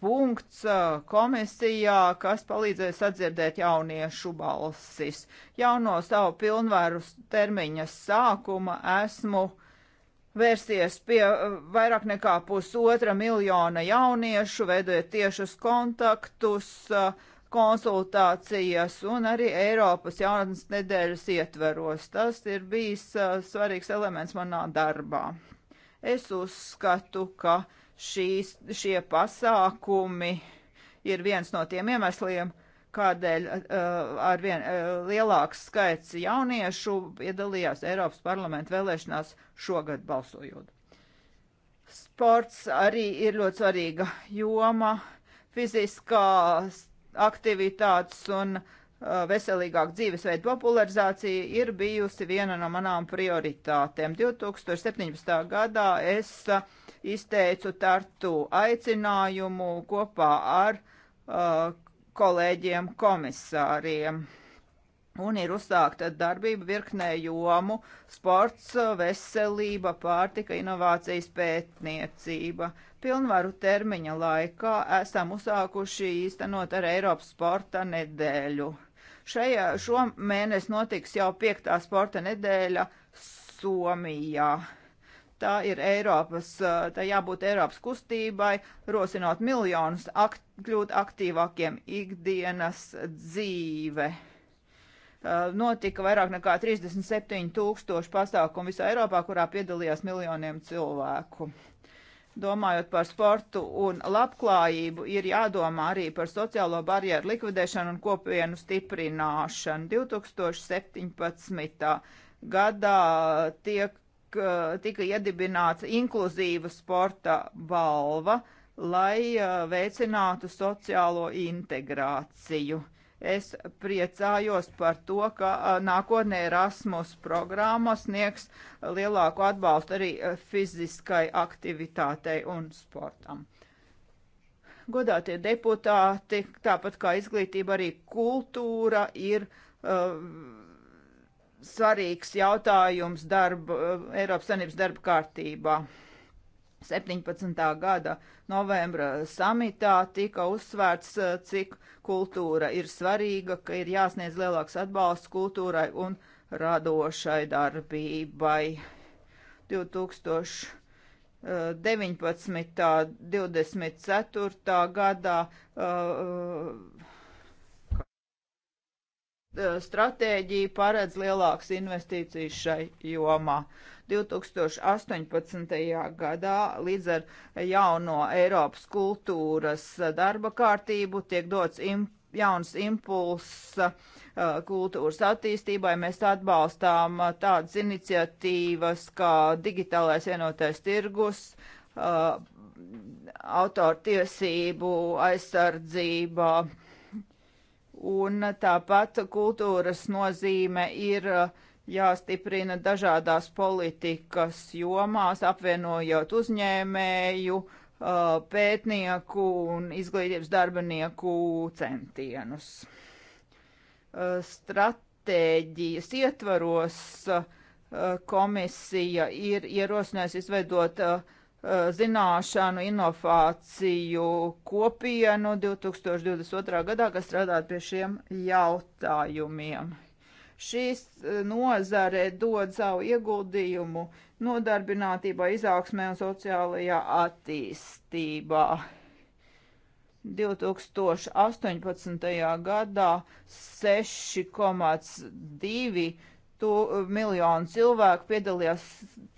punkts komisijā, kas palīdzēs atdzirdēt jauniešu balsis. Jau no savu pilnvaru termiņa sākuma esmu uh, vērsties pie eh, vairāk nekā pusotra miljona jauniešu, veidojot tiešus kontaktus, eh, konsultācijas un arī Eiropas jaunatnes nedēļas ietveros. Tas ir bijis eh, svarīgs elements manā darbā. Es uzskatu, ka šīs, šie pasākumi ir viens no tiem iemesliem, uh, kādēļ uh, arvien uh, lielāks skaits jauniešu piedalījās Eiropas parlamenta vēlēšanās šogad balsojot. Sports arī ir ļoti svarīga joma, fiziskās aktivitātes un uh, eh, veselīgāku dzīvesveidu popularizācija ir bijusi viena no manām prioritātēm. 2017. gadā es izteicu tartu aicinājumu kopā ar uh, kolēģiem komisāriem. Un ir uzsākta darbība virknē jomu - sports, veselība, pārtika, inovācijas pētniecība. Pilnvaru termiņa laikā esam uzsākuši īstenot ar Eiropas sporta nedēļu. Šajā šo mēnesi notiks jau piektā sporta nedēļa Somijā. Tā ir Eiropas, tā jābūt Eiropas kustībai, rosinot miljonus aktīvu kļūt aktīvākiem ikdienas dzīve. Notika vairāk nekā 37 tūkstoši pasākumu visā Eiropā, kurā piedalījās miljoniem cilvēku. Domājot par sportu un labklājību, ir jādomā arī par sociālo barjeru likvidēšanu un kopienu stiprināšanu. 2017. gadā tiek, tika iedibināts inkluzīva sporta balva, uh, lai veicinātu sociālo integrāciju. Es priecājos par to, ka nākotnē Erasmus programma sniegs lielāku atbalstu arī fiziskai aktivitātei un sportam. Godātie deputāti, tāpat kā izglītība, arī kultūra ir uh, svarīgs jautājums darba, Eiropas Sanības darba kārtībā. 17. gada novembra samitā tika uzsvērts, eh, cik kultūra ir svarīga, ka ir jāsniedz lielāks atbalsts kultūrai un radošai darbībai. 2000. 19. 24. gadā uh, eh, eh, stratēģija paredz lielākas investīcijas šai jomā. Uh, 2018. gadā līdz ar jauno Eiropas kultūras darba kārtību tiek dots impulss jauns impulss uh, kultūras attīstībai. Mēs atbalstām uh, tādas iniciatīvas kā digitālais vienotais tirgus, uh, autortiesību aizsardzība. Un tāpat kultūras nozīme ir uh, jāstiprina dažādās politikas jomās, apvienojot uzņēmēju, uh, pētnieku un izglītības darbinieku centienus. Uh, stratēģijas ietvaros uh, komisija ir ierosinājusi izveidot zināšanu inovāciju kopienu 2022. gadā, kas strādāt pie šiem jautājumiem. Šīs e, nozare dod savu ieguldījumu nodarbinātībā, izaugsmē un sociālajā attīstībā. 2018. gadā 6,2 miljonu cilvēku piedalījās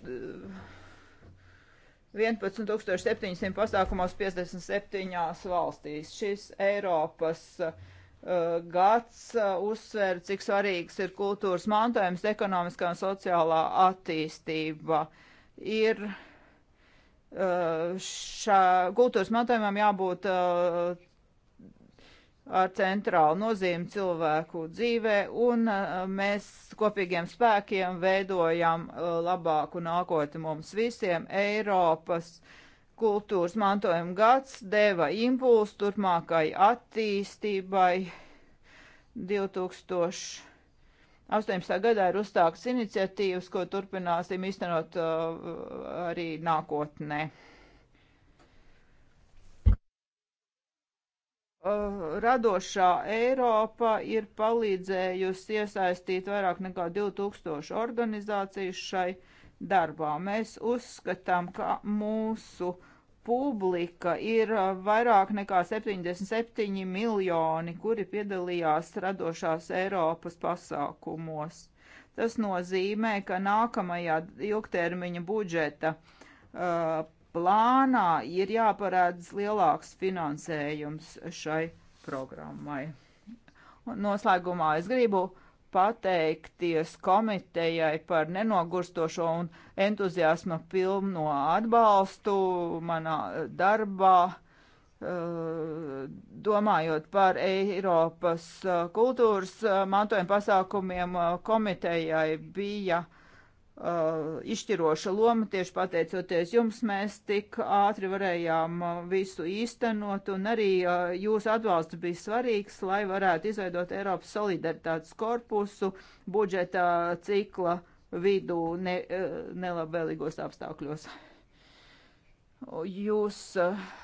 11,700 e, pasākumos 57 valstīs. Šis Eiropas uh, Eh, gads eh, uzsver, cik svarīgs ir kultūras mantojums, ekonomiskā un sociālā attīstība. Ir eh, šā kultūras mantojumam jābūt ar centrālu nozīmi cilvēku dzīvē, un mēs kopīgiem spēkiem veidojam labāku nākotni mums visiem Eiropas. Uh, kultūras mantojuma gads deva impulsu turpmākai attīstībai. 2018. gadā ir uzstākts iniciatīvas, ko turpināsim iztenot uh, arī nākotnē. Uh, radošā Eiropa ir palīdzējusi iesaistīt vairāk nekā 2000 organizāciju šai darbā. Mēs uzskatām, ka mūsu publika ir uh, vairāk nekā 77 miljoni, kuri piedalījās radošās Eiropas pasākumos. Tas nozīmē, ka nākamajā ilgtermiņa budžeta uh, plānā ir jāparādz lielāks finansējums šai programmai. Un noslēgumā es gribu uh, pateikties komitejai par nenogurstošo un entuziasma pilno atbalstu manā darbā, eh, domājot par Eiropas eh, kultūras eh, mantojuma pasākumiem komitejai bija uh, Uh, izšķiroša loma. Tieši pateicoties jums, mēs tik ātri varējām uh, visu īstenot, un arī uh, jūsu atbalsts bija svarīgs, lai varētu izveidot Eiropas solidaritātes korpusu budžeta cikla vidū ne, uh, nelabvēlīgos apstākļos. Jūs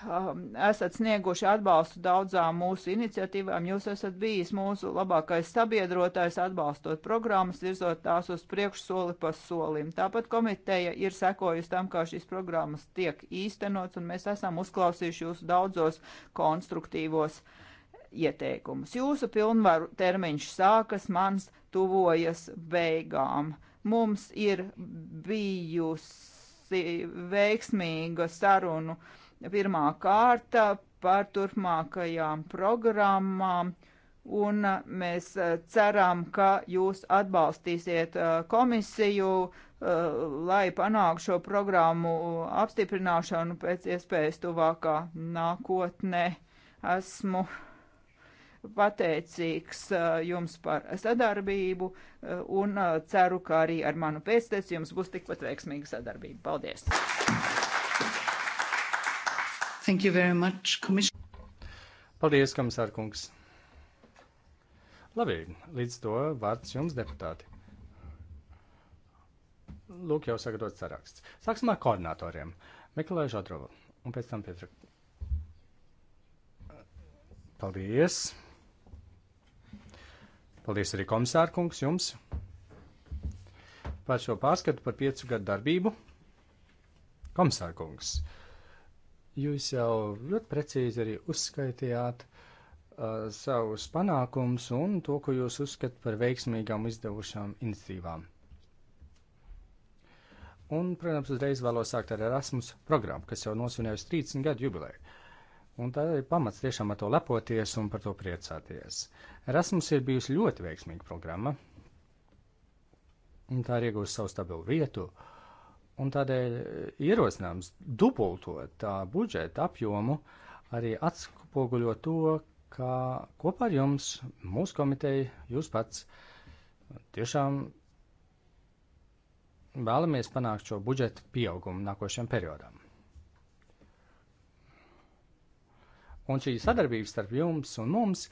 um, esat snieguši atbalstu daudzām mūsu iniciatīvām, jūs esat bijis mūsu labākais sabiedrotājs atbalstot programmas, virzot tās uz priekšu soli pa solim. Tāpat komiteja ir sekojusi tam, kā šīs programmas tiek īstenots, un mēs esam uzklausījuši jūsu daudzos konstruktīvos ieteikumus. Jūsu pilnvaru termiņš sākas, mans tuvojas beigām. Mums ir bijusi veiksmīga sarunu pirmā kārta par turpmākajām programmām, un mēs eh, ceram, ka jūs atbalstīsiet eh, komisiju, eh, lai panāktu šo programmu apstiprināšanu pēc iespējas tuvākā nākotnē. Esmu pateicīgs uh, jums par sadarbību uh, un uh, ceru, ka arī ar manu pēcteci jums būs tikpat veiksmīga sadarbība. Paldies! Thank you very much, Paldies, komisārkungs! Labi, līdz to vārds jums, deputāti. Lūk, jau sagatavots saraksts. Sāksim ar koordinatoriem. Meklēju Žadrovu un pēc tam Pietra. Paldies! Paldies arī komisārkungs jums par šo pārskatu par piecu gadu darbību. Komisārkungs, jūs jau ļoti precīzi arī uzskaitījāt uh, savus panākumus un to, ko jūs uzskatāt par veiksmīgām izdevušām iniciatīvām. Un, protams, uzreiz vēlos sākt ar Erasmus programmu, kas jau nosvinējusi 30 gadu jubileju. Un tā ir pamats tiešām ar to lepoties un par to priecāties. Erasmus ir bijusi ļoti veiksmīga programma, un tā ir iegūst savu stabilu vietu, un tādēļ eh, ierosināms dubultot tā budžeta apjomu arī atspoguļo to, ka kopā ar jums, mūsu komiteja, jūs pats tiešām vēlamies panākt šo budžeta pieaugumu nākošajam periodam. Un šī sadarbība starp jums un mums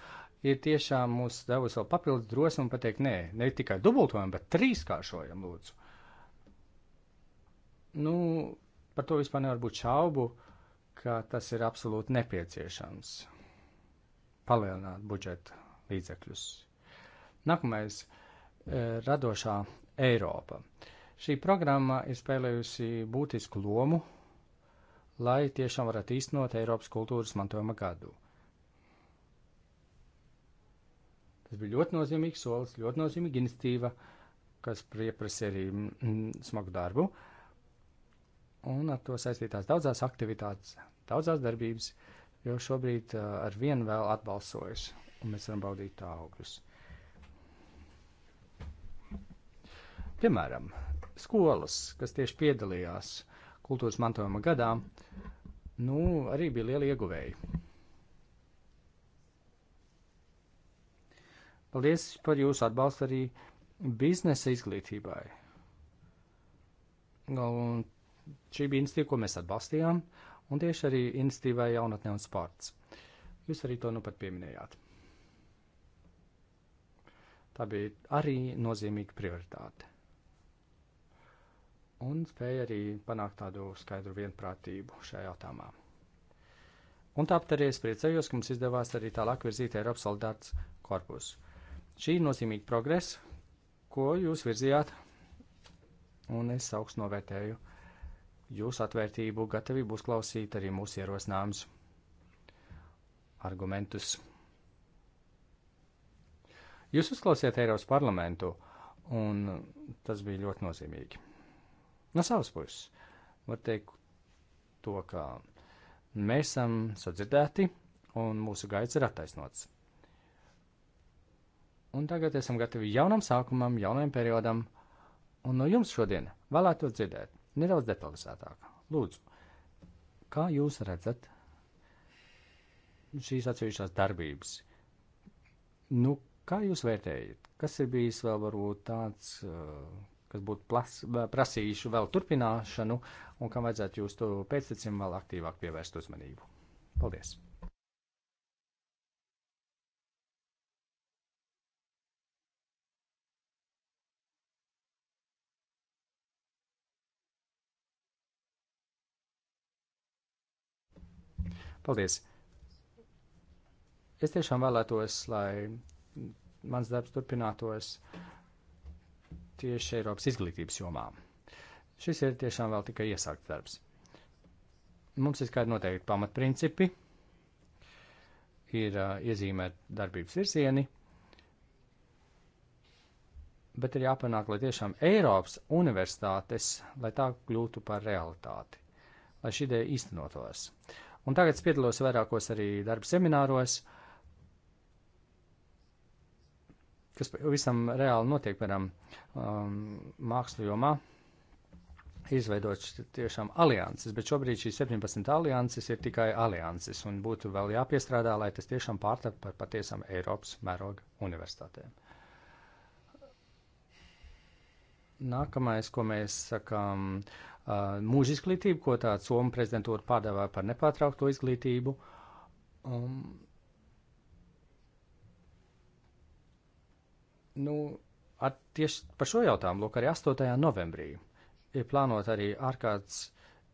ir tiešām mums devusi vēl papildus drosmi pateikt, nē, ne tikai dubultojam, bet trīskāršojam, lūdzu. Nu, par to vispār nevar būt šaubu, ka tas ir absolūti nepieciešams. Palielināt budžeta līdzekļus. Nākamais e, - radošā Eiropa. Šī programma ir spēlējusi būtisku lomu lai tiešām varētu īstenot Eiropas kultūras mantojuma gadu. Tas bija ļoti nozīmīgs solis, ļoti nozīmīga inicitīva, kas pieprasīja arī mm, mm, smagu darbu. Un ar to saistītās daudzās aktivitātes, daudzās darbības, jo šobrīd uh, ar vienu vēl atbalsojas, un mēs varam baudīt tā augļus. Piemēram, skolas, kas tieši piedalījās uh, kultūras mantojuma gadā, nu, arī bija lieli ieguvēji. Paldies par jūsu atbalstu arī biznesa izglītībai. Un šī bija institīva, ko mēs atbalstījām, un tieši arī institīvai jaunatnē un sports. Jūs arī to nu pat pieminējāt. Tā bija arī nozīmīga prioritāte un spēja arī panākt tādu skaidru vienprātību šajā jautājumā. Un tāpat arī es priecājos, ka mums izdevās arī tālāk virzīt Eiropas soldāts korpusu. Šī ir nozīmīga progresa, ko jūs virzījāt, un es augstu novērtēju jūsu atvērtību, gatavību uzklausīt arī mūsu ierosinājumus, argumentus. Jūs uzklausījāt Eiropas parlamentu, un tas bija ļoti nozīmīgi. No savas puses var teikt to, ka mēs esam sadzirdēti un mūsu gaids ir attaisnots. Un tagad esam gatavi jaunam sākumam, jaunam periodam, un no jums šodien vēlētu dzirdēt nedaudz detalizētāk. Lūdzu, kā jūs redzat šīs atsevišķās darbības? Nu, kā jūs vērtējat? Kas ir bijis vēl varbūt tāds, uh, kas būtu plas, prasījuši vēl turpināšanu un kam vajadzētu jūs to pēctecim vēl aktīvāk pievērst uzmanību. Paldies! Paldies! Es tiešām vēlētos, lai mans darbs turpinātos. Uh, tieši Eiropas izglītības jomā. Šis ir tiešām vēl tikai iesākts darbs. Mums ir skaidri noteikti pamatprincipi, ir uh, iezīmēt darbības virzieni, bet ir jāpanāk, lai tiešām Eiropas universitātes, lai tā kļūtu par realitāti, lai šī ideja īstenotos. Un tagad es piedalos vairākos arī darba semināros, uh, kas visam reāli notiek, piemēram, um, mākslu jomā, izveidot tiešām alianses, bet šobrīd šīs 17 alianses ir tikai alianses, un būtu vēl jāpiestrādā, lai tas tiešām pārtap par patiesām Eiropas mēroga universitātēm. Nākamais, ko mēs sakām, uh, mūža izglītība, ko tā Somu prezidentūra pārdevā par nepārtraukto izglītību. Um, Nu, ar, tieši par šo jautājumu, lūk, arī 8. novembrī ir plānota arī ārkārtas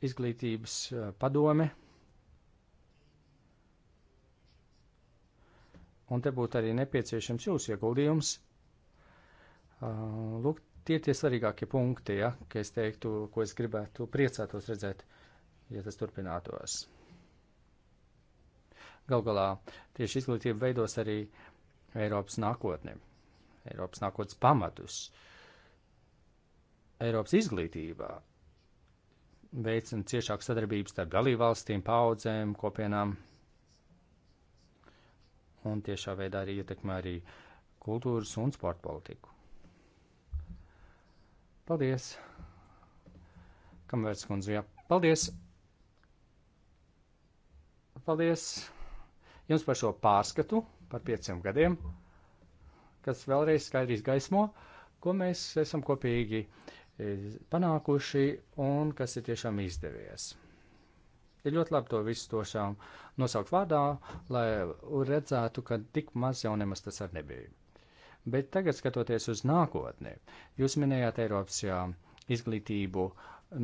izglītības eh, padome. Un te būtu arī nepieciešams jūsu ieguldījums. Eh, lūk, tie ir tie svarīgākie punkti, ja, ka es teiktu, ko es gribētu priecātos redzēt, ja tas turpinātos. Gal galā tieši izglītība veidos arī Eiropas nākotni. Eiropas nākotnes pamatus. Eiropas izglītībā veicina ciešāku sadarbību starp dalībvalstīm, paudzēm, kopienām un tiešā veidā arī ietekmē arī kultūras un sporta politiku. Paldies! Kamvērts kundze, jā, paldies! Paldies jums par šo pārskatu par pieciem gadiem! kas vēlreiz skaidrīs gaismo, ko mēs esam kopīgi e, panākuši un kas ir tiešām izdevies. Ir ļoti labi to visu tošām nosaukt vārdā, lai redzētu, ka tik maz jau nemaz tas arī nebija. Bet tagad skatoties uz nākotni, jūs minējāt Eiropas jā, izglītību.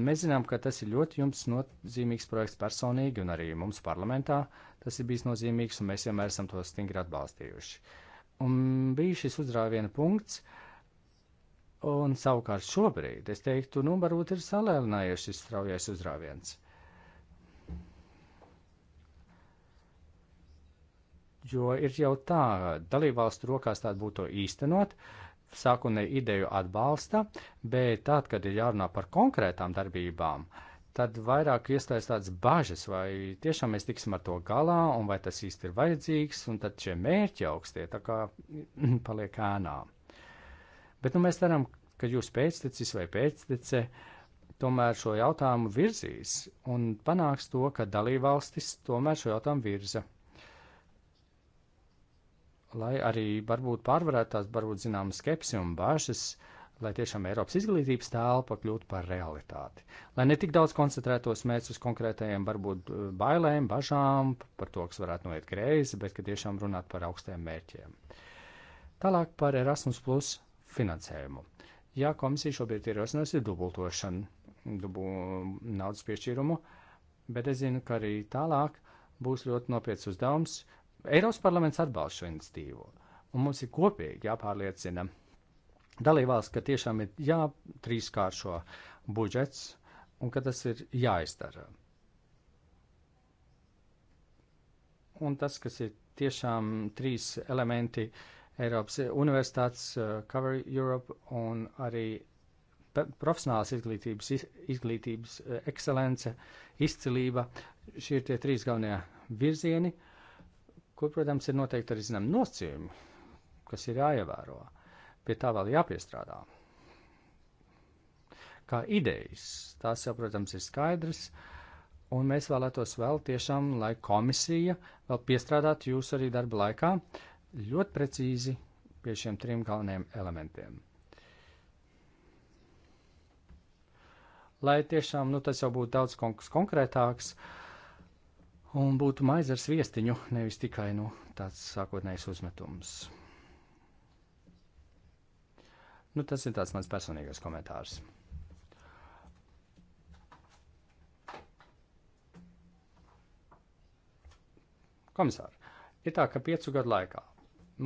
Mēs zinām, ka tas ir ļoti jums nozīmīgs projekts personīgi un arī mums parlamentā tas ir bijis nozīmīgs un mēs vienmēr esam to stingri atbalstījuši. Uh, Un bija šis uzrāviena punkts, un savukārt šobrīd es teiktu, nu, varbūt ir salēlinājies šis straujais uzrāviens. Jo ir jau tā, dalībvalstu rokās tādu būtu īstenot, sākotnēji ideju atbalsta, bet tad, kad ir jārunā par konkrētām darbībām, uh, tad vairāk iestājas tādas bažas, vai tiešām mēs tiksim ar to galā, un vai tas īsti ir vajadzīgs, un tad šie mērķi augstie tā kā paliek ēnā. Bet nu, mēs ceram, ka jūs pēctecis vai pēctece tomēr šo jautājumu virzīs un panāks to, ka dalībvalstis tomēr šo jautājumu virza. Lai arī varbūt pārvarētu tās, varbūt zināmas skepsi un bāžas, uh, lai tiešām Eiropas izglītības telpa kļūtu par realitāti. Lai ne tik daudz koncentrētos mēs uz konkrētajiem, varbūt eh, bailēm, bažām par to, kas varētu noiet greizi, bet ka tiešām runāt par augstiem mērķiem. Tālāk par Erasmus Plus finansējumu. Jā, komisija šobrīd ir ierosinājusi dubultošanu, dubu naudas piešķīrumu, bet es zinu, ka arī tālāk būs ļoti nopietns uzdevums. Eiropas parlaments atbalsta šo iniciatīvu, un mums ir kopīgi jāpārliecina dalībvalsts, ka tiešām ir jātrīskāršo budžets un ka tas ir jāizdara. Un tas, kas ir tiešām trīs elementi Eiropas universitātes, uh, Cover Europe un arī profesionālās izglītības, iz, izglītības eh, ekscelence, izcilība. Šie ir tie trīs galvenie virzieni, kur, protams, ir noteikti arī zinām nosacījumi, kas ir jāievēro. Uh, Pie tā vēl jāpiestrādā. Kā idejas, tās jau, protams, ir skaidrs, un mēs vēlētos vēl tiešām, lai komisija vēl piestrādātu jūs arī darba laikā ļoti precīzi pie šiem trim galvenajiem elementiem. Lai tiešām, nu, tas jau būtu daudz konkrētāks un būtu maiz ar viestiņu, nevis tikai, nu, tāds sākotnējs uzmetums. Nu, tas ir tāds mans personīgais komentārs. Komisār, ir tā, ka piecu gadu laikā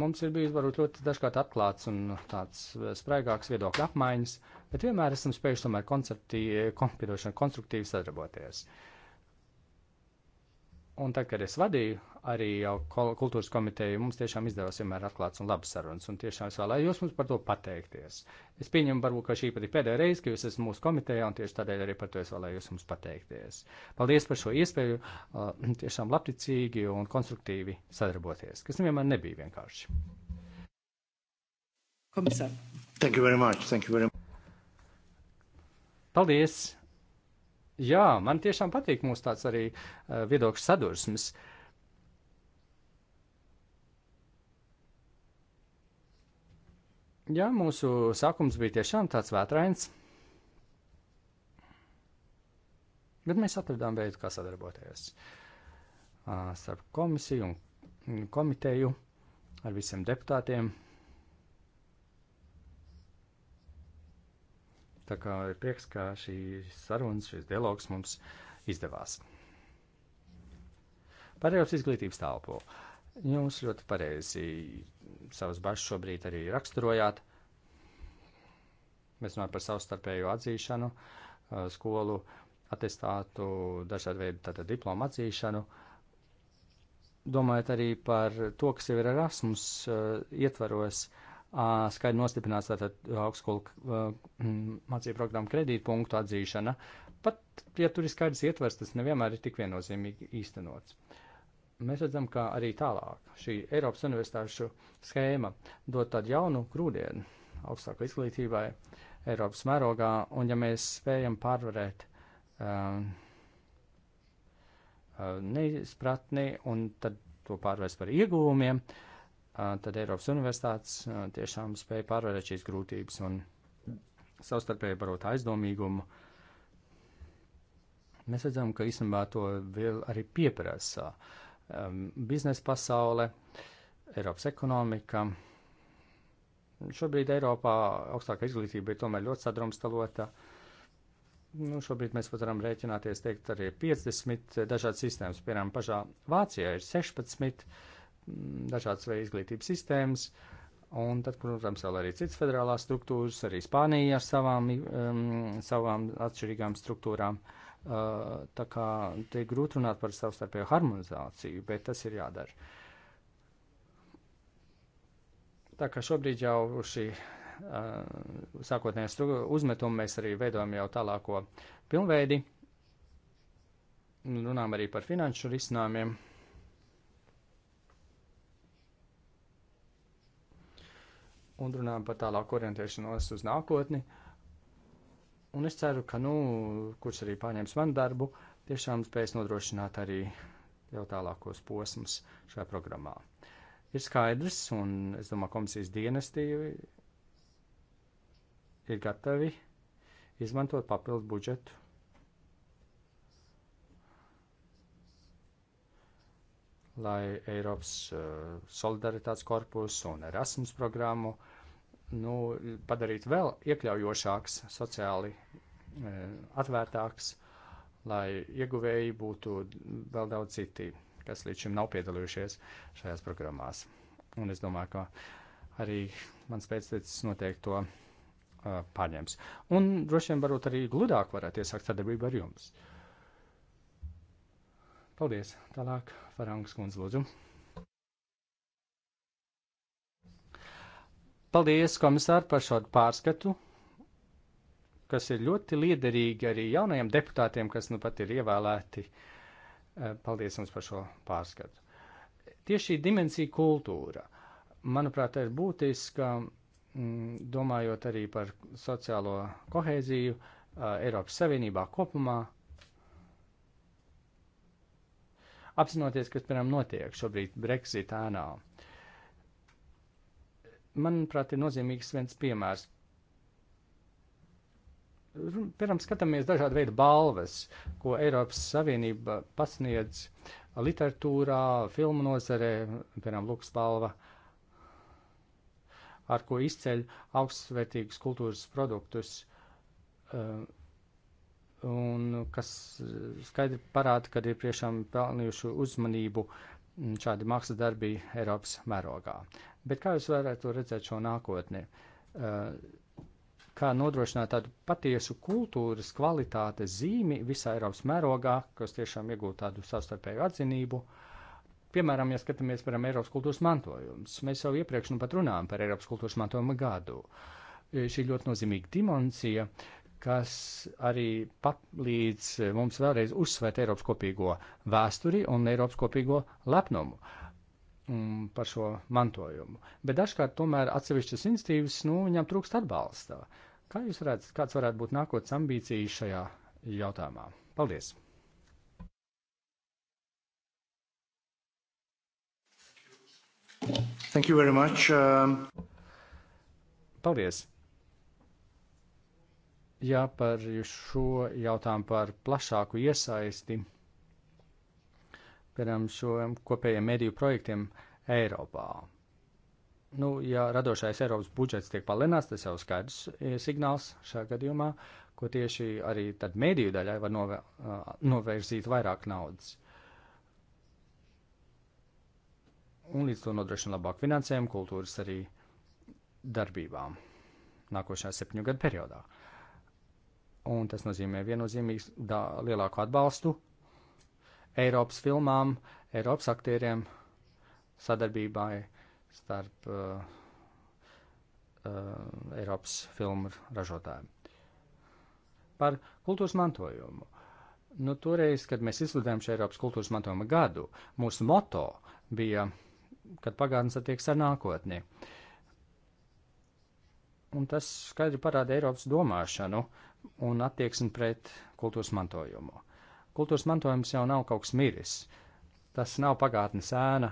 mums ir bijis varbūt ļoti dažkārt atklāts un tāds spraigāks viedokļu apmaiņas, bet vienmēr esam spējuši tomēr konstruktīvi sadarboties. Un tad, kad es vadīju arī jau kultūras komiteju mums tiešām izdevās vienmēr atklāts un labs sarunas, un tiešām es vēlējos mums par to pateikties. Es pieņemu varbūt, ka šī pat ir pēdējā reize, ka jūs esat mūsu komitejā, un tieši tādēļ arī par to es vēlējos mums pateikties. Paldies par šo iespēju uh, tiešām labticīgi un konstruktīvi sadarboties, kas nevienmēr nebija vienkārši. Komisār. Thank you very much. Thank you very much. Paldies! Jā, man tiešām patīk mūsu tāds arī uh, viedokļu sadursmes. Uh, Jā, mūsu sākums bija tiešām tāds vētrains, bet mēs atradām veidu, kā sadarboties starp komisiju un komiteju ar visiem deputātiem. Tā kā ir prieks, ka šī saruna, šis dialogs mums izdevās. Par Eiropas izglītības telpu. Jums ļoti pareizi savas bažas šobrīd arī raksturojāt. Mēs runājam par savstarpēju atzīšanu, eh, skolu atestātu, dažādu veidu diplomu atzīšanu. Domājot arī par to, kas jau ir Erasmus eh, ietvaros, skaidri nostiprinās tātad augstskolu eh, mācību programmu kredītpunktu atzīšana. Pat, ja tur ir skaidrs ietvers, tas nevienmēr ir tik viennozīmīgi īstenots mēs redzam, ka arī tālāk šī Eiropas universitāšu schēma dod tādu jaunu grūdienu augstākai izglītībai Eiropas mērogā, un ja mēs spējam pārvarēt um, uh, neizpratni un tad to pārvērst par ieguvumiem, uh, tad Eiropas universitātes uh, tiešām spēja pārvarēt šīs grūtības un savstarpēji barot aizdomīgumu. Mēs redzam, ka īstenībā to vēl arī pieprasa uh, um, biznesa pasaule, Eiropas ekonomika. Šobrīd Eiropā augstākā izglītība ir tomēr ļoti sadrumstalota. Nu, šobrīd mēs pat varam rēķināties, teikt, arī 50 dažādas sistēmas. Piemēram, pašā Vācijā ir 16 mm, dažādas vai izglītības sistēmas. Un tad, protams, vēl arī citas federālās struktūras, arī Spānija ar savām, um, savām atšķirīgām struktūrām. Uh, Eh, tā kā te grūti runāt par savstarpēju harmonizāciju, bet tas ir jādara. Tā kā šobrīd jau šī eh, sākotnējais uzmetumi mēs arī veidojam jau tālāko pilnveidi. Runām arī par finanšu risinājumiem. Un runājam par tālāku orientēšanos uz nākotni. Uh, Un es ceru, ka, nu, kurš arī pārņems manu darbu, tiešām spēs nodrošināt arī jau tālākos posmus šajā programmā. Ir skaidrs, un es domāju, komisijas dienestīvi ir gatavi izmantot papildus budžetu. Lai Eiropas uh, solidaritātes korpusu un Erasmus programmu uh, nu, padarīt vēl iekļaujošāks, sociāli e, atvērtāks, lai ieguvēji būtu vēl daudz citi, kas līdz šim nav piedalījušies šajās programmās. Un es domāju, ka arī mans pēctecis noteikti to uh, pārņems. Un droši vien varbūt arī gludāk varētu iesākt sadarbību ar jums. Paldies! Tālāk, Farangas kundze, lūdzu! Paldies, komisār, par šo pārskatu, kas ir ļoti liederīgi arī jaunajiem deputātiem, kas nu pat ir ievēlēti. Eh, paldies jums par šo pārskatu. Tieši šī dimensija kultūra, manuprāt, ir būtiska, mm, domājot arī par sociālo kohēziju eh, Eiropas Savienībā kopumā. Apzinoties, kas, piemēram, notiek šobrīd Brexit ēnā manuprāt, ir nozīmīgs viens piemērs. Pirms skatāmies dažādu veidu balvas, ko Eiropas Savienība pasniedz literatūrā, filmu nozarē, piemēram, Lukas balva, ar ko izceļ augstsvērtīgus kultūras produktus, eh, un kas eh, skaidri parāda, ka ir priešām pelnījuši uzmanību uh, Mm, šādi mākslas darbi Eiropas mērogā. Bet kā jūs varētu redzēt šo nākotni? Uh, kā nodrošināt tādu patiesu kultūras kvalitātes zīmi visā Eiropas mērogā, kas tiešām iegūtu tādu savstarpēju atzinību? Piemēram, ja skatāmies, piemēram, Eiropas kultūras mantojums, mēs jau iepriekš nu pat runājam par Eiropas kultūras mantojuma gadu. E, šī ļoti nozīmīga dimensija, uh, kas arī palīdz mums vēlreiz uzsvērt Eiropas kopīgo vēsturi un Eiropas kopīgo lepnumu mm, par šo mantojumu. Bet dažkārt tomēr atsevišķas institīvas, nu, viņam trūkst atbalsta. Kā jūs redzat, kāds varētu būt nākotnes ambīcijas šajā jautājumā? Paldies! Thank you very much. Um... Paldies! Jā, par šo jautājumu par plašāku iesaisti, piemēram, šo kopējiem mediju projektiem Eiropā. Nu, ja radošais Eiropas budžets tiek palināts, tas jau skaidrs e, signāls šajā gadījumā, ko tieši arī tad mediju daļai var nove, novērzīt vairāk naudas. Un līdz to nodrošina labāk finansējumu kultūras arī darbībām nākošā septiņu gadu periodā. Uh, un tas nozīmē viennozīmīgs lielāku atbalstu Eiropas filmām, Eiropas aktieriem sadarbībai starp uh, uh, Eiropas filmu ražotājiem. Par kultūras mantojumu. Nu, toreiz, kad mēs izsludinājām šo Eiropas kultūras mantojuma gadu, mūsu moto bija, kad pagātnes attiekas ar nākotni. Un tas skaidri parāda Eiropas domāšanu, uh, un attieksmi pret kultūras mantojumu. Kultūras mantojums jau nav kaut kas miris. Tas nav pagātnes ēna,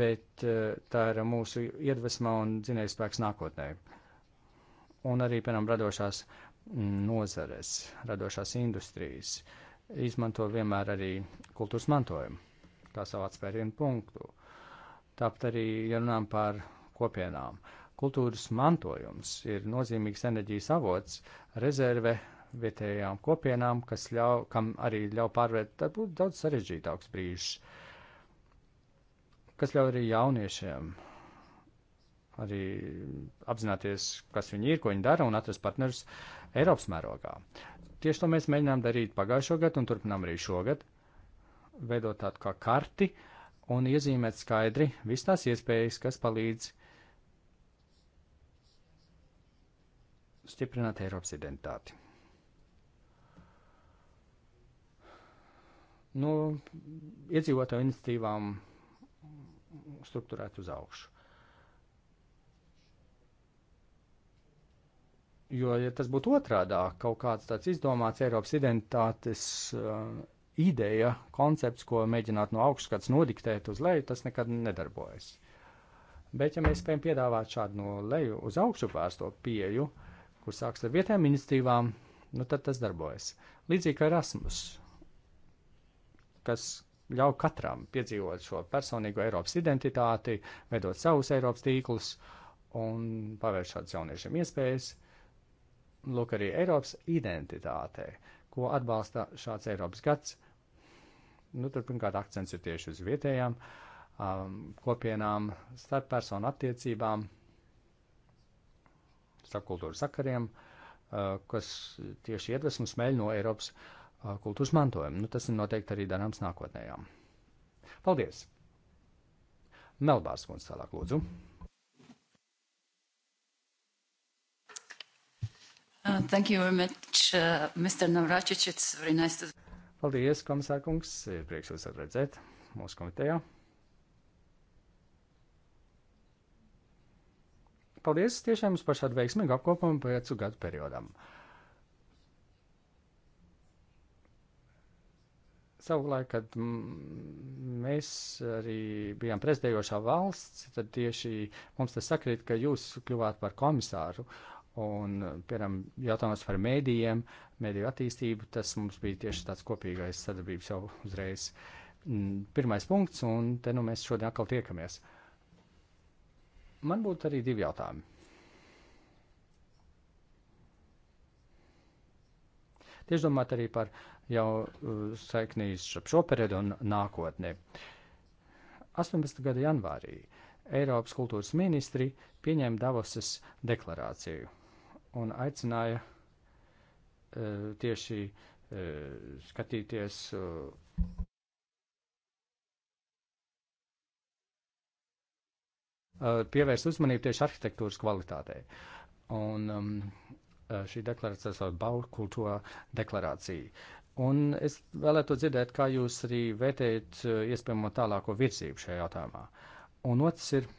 bet eh, tā ir mūsu iedvesma un dzinējspēks nākotnē. Un arī, piemēram, radošās nozares, radošās industrijas izmanto vienmēr arī kultūras mantojumu, kā savu atspērienu punktu. Tāpat arī, ja runājam par kopienām. Uh, Kultūras mantojums ir nozīmīgs enerģijas avots, rezerve vietējām kopienām, kas ļauj, kam arī ļauj pārvērt daudz sarežģītāks brīžs, kas ļauj arī jauniešiem arī apzināties, kas viņi ir, ko viņi dara un atrast partnerus Eiropas mērogā. Tieši to mēs mēģinām darīt pagājušo gadu un turpinām arī šogad, veidot tādu kā karti un iezīmēt skaidri visas tās iespējas, kas palīdz uh, stiprināt Eiropas identitāti. Nu, iedzīvotāju iniciatīvām struktūrēt uz augšu. Jo, ja tas būtu otrādā, kaut kāds tāds izdomāts Eiropas identitātes uh, ideja, koncepts, ko mēģināt no augšas kāds nodiktēt uz leju, tas nekad nedarbojas. Bet, ja mēs spējam piedāvāt šādu no leju uz augšu vērsto pieju, uh, kur sāks ar vietējām ministrībām, nu tad tas darbojas. Līdzīgi kā Erasmus, kas ļauj katram piedzīvot šo personīgo Eiropas identitāti, veidot savus Eiropas tīklus un pavērst šādus jauniešiem iespējas. Lūk, arī Eiropas identitātei, ko atbalsta šāds Eiropas gads. Nu, tad, pirmkārt, akcents ir tieši uz vietējām um, kopienām, starp personu attiecībām, starpkultūru sakariem, kas tieši iedvesmu smēļ no Eiropas kultūras mantojuma. Nu, tas ir noteikti arī darāms nākotnējām. Paldies! Melbārs kundze tālāk lūdzu. Uh, thank you very much, uh, Mr. Navračič. It's very nice to... Paldies, komisārkungs. Prieks jūs redzēt mūsu komitejā. paldies tiešām jums par šādu veiksmīgu apkopumu piecu gadu periodam. Savulaik, kad mēs arī bijām prezidējošā valsts, tad tieši mums tas sakrīt, ka jūs kļuvāt par komisāru. Un, piemēram, jautājums par mēdījiem, mēdīju attīstību, tas mums bija tieši tāds kopīgais sadarbības jau uzreiz. Pirmais punkts, un te nu mēs šodien atkal tiekamies. Uh, Man būtu arī divi jautājumi. Tieši domāt arī par jau uh, saiknīs šo periodu un nākotni. 18. gada janvārī Eiropas kultūras ministri pieņēma Davosas deklarāciju un aicināja e, tieši e, skatīties e, Uh, pievērst uzmanību tieši arhitektūras kvalitātei. Un um, uh, šī deklarācija sauc Baukultūra deklarācija. Un es vēlētu dzirdēt, kā jūs arī vērtējat uh, iespējamo tālāko virzību šajā jautājumā. Un otrs ir,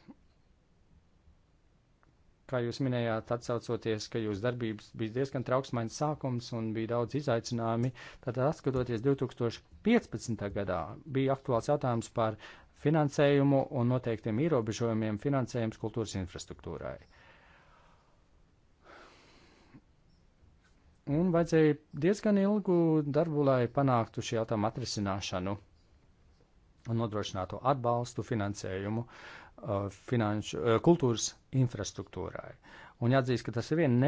kā jūs minējāt, atsaucoties, ka jūsu darbības bija diezgan trauksmains sākums un bija daudz izaicinājumi, tad atskatoties 2015. gadā bija aktuāls jautājums par finansējumu un noteiktiem ierobežojumiem finansējums kultūras infrastruktūrai. Un vajadzēja diezgan ilgu darbu, lai panāktu šī jautājuma atrisināšanu un nodrošinātu atbalstu finansējumu uh, finanšu, uh, kultūras infrastruktūrai. Un jāatzīst, ka tas ir vien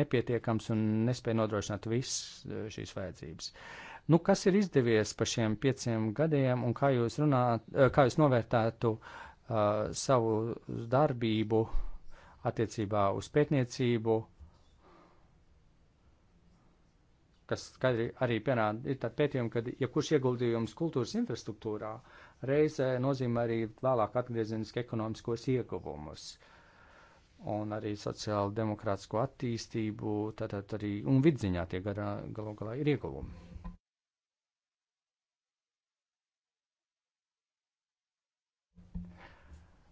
nepietiekams un nespēja nodrošināt visas uh, šīs vajadzības. Uh, Nu, kas ir izdevies pa šiem pieciem gadiem un kā jūs, runāt, eh, kā jūs novērtētu uh, savu darbību attiecībā uz pētniecību, kas skaidri arī pienāda, ir tāda pētījuma, ka jebkurš ja ieguldījums kultūras infrastruktūrā reizē nozīmē arī vēlāk atgriezeniski ekonomiskos ieguvumus un arī sociāli demokrātisko attīstību, tātad arī un vidziņā tie garā galu galā ir ieguvumi.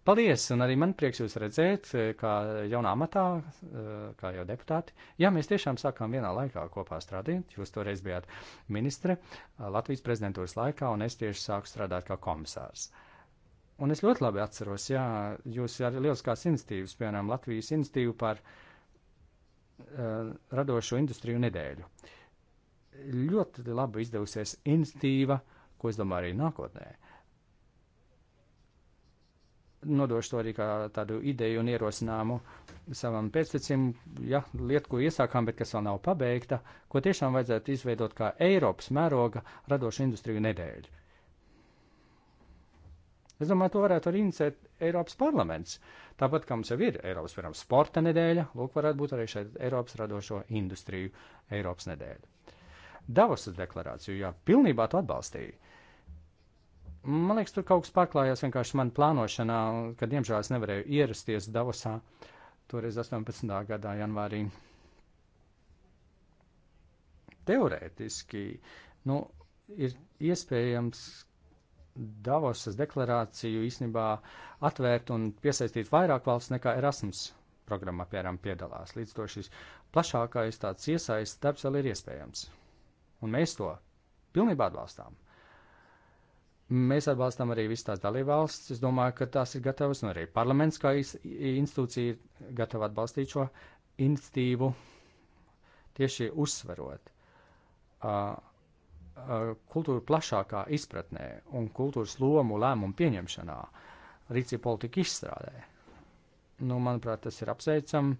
Paldies, un arī man prieks jūs redzēt, eh, kā jaunā matā, eh, kā jau deputāti. Jā, mēs tiešām sākām vienā laikā kopā strādāt. Jūs toreiz bijāt ministre eh, Latvijas prezidentūras laikā, un es tieši sāku strādāt kā komisārs. Un es ļoti labi atceros, jā, jūs arī lieliskās institīvas, piemēram, Latvijas institīvu par uh, radošo industriju nedēļu. Ļoti labi izdevusies institīva, ko es domāju arī nākotnē. Uh, nodošu to arī kā tādu ideju un ierosinājumu savam pēctecim, ja lietu, ko iesākām, bet kas vēl nav pabeigta, ko tiešām vajadzētu izveidot kā Eiropas mēroga radošu industriju nedēļu. Es domāju, to varētu arī inicēt Eiropas parlaments. Tāpat kā mums jau ir Eiropas, piemēram, sporta nedēļa, lūk, varētu būt arī šeit Eiropas radošo industriju Eiropas nedēļa. Davosas deklarāciju, jā, pilnībā to atbalstīju Man liekas, tur kaut kas pārklājās vienkārši man plānošanā, kad, diemžēl, es nevarēju ierasties Davosā toreiz 18. gadā janvārī. Teorētiski, nu, ir iespējams Davosas deklarāciju īstenībā atvērt un piesaistīt vairāk valsts nekā Erasmus programmā, piemēram, piedalās. Līdz to šis plašākais tāds iesaists darbs vēl ir iespējams. Un mēs to pilnībā atbalstām. Mēs atbalstam arī visas tās dalībvalstis. Es domāju, ka tās ir gatavas, un arī parlaments kā institūcija ir gatava atbalstīt šo institīvu tieši uzsverot uh, uh, kultūru plašākā izpratnē un kultūras lomu lēmumu pieņemšanā, rīcību politiku izstrādē. Nu, manuprāt, tas ir apsveicama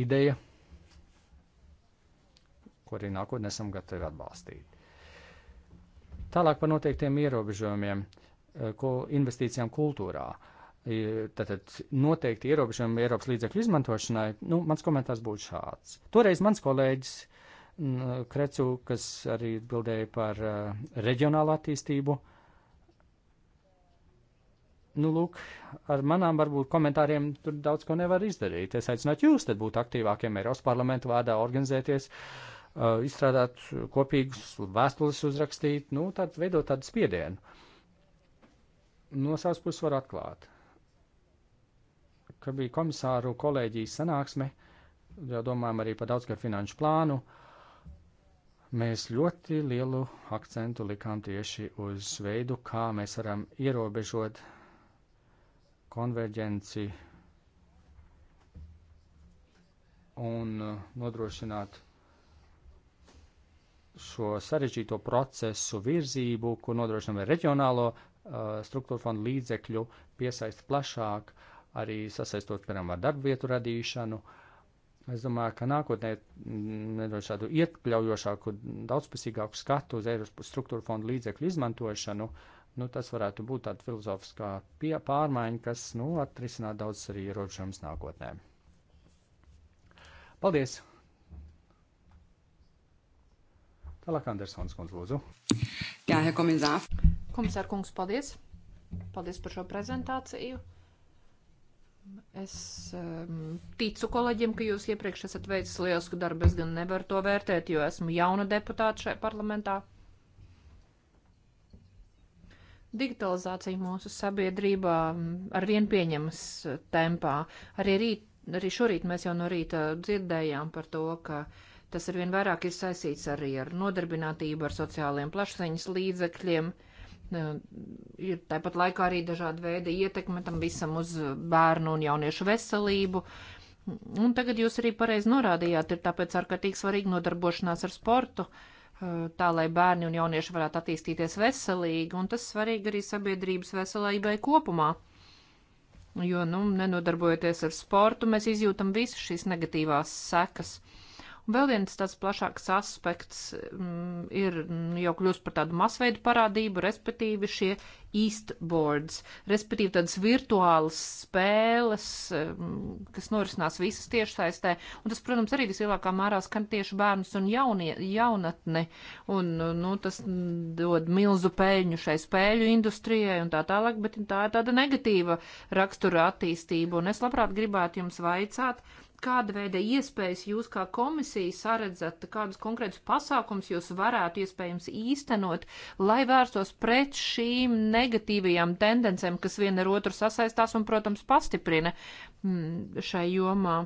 ideja, ko arī nākotnē esam gatavi atbalstīt. Tālāk par noteiktiem ierobežojumiem, eh, ko investīcijām kultūrā. Tātad noteikti ierobežojumi Eiropas līdzekļu izmantošanai. Nu, mans komentārs būtu šāds. Toreiz mans kolēģis mm, Krecu, kas arī atbildēja par eh, reģionālu attīstību, nu, lūk, ar manām varbūt komentāriem tur daudz ko nevar izdarīt. Es aicinātu jūs tad būt aktīvākiem Eiropas parlamentu vārdā, organizēties, uh, Uh, izstrādāt kopīgus vēstules, uzrakstīt, nu, tad veidot tādu spiedienu. No savas puses var atklāt, ka bija komisāru kolēģijas sanāksme, jau domājam arī par daudzgadu finanšu plānu. Mēs ļoti lielu akcentu likām tieši uz veidu, kā mēs varam ierobežot konverģenci un uh, nodrošināt šo sarežģīto procesu virzību, ko nodrošinām ar reģionālo uh, struktūru fondu līdzekļu, piesaist plašāk, arī sasaistot, piemēram, ar darba vietu radīšanu. Es domāju, ka nākotnē mm, nedod šādu iekļaujošāku, daudzpusīgāku skatu uz Eiropas struktūru fondu līdzekļu izmantošanu. Nu, tas varētu būt tāda filozofiskā pie, pārmaiņa, kas nu, atrisināt daudz arī ierobežojumus nākotnē. Paldies! Tālāk Andersons kundze lūdzu. Jā, Herr Komisār. Komisār kungs, paldies. Paldies par šo prezentāciju. Es um, ticu kolēģiem, ka jūs iepriekš esat veicis lielisku darbu. Es gan nevaru to vērtēt, jo esmu jauna deputāta šajā parlamentā. Digitalizācija mūsu sabiedrībā mm, arvien pieņemas tempā. Arī, rīt, arī šorīt mēs jau no rīta dzirdējām par to, ka uh, Tas ar vien vairāk ir saistīts arī ar nodarbinātību, ar sociāliem plašsaņas līdzekļiem. Nu, ir tāpat laikā arī dažādi veidi ietekme tam visam uz bērnu un jauniešu veselību. Un tagad jūs arī pareizi norādījāt, ir tāpēc ārkārtīgi svarīgi nodarbošanās ar sportu, tā lai bērni un jaunieši varētu attīstīties veselīgi, un tas svarīgi arī sabiedrības veselībai kopumā. Jo, nu, nenodarbojoties ar sportu, mēs izjūtam visas šīs negatīvās sekas. Uh, Un vēl viens tāds plašāks aspekts mm, ir jau kļūst par tādu masveidu parādību, respektīvi šie eastboards, respektīvi tādas virtuālas spēles, mm, kas norisinās visas tiešsaistē. Un tas, protams, arī vislielākā mērā skan tieši bērnus un jaunie, jaunatni. Un, nu, tas dod milzu peļņu šai spēļu industrijai un tā tālāk, bet tā ir tāda negatīva rakstura attīstība. Un es labprāt gribētu jums vaicāt, kāda veida iespējas jūs kā komisija saredzat, kādus konkrētus pasākums jūs varētu iespējams īstenot, lai vērstos pret šīm negatīvajām tendencēm, kas viena ar otru sasaistās un, protams, pastiprina mm, šai jomā?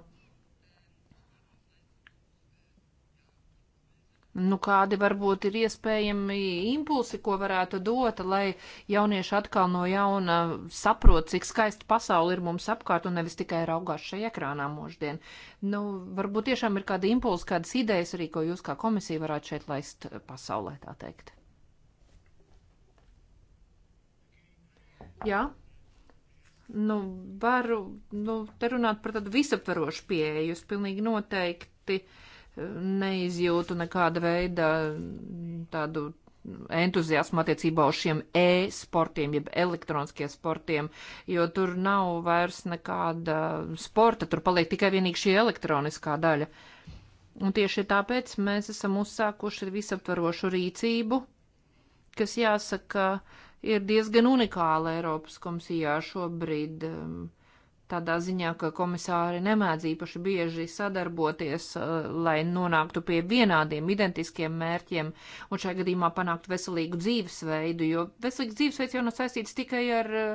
Nu, kādi varbūt ir iespējami impulsi, ko varētu dot, lai jaunieši atkal no jauna saprot, cik skaista pasaule ir mums apkārt un nevis tikai raugās šajā ekrānā mūždien. Nu, varbūt tiešām ir kādi impulsi, kādas idejas arī, ko jūs kā komisija varētu šeit laist pasaulē, tā teikt. Jā. Nu, varu, nu, te runāt par tādu visaptvarošu pieeju, jūs pilnīgi noteikti. Uh, neizjūtu nekāda veida tādu entuziasmu attiecībā uz šiem e-sportiem, jeb elektroniskiem sportiem, jo tur nav vairs nekāda sporta, tur paliek tikai vienīgi šī elektroniskā daļa. Un tieši tāpēc mēs esam uzsākuši visaptvarošu rīcību, kas jāsaka, ir diezgan unikāla Eiropas komisijā šobrīd. Um, tādā ziņā, ka komisāri nemēdz īpaši bieži sadarboties, uh, lai nonāktu pie vienādiem, identiskiem mērķiem un šajā gadījumā panākt veselīgu dzīvesveidu, jo veselīgs dzīvesveids jau nav saistīts tikai ar uh,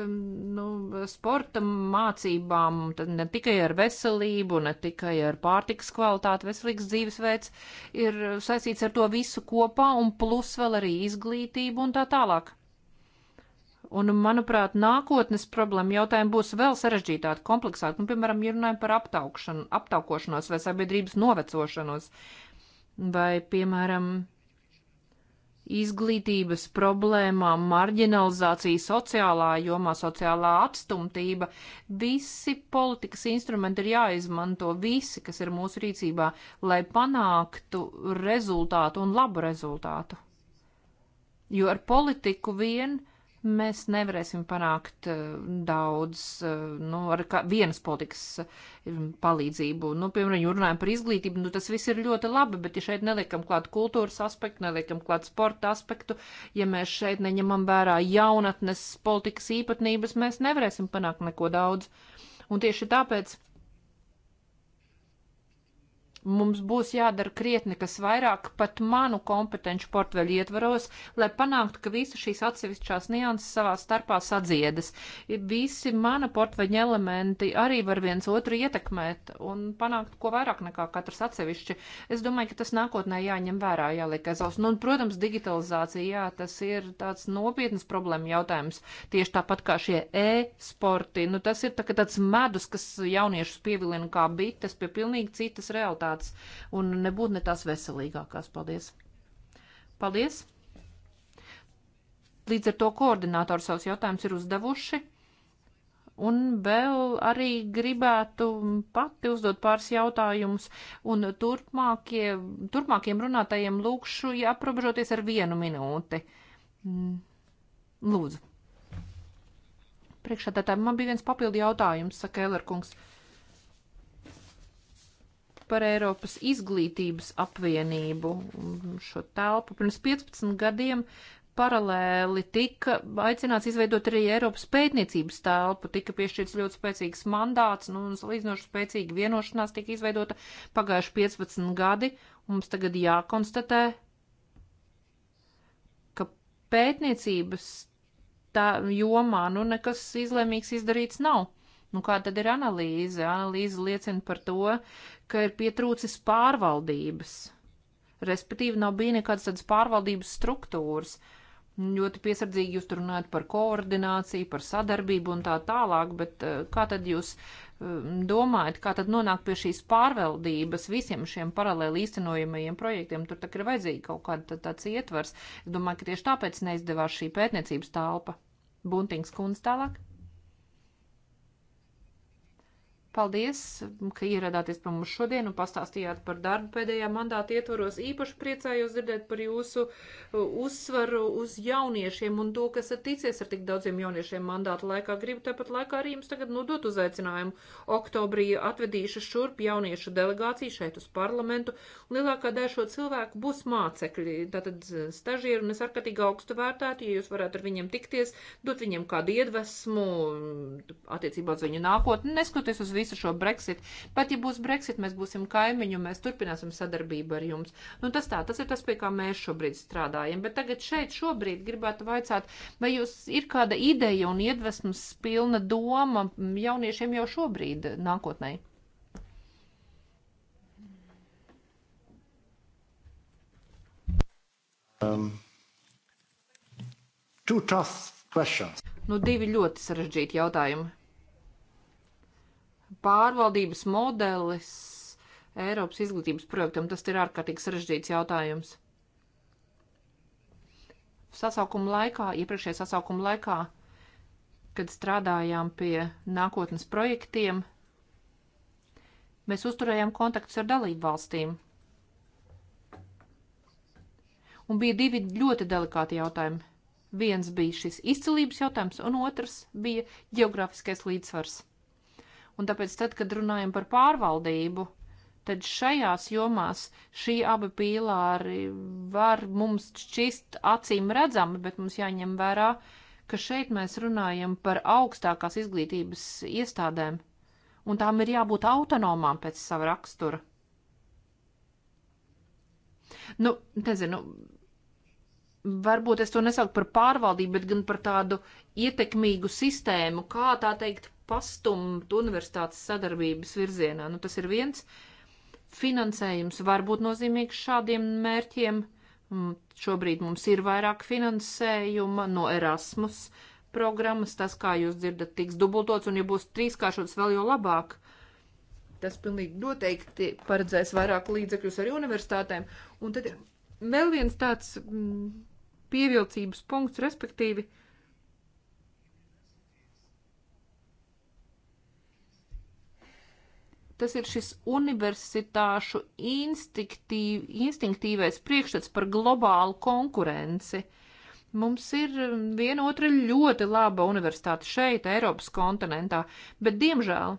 um, nu, sporta mācībām, tad ne tikai ar veselību, ne tikai ar pārtikas kvalitāti. Veselīgs dzīvesveids ir saistīts ar to visu kopā un plus vēl arī izglītību un tā tālāk. Un, manuprāt, nākotnes problēma jautājumi būs vēl sarežģītāki, kompleksāki. Nu, piemēram, ja runājam par aptaukšanu, aptaukošanos vai sabiedrības novecošanos, vai, piemēram, izglītības problēmām, marginalizācija sociālā jomā, sociālā atstumtība. Visi politikas instrumenti ir jāizmanto, visi, kas ir mūsu rīcībā, lai panāktu rezultātu un labu rezultātu. Jo ar politiku vienu mēs nevarēsim panākt eh, daudz eh, nu, ar kā, vienas politikas eh, palīdzību. Nu, piemēram, ja runājam par izglītību, nu, tas viss ir ļoti labi, bet ja šeit neliekam klāt kultūras aspektu, neliekam klāt sporta aspektu, ja mēs šeit neņemam vērā jaunatnes politikas īpatnības, mēs nevarēsim panākt neko daudz. Un tieši tāpēc Mums būs jādara krietni, kas vairāk pat manu kompetenci portveļu ietvaros, lai panāktu, ka visas šīs atsevišķās nianses savā starpā sadziedas. Visi mana portveļu elementi arī var viens otru ietekmēt un panākt ko vairāk nekā katrs atsevišķi. Es domāju, ka tas nākotnē jāņem vērā, jāliek aizaus. Nu, un, protams, digitalizācija, jā, tas ir tāds nopietnas problēma jautājums. Tieši tāpat kā šie e-sporti, nu, tas ir tā, tāds medus, kas jauniešus pievilina kā bites pie pilnīgi citas realitātes prioritātes un nebūtu ne tās veselīgākās. Paldies! Paldies! Līdz ar to koordinātori savus jautājumus ir uzdevuši. Un vēl arī gribētu pati uzdot pāris jautājumus, un turpmākie, turpmākiem runātājiem lūkšu ja aprobežoties ar vienu minūti. Mm. Lūdzu. Priekšā tā tā man bija viens papildu jautājums, saka Elerkungs. kungs par Eiropas izglītības apvienību šo telpu. Pirms 15 gadiem paralēli tika aicināts izveidot arī Eiropas pētniecības telpu, tika piešķirts ļoti spēcīgs mandāts, nu, un salīdzinoši spēcīga vienošanās tika izveidota pagājuši 15 gadi. Mums tagad jākonstatē, ka pētniecības tā jomā, nu, nekas izlēmīgs izdarīts nav. Nu, kā tad ir analīze? Analīze liecina par to, ka ir pietrūcis pārvaldības. Respektīvi, nav bija nekādas tādas pārvaldības struktūras. Ļoti piesardzīgi jūs tur runājat par koordināciju, par sadarbību un tā tālāk, bet eh, kā tad jūs eh, domājat, kā tad nonākt pie šīs pārvaldības visiem šiem paralēli īstenojamajiem projektiem? Tur tā ir vajadzīga kaut kāda tāds ietvars. Es domāju, ka tieši tāpēc neizdevās šī pētniecības telpa. Buntings kundze tālāk. Paldies, ka ieradāties pie mums šodien un pastāstījāt par darbu pēdējā mandāta ietvaros. Īpaši priecājos dzirdēt par jūsu uh, uzsvaru uz jauniešiem un to, kas ir ticies ar tik daudziem jauniešiem mandāta laikā. Gribu tāpat laikā arī jums tagad nodot uzaicinājumu. Oktobrī atvedīšu šurp jauniešu delegāciju šeit uz parlamentu. Lielākā daļa šo cilvēku būs mācekļi, tātad uh, stažieri, un es ārkārtīgi augstu vērtētu, ja jūs varētu ar viņiem tikties, dot viņiem kādu iedvesmu attiecībā uz viņu nākotni, neskatoties uz visu visu šo Brexit. Pat ja būs Brexit, mēs būsim kaimiņu, mēs turpināsim sadarbību ar jums. Nu, tas tā, tas ir tas, pie kā mēs šobrīd strādājam. Bet tagad šeit šobrīd gribētu vaicāt, vai jūs ir kāda ideja un iedvesmas pilna doma jauniešiem jau šobrīd nākotnē? Um, Nu, divi ļoti sarežģīti jautājumi pārvaldības modelis Eiropas izglītības projektam. Tas ir ārkārtīgi sarežģīts jautājums. Sasaukuma laikā, iepriekšējā sasaukuma laikā, kad strādājām pie nākotnes projektiem, mēs uzturējām kontaktus ar dalību valstīm. Un bija divi ļoti delikāti jautājumi. Viens bija šis izcilības jautājums, un otrs bija geogrāfiskais līdzsvars. Un tāpēc tad, kad runājam par pārvaldību, tad šajās jomās šī abi pīlāri var mums šķist acīm redzami, bet mums jāņem vērā, ka šeit mēs runājam par augstākās izglītības iestādēm, un tām ir jābūt autonomām pēc sava rakstura. Nu, nezinu, varbūt es to nesaucu par pārvaldību, bet gan par tādu ietekmīgu sistēmu, kā tā teikt, pastumt universitātes sadarbības virzienā. Nu, tas ir viens. Finansējums var būt nozīmīgs šādiem mērķiem. Mm, šobrīd mums ir vairāk finansējuma no Erasmus programmas. Tas, kā jūs dzirdat, tiks dubultots, un ja būs trīskāršots vēl jau labāk, tas pilnīgi noteikti paredzēs vairāk līdzekļus arī universitātēm. Un tad vēl viens tāds mm, pievilcības punkts, respektīvi, uh, Tas ir šis universitāšu instinktīv, instinktīvais priekšstats par globālu konkurenci. Mums ir um, viena otra ļoti laba universitāte šeit, Eiropas kontinentā, bet, diemžēl,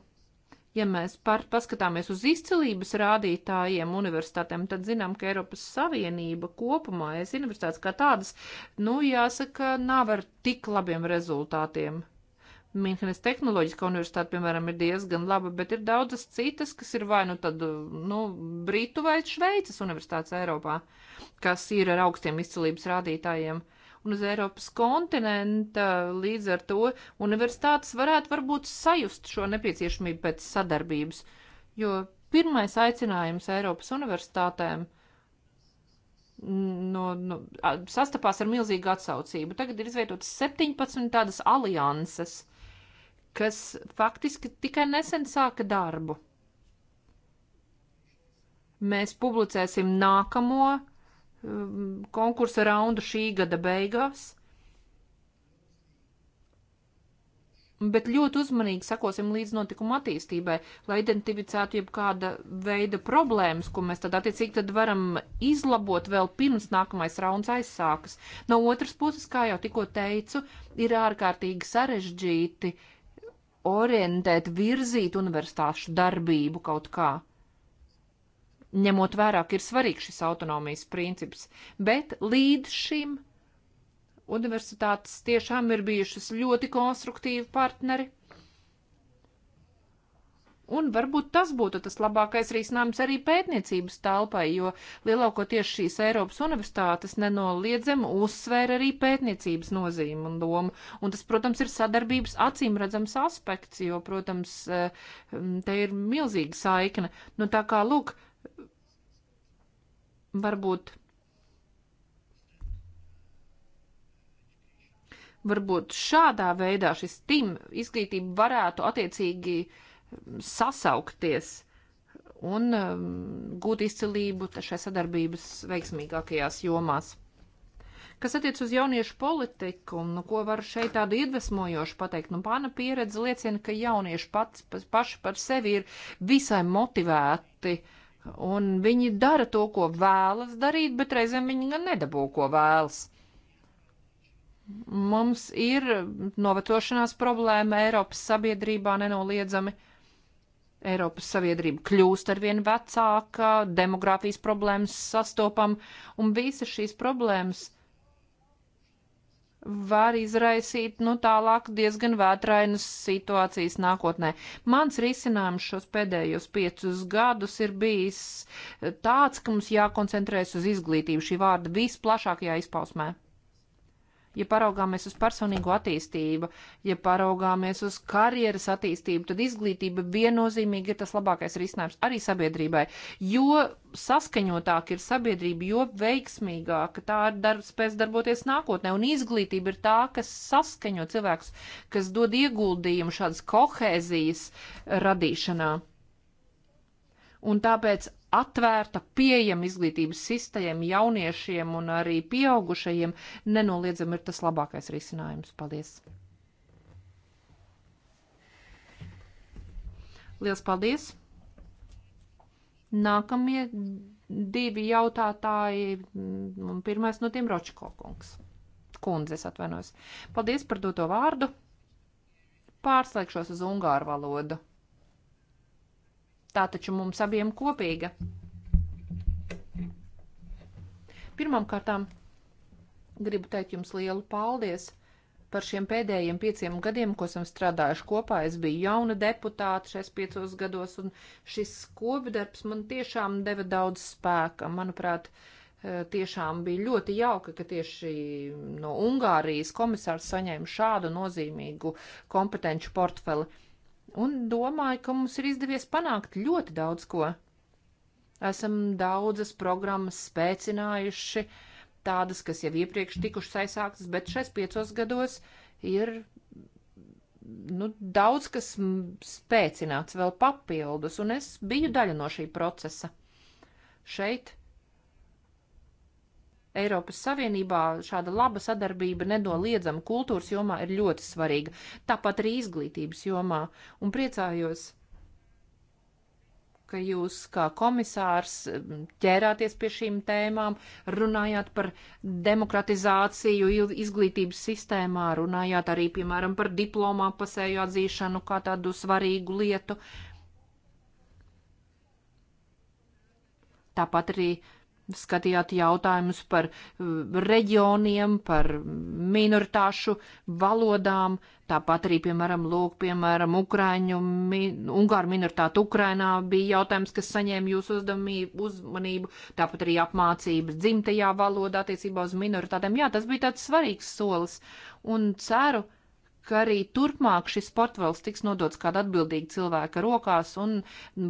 ja mēs par, paskatāmies uz izcilības rādītājiem universitātēm, tad zinām, ka Eiropas Savienība kopumā, es universitātes kā tādas, nu, jāsaka, nav ar tik labiem rezultātiem. Mīnhenes Tehnoloģiskā universitāte, piemēram, ir diezgan laba, bet ir daudzas citas, kas ir vai nu tad, nu, Britu vai Šveices universitātes Eiropā, kas ir ar augstiem izcilības rādītājiem. Un uz Eiropas kontinenta līdz ar to universitātes varētu varbūt sajust šo nepieciešamību pēc sadarbības, jo pirmais aicinājums Eiropas universitātēm no, no, sastapās ar milzīgu atsaucību. Tagad ir izveidotas 17 tādas alianses. Uh, kas faktiski tikai nesen sāka darbu. Mēs publicēsim nākamo um, konkursa raundu šī gada beigās. Bet ļoti uzmanīgi sekosim līdz notikuma attīstībai, lai identificētu jebkāda veida problēmas, ko mēs tad attiecīgi tad varam izlabot vēl pirms nākamais rauns aizsākas. No otras puses, kā jau tikko teicu, ir ārkārtīgi sarežģīti uh, orientēt, virzīt universitāšu darbību kaut kā. Ņemot vērā, ka ir svarīgs šis autonomijas princips, bet līdz šim universitātes tiešām ir bijušas ļoti konstruktīvi partneri. Un varbūt tas būtu tas labākais risinājums arī pētniecības telpai, jo lielākoties šīs Eiropas universitātes nenoliedzami uzsvēra arī pētniecības nozīmi un domu. Un tas, protams, ir sadarbības acīmredzams aspekts, jo, protams, eh, te ir milzīga saikne. Nu, tā kā, lūk, varbūt. Varbūt šādā veidā šis tim izglītība varētu attiecīgi uh, sasaukties un um, gūt izcilību šai sadarbības veiksmīgākajās jomās. Kas attiec uz jauniešu politiku, nu, ko var šeit tādu iedvesmojošu pateikt, nu, pana pieredze liecina, ka jaunieši pats, pa, paši par sevi ir visai motivēti, un viņi dara to, ko vēlas darīt, bet reizēm viņi gan nedabū, ko vēlas. Mums ir novecošanās problēma Eiropas sabiedrībā nenoliedzami. Eiropas Savienība kļūst ar vien vecāka, demogrāfijas problēmas sastopam, un visas šīs problēmas var izraisīt, nu, tālāk diezgan vētrainas situācijas nākotnē. Mans risinājums šos pēdējos piecus gadus ir bijis tāds, ka mums jākoncentrēs uz izglītību šī vārda visplašākajā izpausmē. Ja paraugāmies uz personīgo attīstību, ja paraugāmies uz karjeras attīstību, tad izglītība viennozīmīgi ir tas labākais risinājums arī sabiedrībai. Jo saskaņotāk ir sabiedrība, jo veiksmīgāk tā ir darbs, spēs darboties nākotnē. Un izglītība ir tā, kas saskaņo cilvēkus, kas dod ieguldījumu šādas kohēzijas radīšanā. Un tāpēc atvērta, pieejama izglītības sistēma jauniešiem un arī pieaugušajiem, nenoliedzami ir tas labākais risinājums. Paldies! Lielas paldies! Nākamie divi jautātāji, un pirmais no tiem Ročko kungs. Kundzes atvainojos. Paldies par doto vārdu. Pārslēgšos uz ungāru valodu tā taču mums abiem kopīga. Pirmām kārtām gribu teikt jums lielu paldies par šiem pēdējiem pieciem gadiem, ko esam strādājuši kopā. Es biju jauna deputāta šais piecos gados, un šis kopdarbs man tiešām deva daudz spēka. Manuprāt, eh, tiešām bija ļoti jauka, ka tieši no Ungārijas komisārs saņēma šādu nozīmīgu kompetenci portfeli un domāju, ka mums ir izdevies panākt ļoti daudz ko. Esam daudzas programmas spēcinājuši, tādas, kas jau iepriekš tikušas aizsāktas, bet šais piecos gados ir nu, daudz kas spēcināts vēl papildus, un es biju daļa no šī procesa. Šeit Eiropas Savienībā šāda laba sadarbība nedoliedzama kultūras jomā ir ļoti svarīga, tāpat arī izglītības jomā. Un priecājos, ka jūs kā komisārs mm, ķērāties pie šīm tēmām, runājāt par demokratizāciju izglītības sistēmā, runājāt arī, piemēram, par diplomā pasēju atzīšanu kā tādu svarīgu lietu. Tāpat arī uh, skatījāt jautājumus par uh, reģioniem, par minoritāšu valodām, tāpat arī, piemēram, lūk, piemēram, Ukraiņu, min, Ungāru minoritāte Ukrainā bija jautājums, kas saņēma jūsu uzmanību, tāpat arī apmācības dzimtajā valodā attiecībā uz minoritātēm. Jā, tas bija tāds svarīgs solis un ceru, ka arī turpmāk šis portfels tiks nodots kāda atbildīga cilvēka rokās un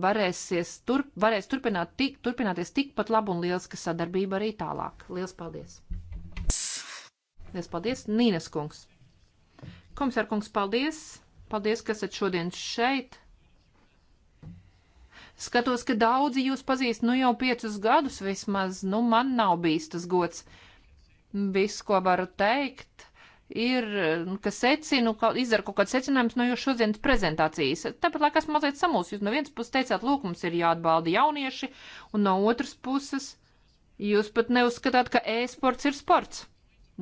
varēsies turp, varēs turpināt tik, turpināties tikpat labi un lieliska sadarbība arī tālāk. Lielas paldies! Lielas paldies, Nīnes kungs! Komisārkungs, paldies! Paldies, ka esat šodien šeit! Skatos, ka daudzi jūs pazīst nu jau piecus gadus vismaz, nu man nav bijis tas gods. Viss, ko varu teikt, ir, nu, ka secinu, ka izdara kaut kāds secinājums no jūsu šodienas prezentācijas. Tāpat laikā esmu mazliet samūs. Jūs no vienas puses teicāt, lūk, mums ir jāatbalda jaunieši, un no otras puses jūs pat neuzskatāt, ka e-sports ir sports.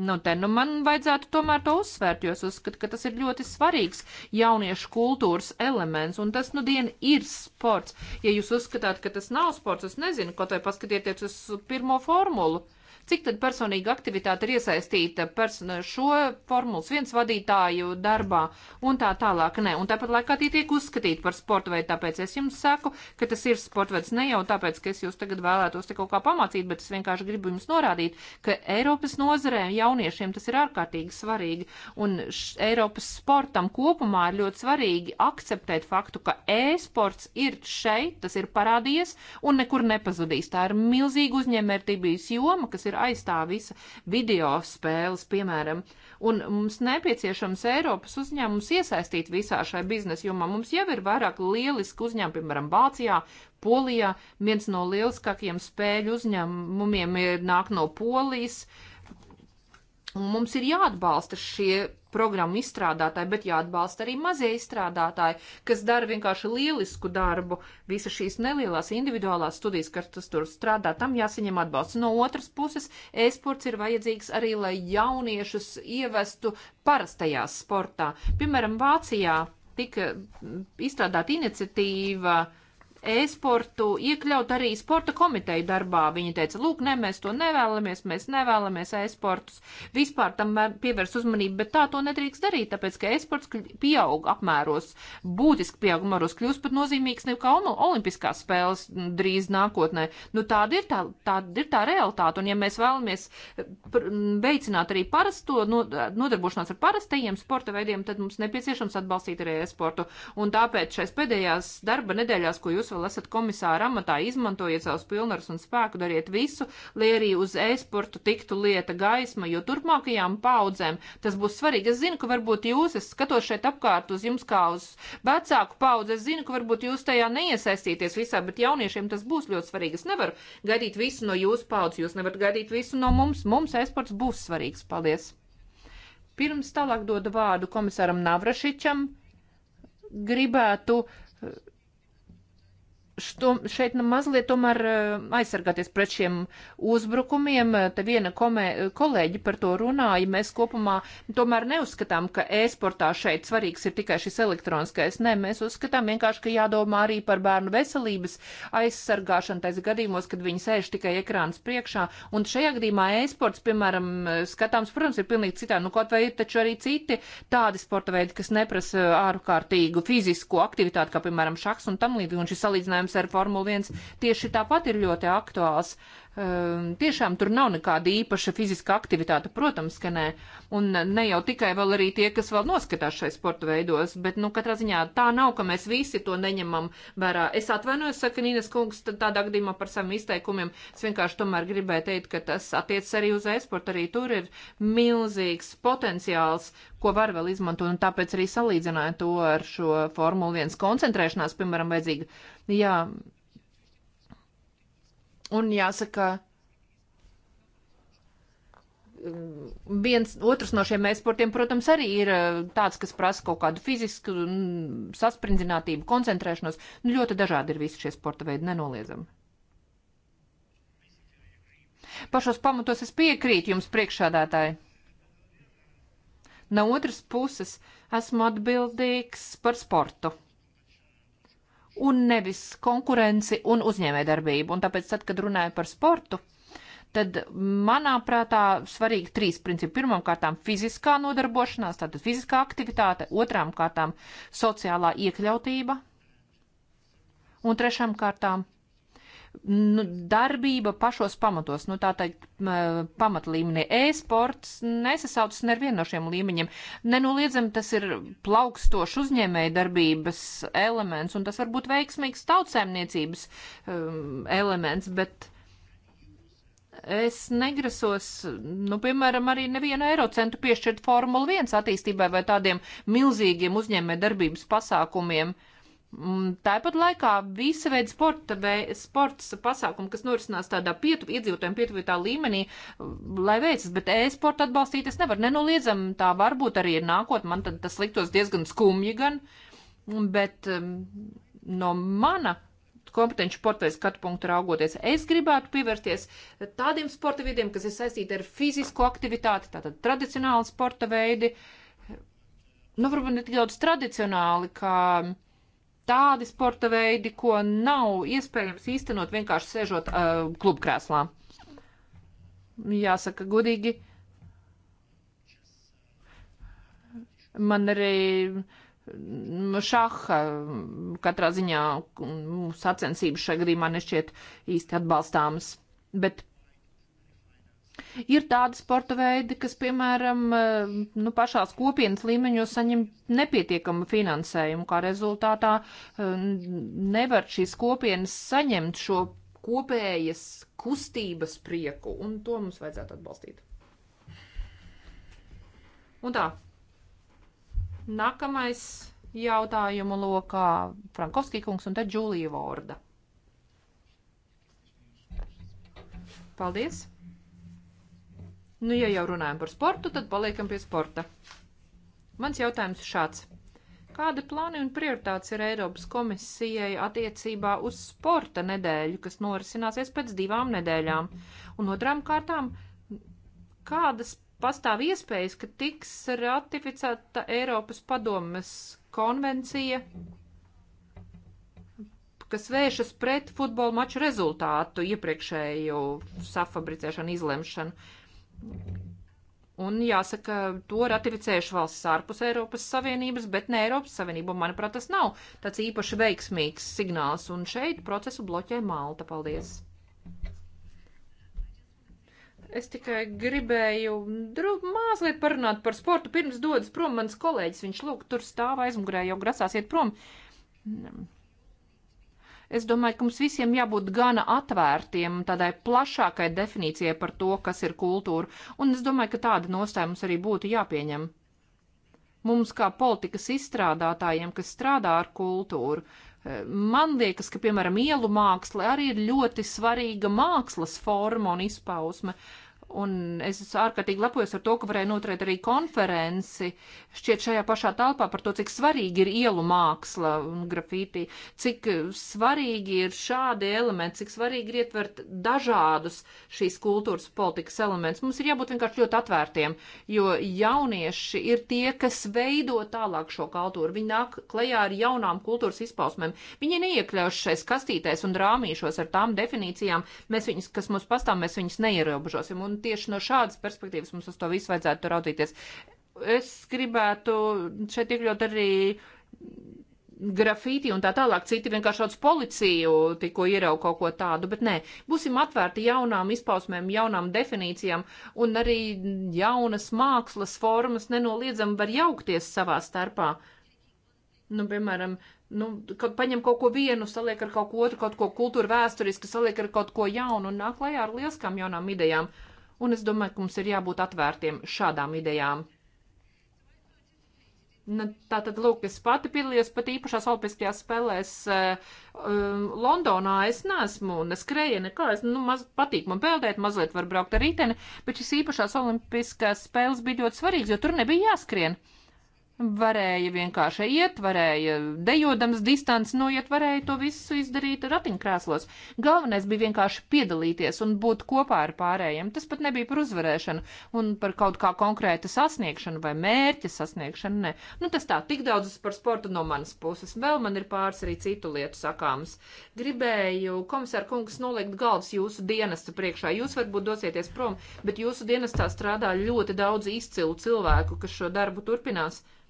Nu, te nu man vajadzētu tomēr to uzsvērt, jo es uzskatu, ka tas ir ļoti svarīgs jauniešu kultūras elements, un tas nu dien ir sports. Ja jūs uzskatāt, ka tas nav sports, es nezinu, kaut vai paskatieties uz pirmo formulu Cik tad personīga aktivitāte ir iesaistīta person šo formulas viens vadītāju darbā un tā tālāk? Nē, un tāpat laikā tie tiek uzskatīti par sporta veidu, tāpēc es jums saku, ka tas ir sporta veids ne jau tāpēc, ka es jūs tagad vēlētos te kaut kā pamācīt, bet es vienkārši gribu jums norādīt, ka Eiropas nozarēm jauniešiem tas ir ārkārtīgi svarīgi un Eiropas sportam kopumā ir ļoti svarīgi akceptēt faktu, ka e-sports ir šeit, tas ir parādījies un nekur nepazudīs. Tā ir milzīga uzņēmērtības joma, kas ir ir aizstāv visa video spēles, piemēram. Un mums nepieciešams Eiropas uzņēmums iesaistīt visā šai biznesa jomā. Mums jau ir vairāk lieliski uzņēmumi, piemēram, Vācijā, Polijā. Viens no lieliskākajiem spēļu uzņēmumiem ir nāk no Polijas. Uh, Un mums ir jāatbalsta šie programmu izstrādātāji, bet jāatbalsta arī mazie izstrādātāji, kas dara vienkārši lielisku darbu. Visa šīs nelielās individuālās studijas, kas tas tur strādā, tam jāsaņem atbalsts. No otras puses, e-sports ir vajadzīgs arī, lai jauniešus ievestu parastajā sportā. Piemēram, Vācijā tika izstrādāta iniciatīva uh, e-sportu iekļaut arī sporta komiteju darbā. Viņa teica, lūk, ne, mēs to nevēlamies, mēs nevēlamies e-sportus, vispār tam pievērst uzmanību, bet tā to nedrīkst darīt, tāpēc, ka e-sports pieaug apmēros, būtiski pieaug apmēros, kļūst pat nozīmīgs nekā olimpiskās spēles drīz nākotnē. Nu, tāda ir tā, tāda ir tā realitāte, un ja mēs vēlamies e, veicināt arī parasto, no, nodarbošanās ar parastajiem sporta veidiem, tad mums nepieciešams atbalstīt arī e-sportu. Un tāpēc šais pēdējās darba nedēļās, ko jūs vēl esat komisāra amatā, izmantojiet savus pilnvarus un spēku, dariet visu, lai arī uz e-sportu tiktu lieta gaisma, jo turpmākajām paudzēm tas būs svarīgi. Es zinu, ka varbūt jūs, es skatos šeit apkārt uz jums kā uz vecāku paudzi, es zinu, ka varbūt jūs tajā neiesaistīties visā, bet jauniešiem tas būs ļoti svarīgi. Es nevaru gaidīt visu no jūsu paudzes, jūs nevarat gaidīt visu no mums. Mums e-sports būs svarīgs. Paldies! Pirms tālāk dodu vārdu komisāram Navrašičam, gribētu Što, šeit nu mazliet tomēr eh, aizsargāties pret šiem uzbrukumiem. Eh, te viena komē, eh, kolēģi par to runāja. Mēs kopumā tomēr neuzskatām, ka e-sportā šeit svarīgs ir tikai šis elektroniskais. Nē, mēs uzskatām vienkārši, ka jādomā arī par bērnu veselības aizsargāšanu tais gadījumos, kad viņi sēž tikai ekrāns priekšā. Un šajā gadījumā e-sports, piemēram, skatāms, protams, ir pilnīgi citā. Nu, kaut vai ir taču arī citi tādi sporta veidi, kas neprasa ārkārtīgu fizisko aktivitāti, kā, piemēram, šaks un tam līdzīgi. Un šis salīdzinājums jautājums ar Formuli 1 tieši tāpat ir ļoti aktuāls. Ehm, tiešām tur nav nekāda īpaša fiziska aktivitāte, protams, ka nē. Un ne jau tikai vēl arī tie, kas vēl noskatās šai sporta veidos, bet, nu, katrā ziņā tā nav, ka mēs visi to neņemam vērā. Es atvainojos, saka Nīnes kungs, tādā gadījumā par saviem izteikumiem. Es vienkārši tomēr gribēju teikt, ka tas attiec arī uz e-sportu. Arī tur ir milzīgs potenciāls, ko var vēl izmantot, un tāpēc arī salīdzināju to ar šo Formulu 1 koncentrēšanās, piemēram, vajadzīga. Jā, Un jāsaka, viens otrs no šiem e-sportiem, protams, arī ir eh, tāds, kas prasa kaut kādu fizisku mm, sasprindzinātību, koncentrēšanos. Nu, ļoti dažādi ir visi šie sporta veidi, nenoliedzami. Pašos pamatos es piekrītu jums priekšādātāji. No otras puses esmu atbildīgs par sportu un nevis konkurenci un uzņēmējdarbību. Un tāpēc, tad, kad runāju par sportu, tad manā prātā svarīgi trīs principi. Pirmām kārtām fiziskā nodarbošanās, tātad fiziskā aktivitāte, otrām kārtām sociālā iekļautība un trešām kārtām nu, darbība pašos pamatos, nu tā teikt, pamatlīmenī. E-sports nesasaucas nevienu no šiem līmeņiem. Nenoliedzami tas ir plaukstošs uzņēmēja darbības elements, un tas var būt veiksmīgs tautsēmniecības um, elements, bet. Es negrasos, nu, piemēram, arī nevienu eiro centu piešķirt Formula 1 attīstībai vai tādiem milzīgiem uzņēmē darbības pasākumiem. Uh, Mm, tāpat laikā visa veida sporta, sporta pasākumi, kas norisinās tādā pietu, iedzīvotājiem pietuvītā līmenī, mm, lai veicas, bet e-sporta atbalstīt es nevaru. Nenoliedzam, tā varbūt arī ir nākotnē, man tad tas liktos diezgan skumji gan, mm, bet um, no mana kompetenci sporta skatu punktu raugoties, es gribētu pievērsties tādiem sporta veidiem, kas ir saistīti ar fizisko aktivitāti, tātad tradicionāli sporta veidi, nu varbūt ne tik daudz tradicionāli, kā tādi sporta veidi, ko nav iespējams īstenot vienkārši sēžot uh, klubkrēslā. Jāsaka, gudīgi. Man arī mm, šaha mm, katrā ziņā mm, sacensības šajā gadījumā nešķiet īsti atbalstāmas. Bet Ir tādi sporta veidi, kas, piemēram, eh, nu, pašās kopienas līmeņos saņem nepietiekamu finansējumu, kā rezultātā eh, nevar šīs kopienas saņemt šo kopējas kustības prieku, un to mums vajadzētu atbalstīt. Un tā, nākamais jautājumu lokā Frankovskī kungs un te Džulija Vorda. Paldies! Nu, ja jau runājam par sportu, tad paliekam pie sporta. Mans jautājums ir šāds. Kādi plāni un prioritātes ir Eiropas komisijai attiecībā uz sporta nedēļu, kas norisināsies pēc divām nedēļām? Un otrām kārtām, kādas pastāv iespējas, ka tiks ratificēta Eiropas padomes konvencija, kas vēršas pret futbola maču rezultātu iepriekšēju safabricēšanu, izlemšanu? Un jāsaka, to ratificējuši valsts ārpus Eiropas Savienības, bet ne Eiropas Savienība. Un, manuprāt, tas nav tāds īpaši veiksmīgs signāls. Un šeit procesu bloķē Malta. Paldies! Es tikai gribēju mazliet parunāt par sportu. Pirms dodas prom mans kolēģis, viņš lūk, tur stāv aizmugurē, jau grasās iet prom. Es domāju, ka mums visiem jābūt gana atvērtiem, tādai plašākai definīcijai par to, kas ir kultūra, un es domāju, ka tāda nostāja mums arī būtu jāpieņem. Mums, kā politikas izstrādātājiem, kas strādā ar kultūru, man liekas, ka, piemēram, ielu māksla arī ir ļoti svarīga mākslas forma un izpausme. Uh, Un es ārkārtīgi lepojos ar to, ka varēju noturēt arī konferenci šķiet šajā pašā telpā par to, cik svarīgi ir ielu māksla un grafītī, cik svarīgi ir šādi elementi, cik svarīgi ir ietvert dažādus šīs kultūras politikas elementus. Mums ir jābūt vienkārši ļoti atvērtiem, jo jaunieši ir tie, kas veido tālāk šo kultūru. Viņi nāk klajā ar jaunām kultūras izpausmēm. Viņi neiekļaušais kastītēs un rāmīšos ar tām definīcijām, mēs viņus, kas mums pastāv, mēs viņus neierobežosim. Un un tieši no šādas perspektīvas mums uz to visu vajadzētu raudīties. Es gribētu šeit iekļaut arī grafīti un tā tālāk. Citi vienkārši šāds policiju tikko ierauga kaut ko tādu, bet nē, būsim atvērti jaunām izpausmēm, jaunām definīcijām un arī jaunas mākslas formas nenoliedzami var jaukties savā starpā. Nu, piemēram, nu, kad paņem kaut ko vienu, saliek ar kaut ko otru, kaut ko kultūru vēsturiski, saliek ar kaut ko jaunu un nāk lajā ar lieliskām jaunām idejām. Uh, Un es domāju, ka mums ir jābūt atvērtiem šādām idejām. Nu, tātad, lūk, es pati piedalījos pat īpašās olimpiskajās spēlēs eh, um, Londonā. Es neesmu, neskrēju nekā, es, nu, maz patīk man peldēt, mazliet var braukt ar riteni, bet šis īpašās olimpiskās spēles bija ļoti svarīgs, jo tur nebija jāskrien. Uh, varēja vienkārši iet, varēja dejodams distanci noiet, varēja to visu izdarīt ratiņkrēslos. Galvenais bija vienkārši piedalīties un būt kopā ar pārējiem. Tas pat nebija par uzvarēšanu un par kaut kā konkrēta sasniegšanu vai mērķa sasniegšanu, ne. Nu, tas tā, tik daudz par sportu no manas puses. Vēl man ir pāris arī citu lietu sakāms. Gribēju, komisār kungs, nolikt galvas jūsu dienesta priekšā. Jūs varbūt dosieties prom, bet jūsu dienestā strādā ļoti daudz izcilu cilvēku, kas šo darbu turpinās. Thank you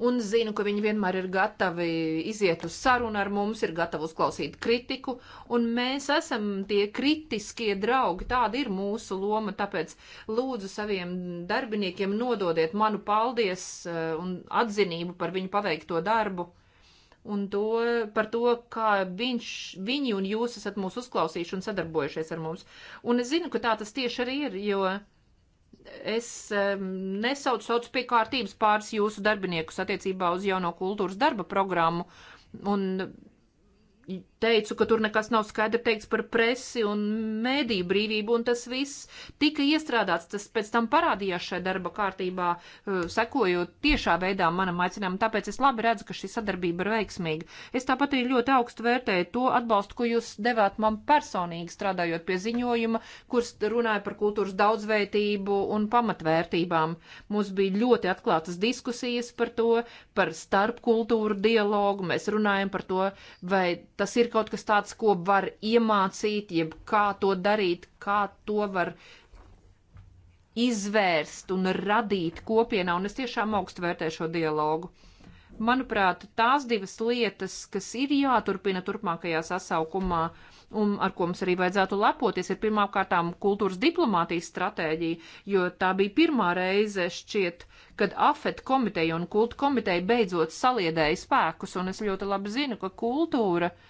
un zinu, ka viņi vienmēr ir gatavi iziet uz sarunu ar mums, ir gatavi uzklausīt kritiku, un mēs esam tie kritiskie draugi, tāda ir mūsu loma, tāpēc lūdzu saviem darbiniekiem nododiet manu paldies eh, un atzinību par viņu paveikto darbu. Un to, par to, kā viņš, viņi un jūs esat mūs uzklausījuši un sadarbojušies ar mums. Un es zinu, ka tā tas tieši arī ir, jo es um, nesaucu sauc pie kārtības pāris jūsu darbiniekus attiecībā uz jauno kultūras darba programmu. Un teicu, ka tur nekas nav skaidri teikts par presi un mēdīju brīvību, un tas viss tika iestrādāts. Tas pēc tam parādījās šajā darba kārtībā, eh, sekojot tiešā veidā manam aicinājumam, tāpēc es labi redzu, ka šī sadarbība ir veiksmīga. Es tāpat arī ļoti augstu vērtēju to atbalstu, ko jūs devāt man personīgi strādājot pie ziņojuma, kurš runāja par kultūras daudzveidību un pamatvērtībām. Mums bija ļoti atklātas diskusijas par to, par starpkultūru dialogu. Mēs runājam par to, vai tas ir ir kaut kas tāds, ko var iemācīt, jeb kā to darīt, kā to var izvērst un radīt kopienā, un es tiešām augstu vērtēju šo dialogu. Manuprāt, tās divas lietas, kas ir jāturpina turpmākajā sasaukumā, un ar ko mums arī vajadzētu lepoties, ir pirmkārtām kultūras diplomātijas stratēģija, jo tā bija pirmā reize šķiet, kad AFET komiteja un kultu komiteja beidzot saliedēja spēkus, un es ļoti labi zinu, ka kultūra uh,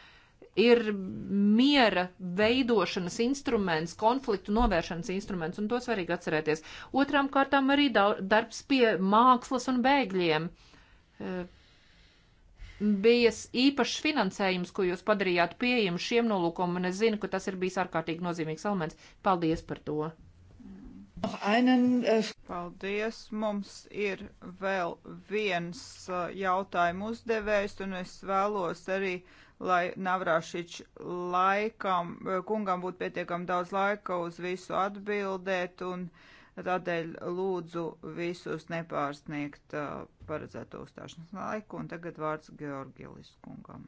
ir miera veidošanas instruments, konfliktu novēršanas instruments, un to svarīgi atcerēties. Otrām kārtām arī darbs pie mākslas un bēgļiem. Eh, Bija īpašs finansējums, ko jūs padarījāt pieejamu šiem nolūkom, un es zinu, ka tas ir bijis ārkārtīgi nozīmīgs elements. Paldies par to! Eh, Paldies! Mums ir vēl viens eh, jautājumu uzdevējs, un es vēlos arī uh, lai Navrašič laikam, kungam būtu pietiekami daudz laika uz visu atbildēt, un tādēļ lūdzu visus nepārsniegt uh, paredzēto uzstāšanas laiku, un tagad vārds Georgielis kungam.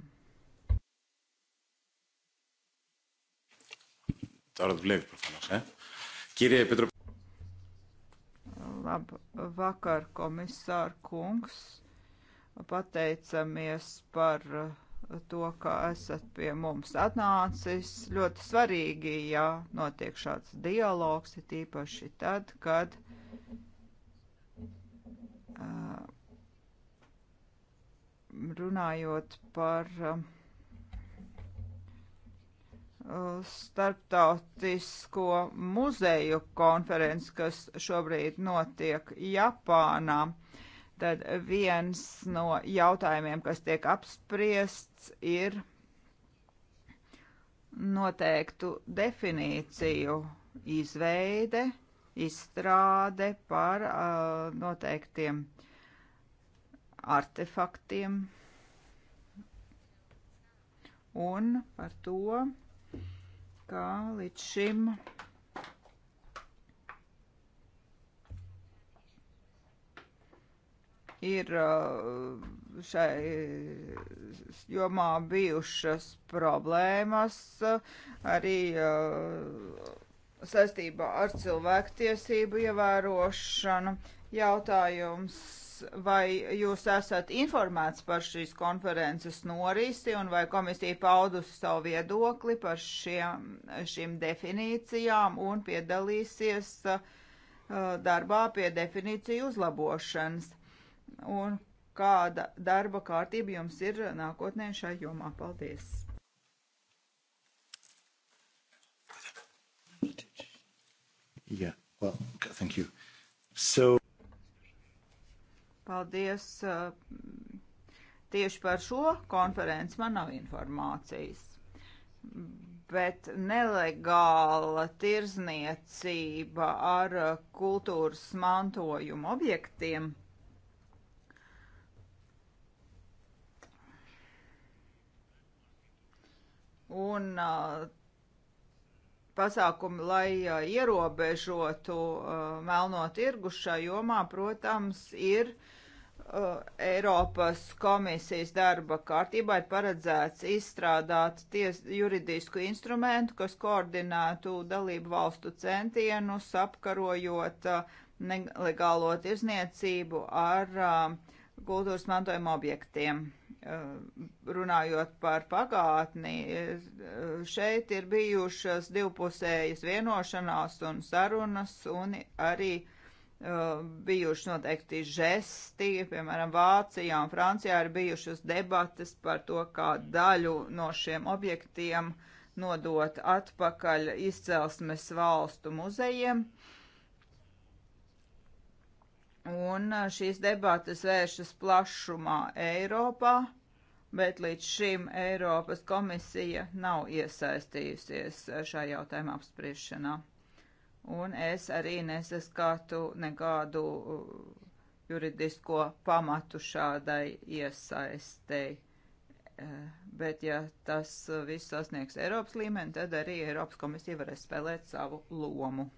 Τώρα δουλεύει προφανώς, ε. Κύριε Επιτροπή. Labvakar, komisār kungs. Pateicamies par uh, to, ka esat pie mums atnācis. Ļoti svarīgi, ja notiek šāds dialogs, ir tīpaši tad, kad uh, runājot par uh, starptautisko muzeju konferenci, kas šobrīd notiek Japānā. Tad viens no jautājumiem, kas tiek apspriests, ir noteiktu definīciju izveide, izstrāde par uh, noteiktiem artefaktiem un par to, kā līdz šim ir šai jomā bijušas problēmas arī saistībā ar cilvēktiesību ievērošanu. Jautājums, vai jūs esat informēts par šīs konferences norisi un vai komisija paudusi savu viedokli par šiem, šīm definīcijām un piedalīsies darbā pie definīciju uzlabošanas? un kāda darba kārtība jums ir nākotnē šai jomā. Paldies! Yeah, well, thank you. So... Paldies! Uh, tieši par šo konferenci man nav informācijas. Bet nelegāla tirzniecība ar kultūras mantojumu objektiem – un uh, pasākumi, lai uh, ierobežotu uh, melno tirgu šajā jomā, protams, ir Eiropas komisijas darba kārtībā ir paredzēts izstrādāt ties, juridisku instrumentu, kas koordinētu dalību valstu centienus, apkarojot nelegālo tirzniecību ar kultūras mantojuma objektiem. Eh, runājot par pagātni, eh, šeit ir bijušas divpusējas vienošanās un sarunas un arī eh, bijuši noteikti žesti, piemēram, Vācijā un Francijā ir bijušas debatas par to, kā daļu no šiem objektiem nodot atpakaļ izcelsmes valstu muzejiem. Uh, Un šīs debatas vēršas plašumā Eiropā, bet līdz šim Eiropas komisija nav iesaistījusies šā jautājuma apspriešanā. Un es arī nesaskatu nekādu juridisko pamatu šādai iesaistei. Bet ja tas viss sasniegs Eiropas līmeni, tad arī Eiropas komisija varēs spēlēt savu lomu.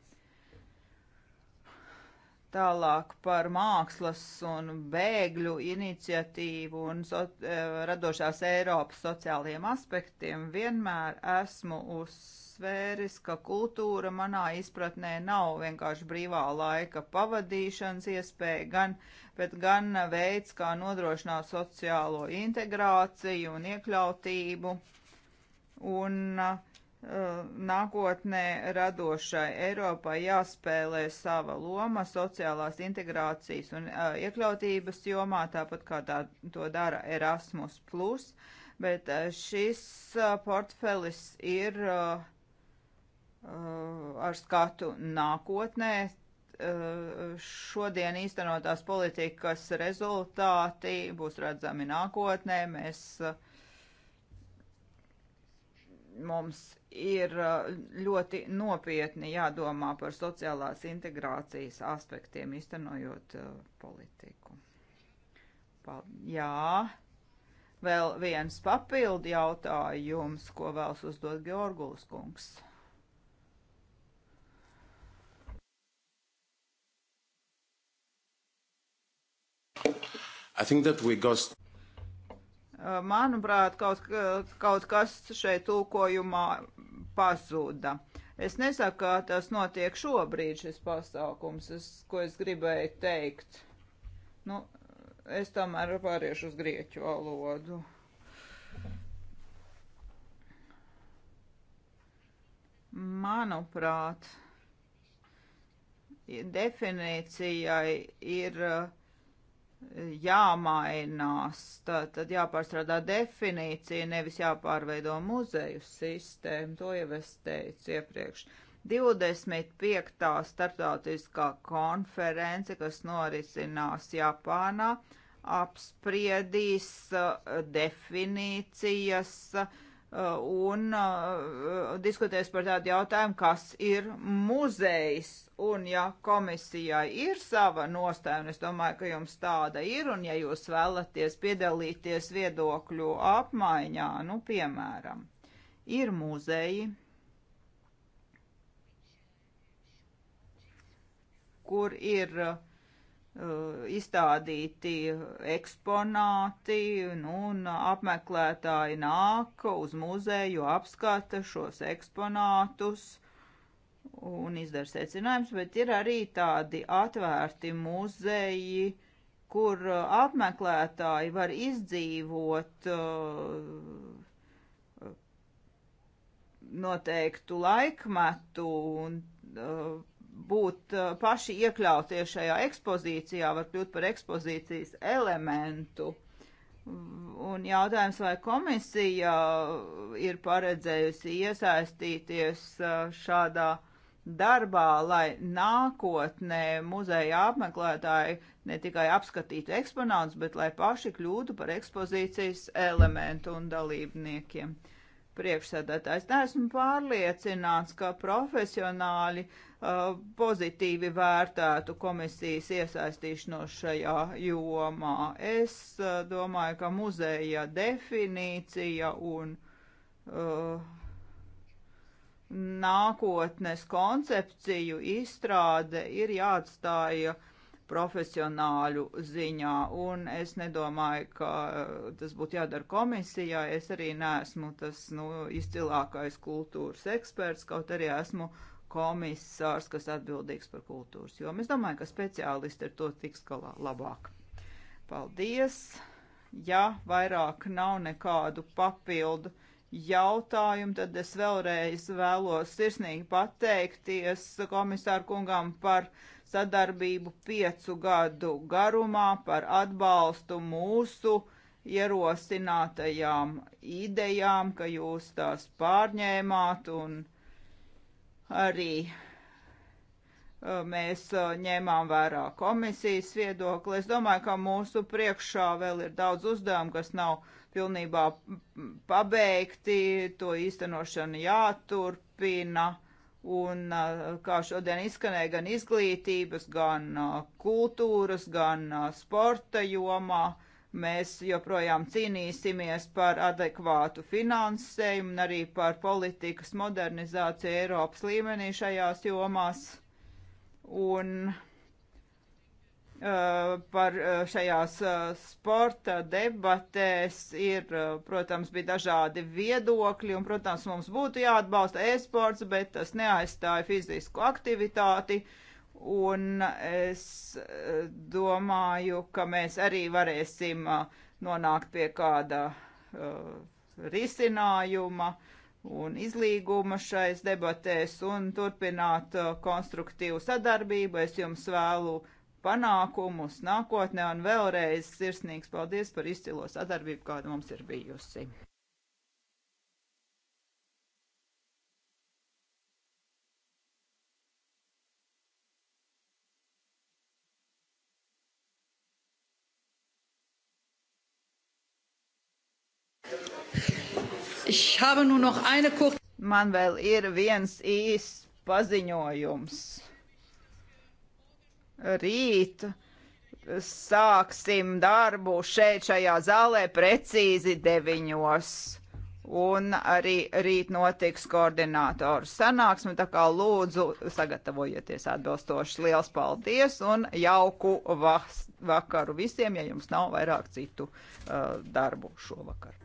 Tālāk par mākslas un bēgļu iniciatīvu un so, eh, radošās Eiropas sociālajiem aspektiem vienmēr esmu uzsvēris, ka kultūra manā izpratnē nav vienkārši brīvā laika pavadīšanas iespēja, gan, bet gan veids, kā nodrošināt sociālo integrāciju un iekļautību. Un uh, nākotnē radošai Eiropai jāspēlē sava loma sociālās integrācijas un iekļautības jomā, tāpat kā tā, to dara Erasmus. Bet šis portfelis ir ar skatu nākotnē. Šodien īstenotās politikas rezultāti būs redzami nākotnē. Mēs, mums ir uh, ļoti nopietni jādomā par sociālās integrācijas aspektiem, iztenojot uh, politiku. Pal Jā, vēl viens papildu jautājums, ko vēlas uzdot Georgulis kungs. I think that we got Eh, manuprāt, kaut, kaut kas šeit tulkojumā pazuda. Es nesaku, ka tas notiek šobrīd, šis pasākums, es, ko es gribēju teikt. Nu, es tomēr pāriešu uz grieķu valodu. Manuprāt, definīcijai ir uh, jāmainās, tad, tad jāpārstrādā definīcija, nevis jāpārveido muzeju sistēmu, to jau es teicu iepriekš. 25. starptautiskā konference, kas norisinās Japānā, apspriedīs uh, definīcijas uh, un uh, diskutēs par tādu jautājumu, kas ir muzejs un ja komisijai ir sava nostāja, un es domāju, ka jums tāda ir, un ja jūs vēlaties piedalīties viedokļu apmaiņā, nu, piemēram, ir muzeji, kur ir uh, izstādīti eksponāti, nu, un apmeklētāji nāk uz muzeju, apskata šos eksponātus, un izdara secinājumus, bet ir arī tādi atvērti muzeji, kur uh, apmeklētāji var izdzīvot uh, noteiktu laikmetu un uh, būt uh, paši iekļauties šajā ekspozīcijā, var kļūt par ekspozīcijas elementu. Un jautājums, vai komisija ir paredzējusi iesaistīties uh, šādā uh, darbā, lai nākotnē muzeja apmeklētāji ne tikai apskatītu eksponātus, bet lai paši kļūtu par ekspozīcijas elementu un dalībniekiem. Priekšsēdētājs neesmu pārliecināts, ka profesionāļi uh, pozitīvi vērtētu komisijas iesaistīšanos šajā jomā. Es uh, domāju, ka muzeja definīcija un uh, nākotnes koncepciju izstrāde ir jāatstāja profesionāļu ziņā, un es nedomāju, ka uh, tas būtu jādara komisijā. Es arī neesmu tas nu, izcilākais kultūras eksperts, kaut arī esmu komisārs, kas atbildīgs par kultūras jomu. Es domāju, ka speciālisti ar to tiks galā labāk. Paldies! Ja vairāk nav nekādu papildu jautājumu, tad es vēlreiz vēlos sirsnīgi pateikties komisāru kungam par sadarbību piecu gadu garumā, par atbalstu mūsu ierosinātajām idejām, ka jūs tās pārņēmāt un arī uh, mēs uh, ņēmām vērā komisijas viedokli. Es domāju, ka mūsu priekšā vēl ir daudz uzdevumu, kas nav pilnībā pabeigti, to īstenošana jāturpina. Un, uh, kā šodien izskanēja, gan izglītības, gan uh, kultūras, gan uh, sporta jomā mēs joprojām cīnīsimies par adekvātu finansējumu un arī par politikas modernizāciju Eiropas līmenī šajās jomās. Un Eh, par eh, šajās eh, sporta debatēs ir, protams, bija dažādi viedokļi, un, protams, mums būtu jāatbalsta e-sports, bet tas neaizstāja fizisku aktivitāti, un es domāju, ka mēs arī varēsim nonākt pie kāda uh, risinājuma un izlīguma šais debatēs un turpināt uh, konstruktīvu sadarbību. Es jums vēlu uh, panākumus nākotnē un vēlreiz sirsnīgs paldies par izcilo sadarbību, kāda mums ir bijusi. Man vēl ir viens īsts paziņojums rīt sāksim darbu šeit šajā zālē precīzi deviņos. Un arī rīt notiks koordinātoru sanāksme, tā kā lūdzu sagatavojieties atbilstoši. Liels paldies un jauku vakaru visiem, ja jums nav vairāk citu uh, darbu šovakar.